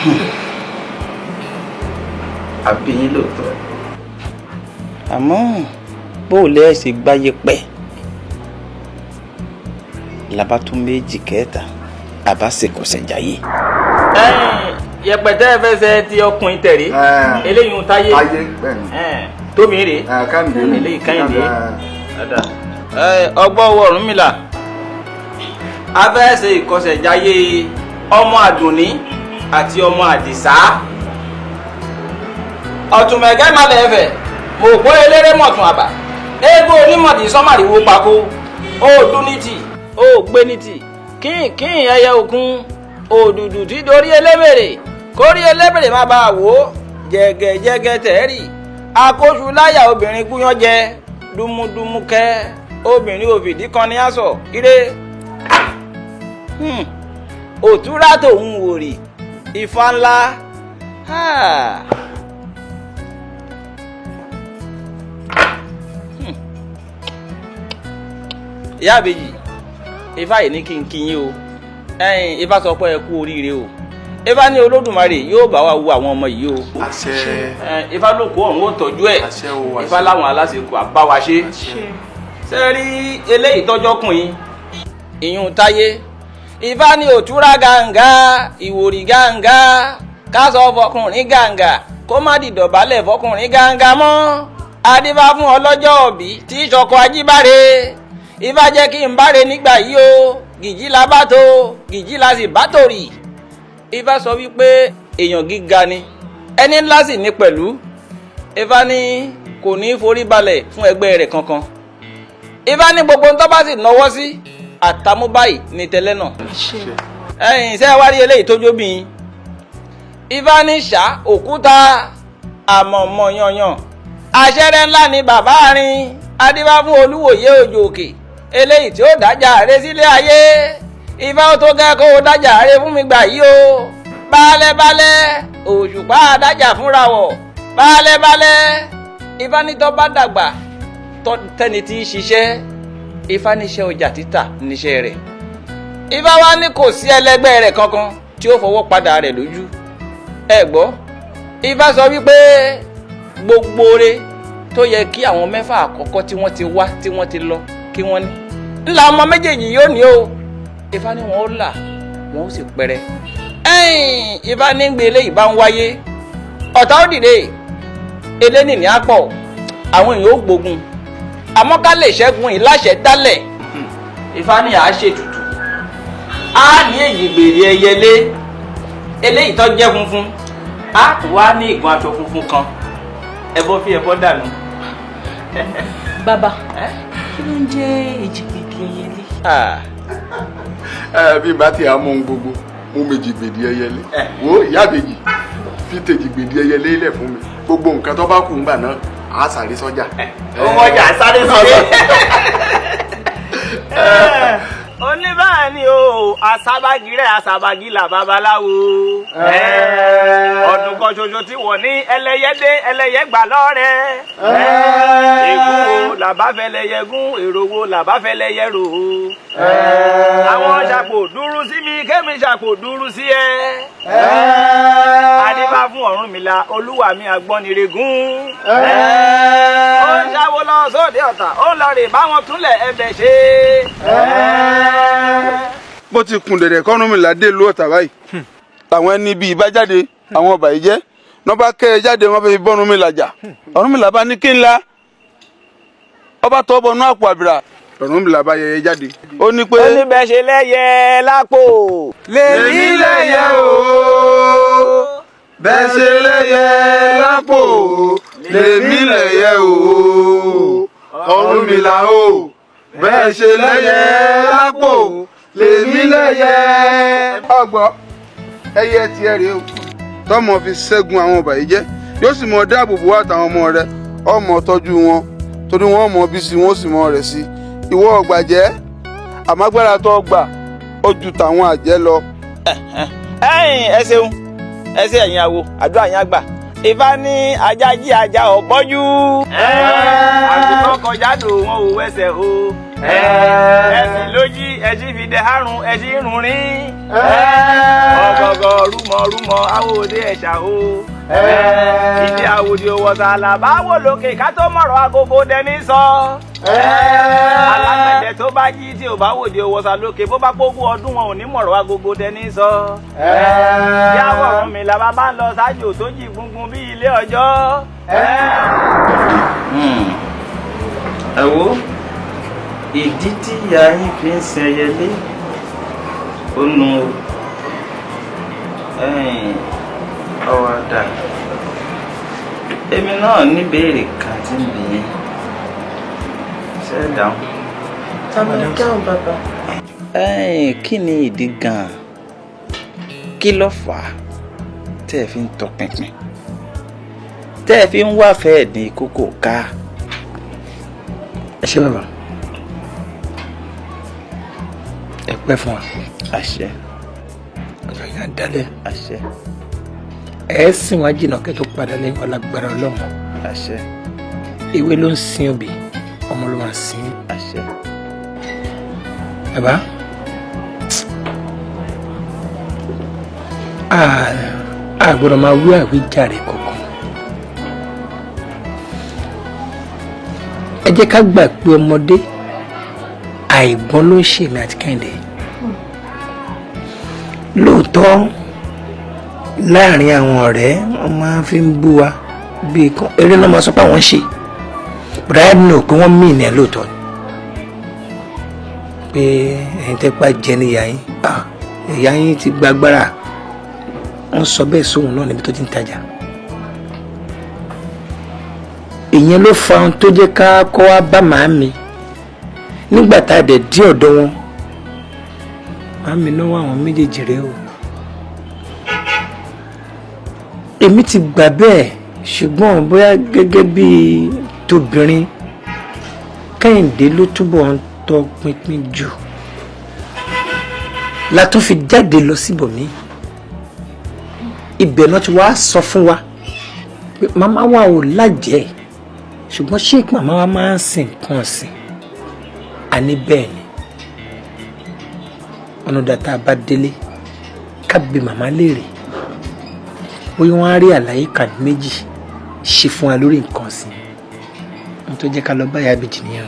a àbí yín lóòótọ́. àmọ́ bó o lẹ́ ṣe gbáyé pẹ́ làbá tún méjì kẹta àbá ṣèkọ̀ṣẹ̀ jáyé. yẹpẹtẹ fẹsẹ ti ọkùnrin tẹrí eléyìí ń táyé tómi rè eléyìí kẹ́hìndé ọgbọ́n ọwọ́ Ọ̀rúnmìlà a fẹ́ ṣe ìkọ̀ṣẹ̀ jáyé ọmọ àdùnní àti ọmọ àdìsá ọ̀tùmẹ̀kẹ́ malẹ̀ẹ́fẹ̀ mò gbọ́ eléré mọ̀tún àbà egbò onímọ̀tì sọ́màrìwò pako ó dún ní tì ó gbé ní tì kínkín ẹyẹ òkun òdùdù tí dorí elébèrè kórí elébèrè má bàa wò ó jẹgẹjẹgẹ tẹẹrì akóṣù láyà obìnrin gúnyán jẹ dumudumu kẹ obìnrin òfìdí kan ní àṣọ ire hmm, òtúrá tòun wòrè. Ifá ńlá. Hmm. Ìyá àbèjì Ifá yìí ní kí n kí yín o ẹ̀yin Ifá sọ pé ẹ kú oríire o Ifá ní Olódùmarè yóò bá wa wo àwọn ọmọ yìí o àṣẹ Ifá ló kó ọ̀hún ó tọ́jú ẹ̀ Ifá láwọn aláṣẹ kò àbá wa ṣe ṣe eléyìí tọ́jọ́ kùn yín ìyún táyé ifá ni òtúrá gàǹgà ìwòrì gàǹgà kásọ fọkùnrin gàǹgà kó má dìdọ̀bálẹ̀ fọkùnrin gàǹgà mọ́ adífá fún ọlọ́jọ́ òbí tí ìṣọ̀kọ ajíbáre ifá jẹ́ kí n báre nígbà yìí o gìjí la bá tó gìjí la sì bá tòrì ifá sọ wípé èèyàn gíga ni ẹni ńlá sì ní pẹ̀lú ifá ni kò ní forí balẹ̀ fún ẹgbẹ́ rẹ̀ kankan ifá ni gbogbo ń tọ́ bá sì náwó sí. Si àtàmú báyìí ní tẹ́lẹ̀ náà. ẹ̀yin iṣẹ́ wa rí eléyìí tó jóbìn ifá òkúta àmọ̀mọ̀ yanyan àṣẹrẹ ńlá ni bàbá rin adébá fún olúwòye òjò òkè eléyìí tí ó dájà rẹ sílé ayé ifá ó tó kẹ́kọ̀ọ́ ó dájà rẹ fún mi gbà yìí o bálẹ́bálẹ́ òṣùpá dájà fúnra wọ̀ bálẹ́bálẹ́ ifá bá dàgbà tẹ́ni tí ń ṣiṣẹ́ ifá níṣẹ́ ọjà títà níṣẹ́ rẹ̀ ifá wa ní kò sí ẹlẹgbẹ́ rẹ̀ kankan tí ó fọwọ́ padà rẹ̀ lójú ẹ gbọ́ ifá sọ wípé gbogbo re tó yẹ kí àwọn mẹ́fà àkọ́kọ́ tí wọ́n ti wá tí wọ́n ti lọ kí wọ́n ní ńlá ọmọ méjèèjì yóò ní o ifá ní wọn ó là wọn ó sì pẹrẹ ẹ̀yìn ifá ní gbé eléyìí bá ń wáyé ọ̀tá ó dìde eléni ní àpọ̀ àwọn èèyàn ó gbógun àmọ́ ká lè ṣẹ́gun ìláṣẹ dálẹ̀ hmm. Ifá ní àá ṣètùtù á ní èyí gbèrè ẹyẹlé eléyìí tó jẹ́ funfun A kò wá ní ìgbọ́n aṣọ funfun kan ẹbọ fi ẹbọ dànù. bàbá kí ló ń jẹ́ èjì gbèdé ẹyẹlé. bí bá ti àmú ohun gbogbo mú méjì gbèdé ẹyẹlé wo ìyá àbèjì fi tèjì gbèdé ẹyẹlé lẹ̀ fún mi gbogbo nǹkan tó bá kù ń bà náà a sáré sọ́jà. ọmọ ọjà sáré sọ́jà. oníbàání o àsábàgì rẹ àsábàgì là babaláwo ọdún kan ṣoṣo tí wọ́n ní ẹlẹ́yẹdé ẹlẹ́yẹgbà lọ́rẹ́ ègún o làbáfẹ́lẹ́yẹgún èrò wo làbáfẹ́lẹ́yẹrò o àwọn ṣàpò dúró sí mi kémi ṣàpò dúró sí ẹ adébá fún Ọ̀rúnmìlà olúwa mi àgbọ́niregún ó ń ṣàwó lọ sóde ọ̀tà ó ń lọ rè báwọn túnlẹ̀ ẹbẹ̀ ṣe bó ti kun dẹ̀dẹ̀ kọ́nu mi ládé ló ọ̀tà báyìí làwọn hmm. ẹni bíi bá jáde hmm. àwọn ọba yìí jẹ́ nọ́ba kẹ́ ẹ jáde wọ́n fi bọ́nu mi làjà hmm. ọ̀run mi làbá ní kí n la ọba tọ́ bọnú àpò àbìrà ọ̀run mi làbá yẹyẹ jáde. ó ní pé. ó ní bẹ́ẹ̀ ṣe lẹ́yẹ lápò. lèmi lẹ́yẹ o bẹ́ẹ̀ ṣe lẹ́yẹ lápò lèmi lẹ́yẹ o ọ̀run mi là o. bẹ́ẹ̀ ṣe lẹ́yẹ lápò lèmi lẹ́yẹ. ọgbọ ẹyẹ ti ẹ rèé o tọmọ fi ṣẹ́gun àwọn ọbàyéjẹ́ yóò sì mọ dáàbò bò àtàwọn ọmọ rẹ ọmọ tọ́jú wọn torí wọn mọ bí sí wọn sì mọ rẹ sí ìwọ ọgbàjẹ àmágbára tó gbà ó ju tàwọn àjẹ́ lọ. ẹ ṣeun ẹ ṣe ẹ̀yin àwo àdúrà yín àgbà ìfá ní ajá jí ajá ọ̀pọ̀jú. ẹ àgùntàn kọjá lòun ò wẹsẹ̀ o. ẹ̀sìn lójí ẹ̀sìn fìdẹ àrùn ẹ̀sìn irun rín ọgọgọ rúmọrúmọ awòde ẹ̀ṣà o ìdí àwòdì òwòsàn àlàbà wò lókè ká tó mọ̀rọ̀ agogo dẹni sọ alágbẹ̀dẹ tó bá jí tí ò bá wòdì òwòsàn lókè bó bá pógún ọdún wọn ò ní mọ̀rọ̀ agogo dẹni sọ yàwọ̀ ọ̀run mi làbá bá ń lọ sájò tó jì gungun bí ilé ọjọ́. ẹ hmm. wo ìdí tí ìyá yín fi ń sin ẹyẹlé ó nu ọwọ́ dà èmi náà níbèrè kan tí ń bì yín ṣe é dáhùn. àmì dáhùn bàbá. kí ni ìdí gan-an kí ló fà á tẹ́ ẹ fi ń tọpinpin tẹ́ ẹ fi ń wáfẹ́ ẹ̀dín kókó ká. ẹ ṣé bàbá. pẹ́ fún wa. àṣẹ. ọjọ́ yẹn á dalẹ̀. àṣẹ. ẹ sìn wá jìnnà kẹ́ tó padà lẹ́yìn ọlágbára ọlọ́run. àṣẹ. ewé ló ń sin obì ọmọ ló máa sin. àṣẹ. bàbá. a gbọ́dọ̀ máa wí àwíjàre kankan. ẹ jẹ́ ká gbà pé ọmọdé àìgbọ́n ló ń ṣèmi àti kẹ́hìndé lóòótọ́ láàrin àwọn ọ̀rẹ́ wọ́n máa fi ń bú wa bíi kan eré náà máa sọ pé àwọn ń ṣe bùdáyà nínú pé wọ́n mí ìnà lóòótọ́ ni pé ẹ̀yin tẹ́ pa jẹ níyà yín ẹ̀yà yín ti gba agbára wọ́n sọ bẹ́ẹ̀ sóhun náà níbi tó ti ń tajà ìyẹn ló fa ohun tó jẹ́ ká kọ́ wá bá màámi nígbà tá a dẹ̀ dí ọ̀dọ̀ wọn àmì náà àwọn méjèèjì rèé o èmi ti gbà bẹ́ẹ̀ ṣùgbọ́n bóyá gẹ́gẹ́ bíi tóbìnrin kẹ́hìndé ló túbọ̀ ń tọ́ pinpin jù la tún fi jáde lọ síbòmí ibẹ̀ náà ti wá sọ fún wa pé màmá wa ò lájẹ́ ṣùgbọ́n ṣé màmá wa máa ń sìn nǹkan ọ̀sìn àní ọlọ́dà tá a bá délé ká bi màmá léèrè bóyá wọ́n á rí àlàyé kan méjì ṣe fún wa lórí nǹkan ọ̀sìn ohun tó jẹ́ ká lọ báyà bèjì nìyẹn.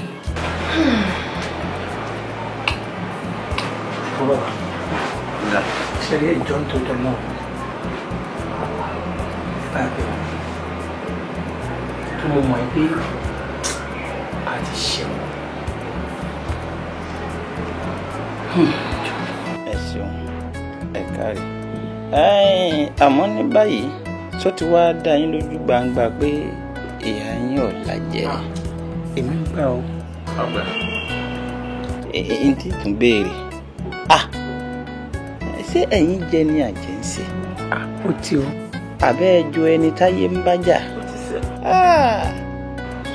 ṣẹlẹ̀ ìjọ ń tọjọ náà bá mo mọ̀ ẹ́ pé a ti ṣẹ̀wọ̀n. Hmm kárí àmọ́ ní báyìí tó ti wá dá yín lójú gbangba pé ìyá yín ò lajẹ ah. èmi gbà ó n tí tún béèrè ah! ṣé ẹ̀yin jẹ ní àjẹǹsì. Ah. ó ti o. àbẹ́ ẹjọ́ ẹni táyé ń bá jà. ó ti sẹ́.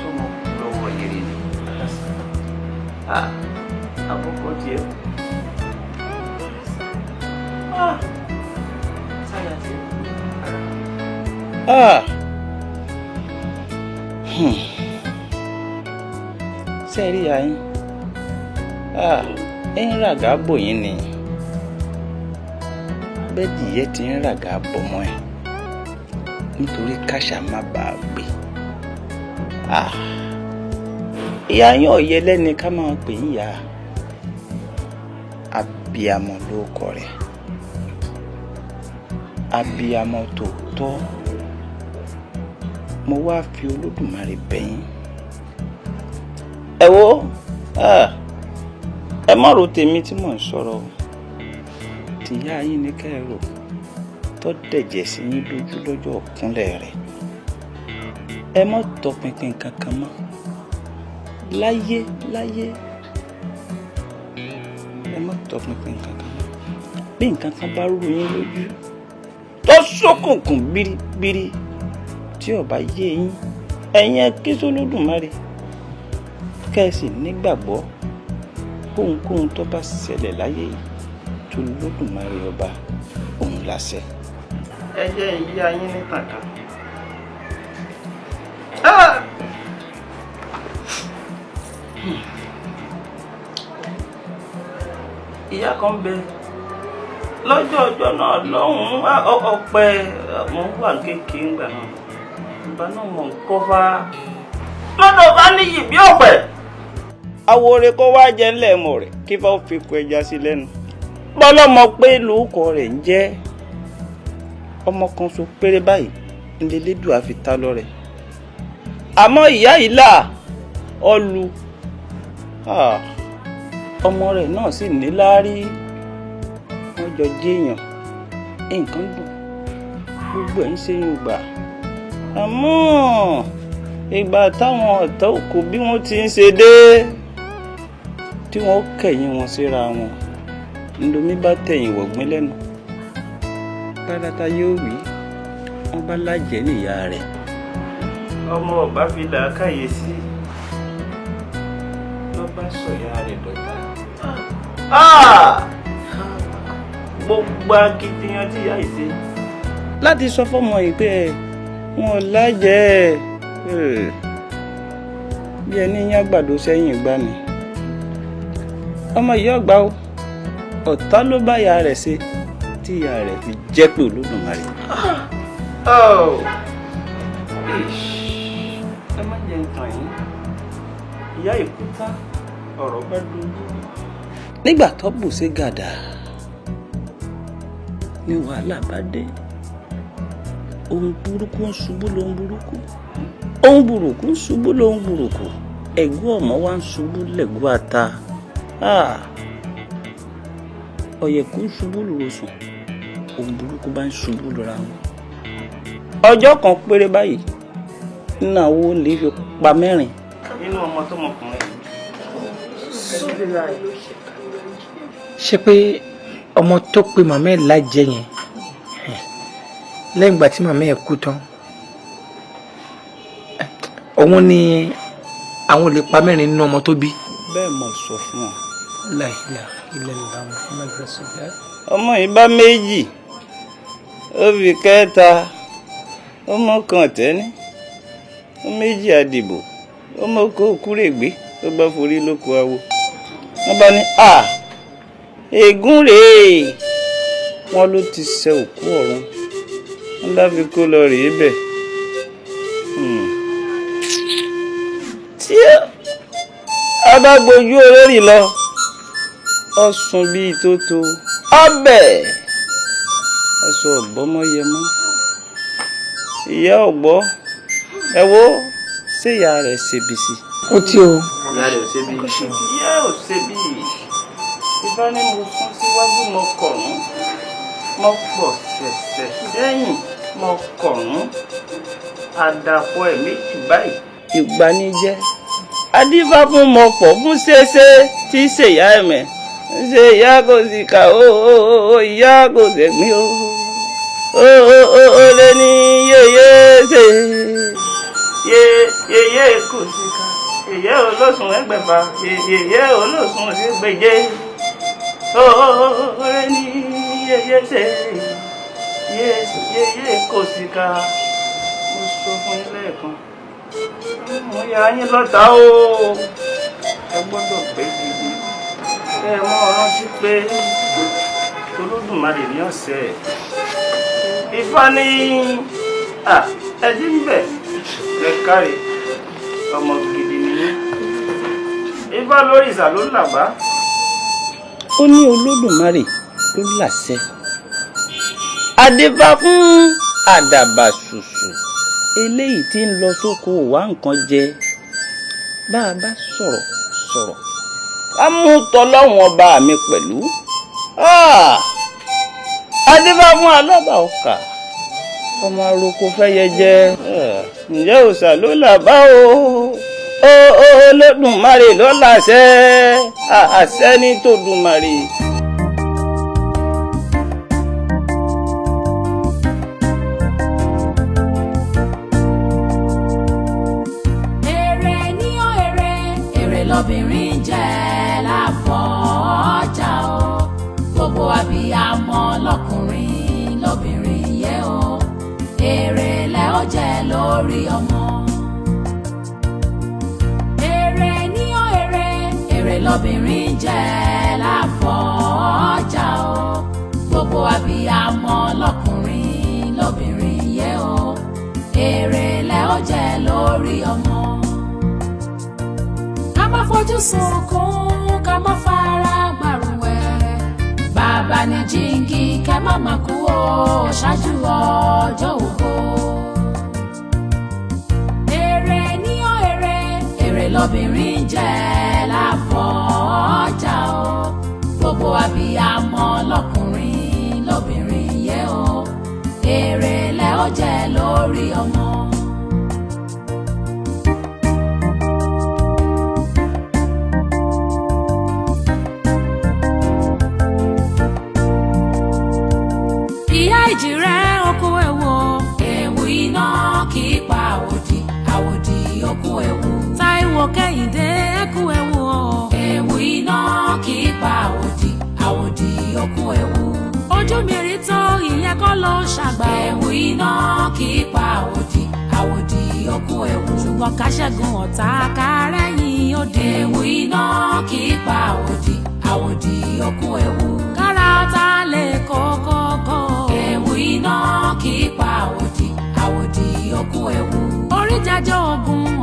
sọmọ lọ́wọ́ yẹrẹ ni Ah! Ṣé ẹ rí Ah! Ẹ ń bò yín ni. yẹ ti ń ràgà bọ̀mọ́ ẹ̀ nítorí káṣá má bàa gbé. Ah! Ìyá yín ọ̀yẹ́ lẹ́ni ká máa pè é ìyá. Abiyamọ ló kọ rẹ̀. Abiyamọ tòótọ́. mo wá fi olódùmarè bẹ̀yìn ẹ wo ẹ má ro tèmi tí mò ń sọ̀rọ̀ o tìyá yín ni ká ẹ rò tó dẹ̀jẹ̀ sí yín lójú lọ́jọ́ ọ̀kúnlẹ̀ rẹ̀ ẹ má tọpinpin kankan mọ́ láyé láyé ẹ má tọpinpin kankan mọ́ bí nǹkan kan bá rú yín lójú tó ṣókùnkùn bíríbírí. Biri, tí ọba yé yín ẹ̀yin ẹ ké sólódùmarè kẹ́sì nígbàgbọ́ kóhunkóhun tó bá ṣẹlẹ̀ láyé yìí tó lódùmarè ọba òun láṣẹ. ẹ jẹ́ ìyá yín ní tàkà. ìyá kan bẹ lọ́jọ́ ọjọ́ náà lọ́hùn-ún ọ̀pẹ mo wà kékeré ńgbà náà yorùbá náà mọ̀ nǹkan fa. lọ́dọ̀ bá níyì bí ọ̀pẹ. awore kó wá jẹ ńlẹ̀ mọ̀ rẹ̀ kí fáwọn fi kọ ẹja sí lẹ́nu bọ́lọ́mọ pé lóòkọ rẹ̀ ń jẹ́ ọmọ kan so péré báyìí ńlẹ́lẹ́dùn àfi ta lọ́rẹ̀ àmọ́ ìyá yìí là ọlù ah, ọmọ rẹ̀ náà sì níláárí wọ́n jọ jẹ́yàn nǹkan dùn gbogbo ẹ̀ ń ṣe yín gbà àmọ́ ìgbà táwọn ọ̀tá òkú bí wọ́n ti ń ṣe dé tí wọ́n kẹ̀yìn wọn síra wọn ńlọmí bá tẹ̀yìn wọ̀gbìn lẹ́nu tálátá yóò wí wọ́n bá lájẹ́ níyà rẹ̀. ọmọ ọba fi làákàyè sí ló bá sọ̀yà rẹ̀ dọ̀tà. Ah! Ah! gbogbo akitiyan tí yá ìṣe. láti sọ fọmọ ìpè ẹ wọn ò lájẹ hmm. bí ẹni yín àgbàdo sẹ́yìn ìgbà ni ọmọ yìí ọgbà o ọ̀tá ló bá ìyá rẹ̀ ṣe tí ìyá rẹ̀ fi jẹ́ pé Olódùmarè. Oh. ẹ má jẹ nǹkan yìí ìyá ìkúta ọ̀rọ̀ bá dojú. nígbà tó bù sí gàdá ni wàhálà bá dé ohun burúkú ń ṣubú lóhun burúkú ohun burúkú ń ṣubú lóhun burúkú ẹ̀gún ọ̀mọ́ wa ń ṣubú lẹ́gùn ata ah! ọ̀yẹ̀kú ń ṣubú lòsùn ohun burúkú bá ń ṣubú lọ́ra wọn. ọjọ́ kan péré báyìí nínú àwọn olè fi pa mẹ́rin. nínú ọmọ tó mọkùnrin ṣe pé ọmọ tó pe màmá ẹ̀ lájẹ yẹn lẹ́yìn ìgbà tí màmá ẹ̀ kú tán òun ni àwọn olè pa mẹ́rin nínú ọmọ tó bí. bẹ́ẹ̀ mo sọ fún ọ. láìlà ilẹ̀ ìlà Muhammad rasulillah. ọmọ yìí bá méjì ó fi kẹta ó mọ kàn tẹ́ni ó méjì àdìbò ó mọ kó kúrègbé ó bá forí lóko awo wọn bá ní a ègún rèé wọn ló ti sẹ òkú ọ̀run láfi kó lọ rèé bẹ̀. Hmm. tí a bá gbojú olórí lọ ọ̀sùn bíi tó to ọbẹ̀ aṣọ ọ̀bọ́mọyẹmọ́ ìyá ọ̀gbọ́ ẹ wo ṣé ìyá rẹ̀ ṣèbí sí. ó ti o. ìyá rẹ̀ ṣèbí ìyá ò ṣèbí ìbá ní mo fún síwájú mo kọ̀ọ̀rún ọ̀sẹ̀ọ̀sẹ̀ sẹ́yìn mo kọ̀ọ̀rún àdàpọ̀ ẹ̀ méjì báyìí. ìgbanijẹ́ adífáfún mọ pọ̀ fún ṣeéṣe tí ṣèyá ẹ̀mẹ̀ ń ṣe ìyá kò sì kà ó ìyá kò sẹ̀gbìn ó ó lé ní yeye ṣe yeye kò sì kà yeye olóṣùn ẹgbẹ̀fà yeye olóṣùn ẹgbẹ̀je ó lé ní yeye ṣe yé yé yé kò sí ká mo sọ fún yín lẹ́ẹ̀kan mo yà yín lọ́tà o ẹ gbọ́dọ̀ pé gidi ẹ mọ́ rántí pé olódùmarè ní ọ̀sẹ̀ ifá ní ẹjí ń bẹ̀ ẹ káre ọmọ gidi nìyí ifá lórí ìsà ló làbá. ó ní olódùmarè ló làṣẹ adébá fún àdàbà ṣùṣù eléyìí tí ń lọ sóko wá nǹkan jẹ bá a bá sọ̀rọ̀ sọ̀rọ̀ ká mú tọlọ́wọ́n ọba mi pẹ̀lú ah! adébá fún alọ́bà ọkà ọmọ aroko fẹ́yẹ jẹ eh, ǹjẹ́ òòṣà ló là bá o ó ó lódùmarè lọ́la ah, àṣẹ àṣẹ ní tòdùmarè. lórí ọmọ. Èrè ní ó èrè, èrè lobìnrin jẹ́ láfọ̀ọ́jà o. Gbogbo abiyamọ lọ́kùnrin lóbìnrin yẹ o. Èrè lẹ ó jẹ lórí ọmọ. Ká má fojú sunkún, ká má fara gbàrúwẹ̀. Bàbá ni jíǹkì kẹ́ má má kú o ṣáájú ọjọ́ ògo. lóbìnrin jẹ́ láfọ̀ọ́jà o gbogbo abiyamọ lọ́kùnrin lóbìnrin yẹ o èrè lẹ́ ó jẹ́ lórí ọmọ. kẹ́hìndé ẹ̀kú ẹ̀wù o. ewu iná kì í pa àwòdì àwòdì ọkú ẹ̀wù. ojú mi rí tán ìyẹn kọ́ ló ṣàgbà. ewu iná kì í pa àwòdì àwòdì ọkú ẹ̀wù. ṣùgbọ́n ká ọ̀tá kárẹ́ yìí ewu iná kì í pa àwòdì àwòdì ọkú ẹ̀wù. kára ọ̀tá lè kọ́kọ́kọ́. ewu iná kì í pa àwòdì àwòdì ọkú ẹ̀wù. orí jẹjọ́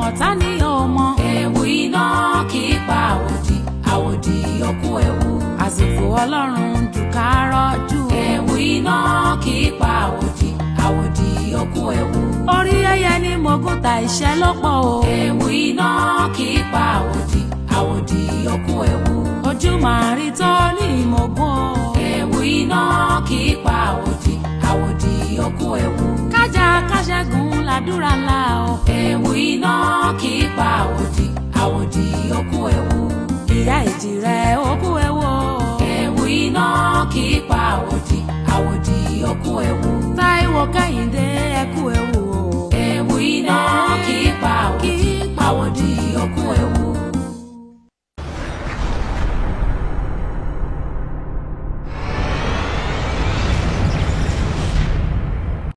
ọ̀tá ní ọmọ. ewu iná kì í pa àwòdì àwòdì yòókù ewu. àsìkò ọlọ́run dùkà rọ́jú. ewu iná kì í pa àwòdì àwòdì yòókù ewu. orí ẹyẹ ni mogun ta iṣẹ́ lọ́pọ̀ o. ewu iná kì í pa àwòdì àwòdì yòókù ewu. ojú màá rí tó ní ìmọ̀gbọ́n. ewu iná kì í pa àwòdì àwòdì yòókù ewu kájà káṣẹ́gun làdúrà ńlá o. ewu iná kì í pa àwòdì àwòdì okú ewu. ìyá ìjì rẹ okú ewu o. ewu iná kì í pa àwòdì àwòdì okú ewu. táíwò kẹ́hìndé ẹkú ewu o. iná kì í pa àwòdì àwòdì.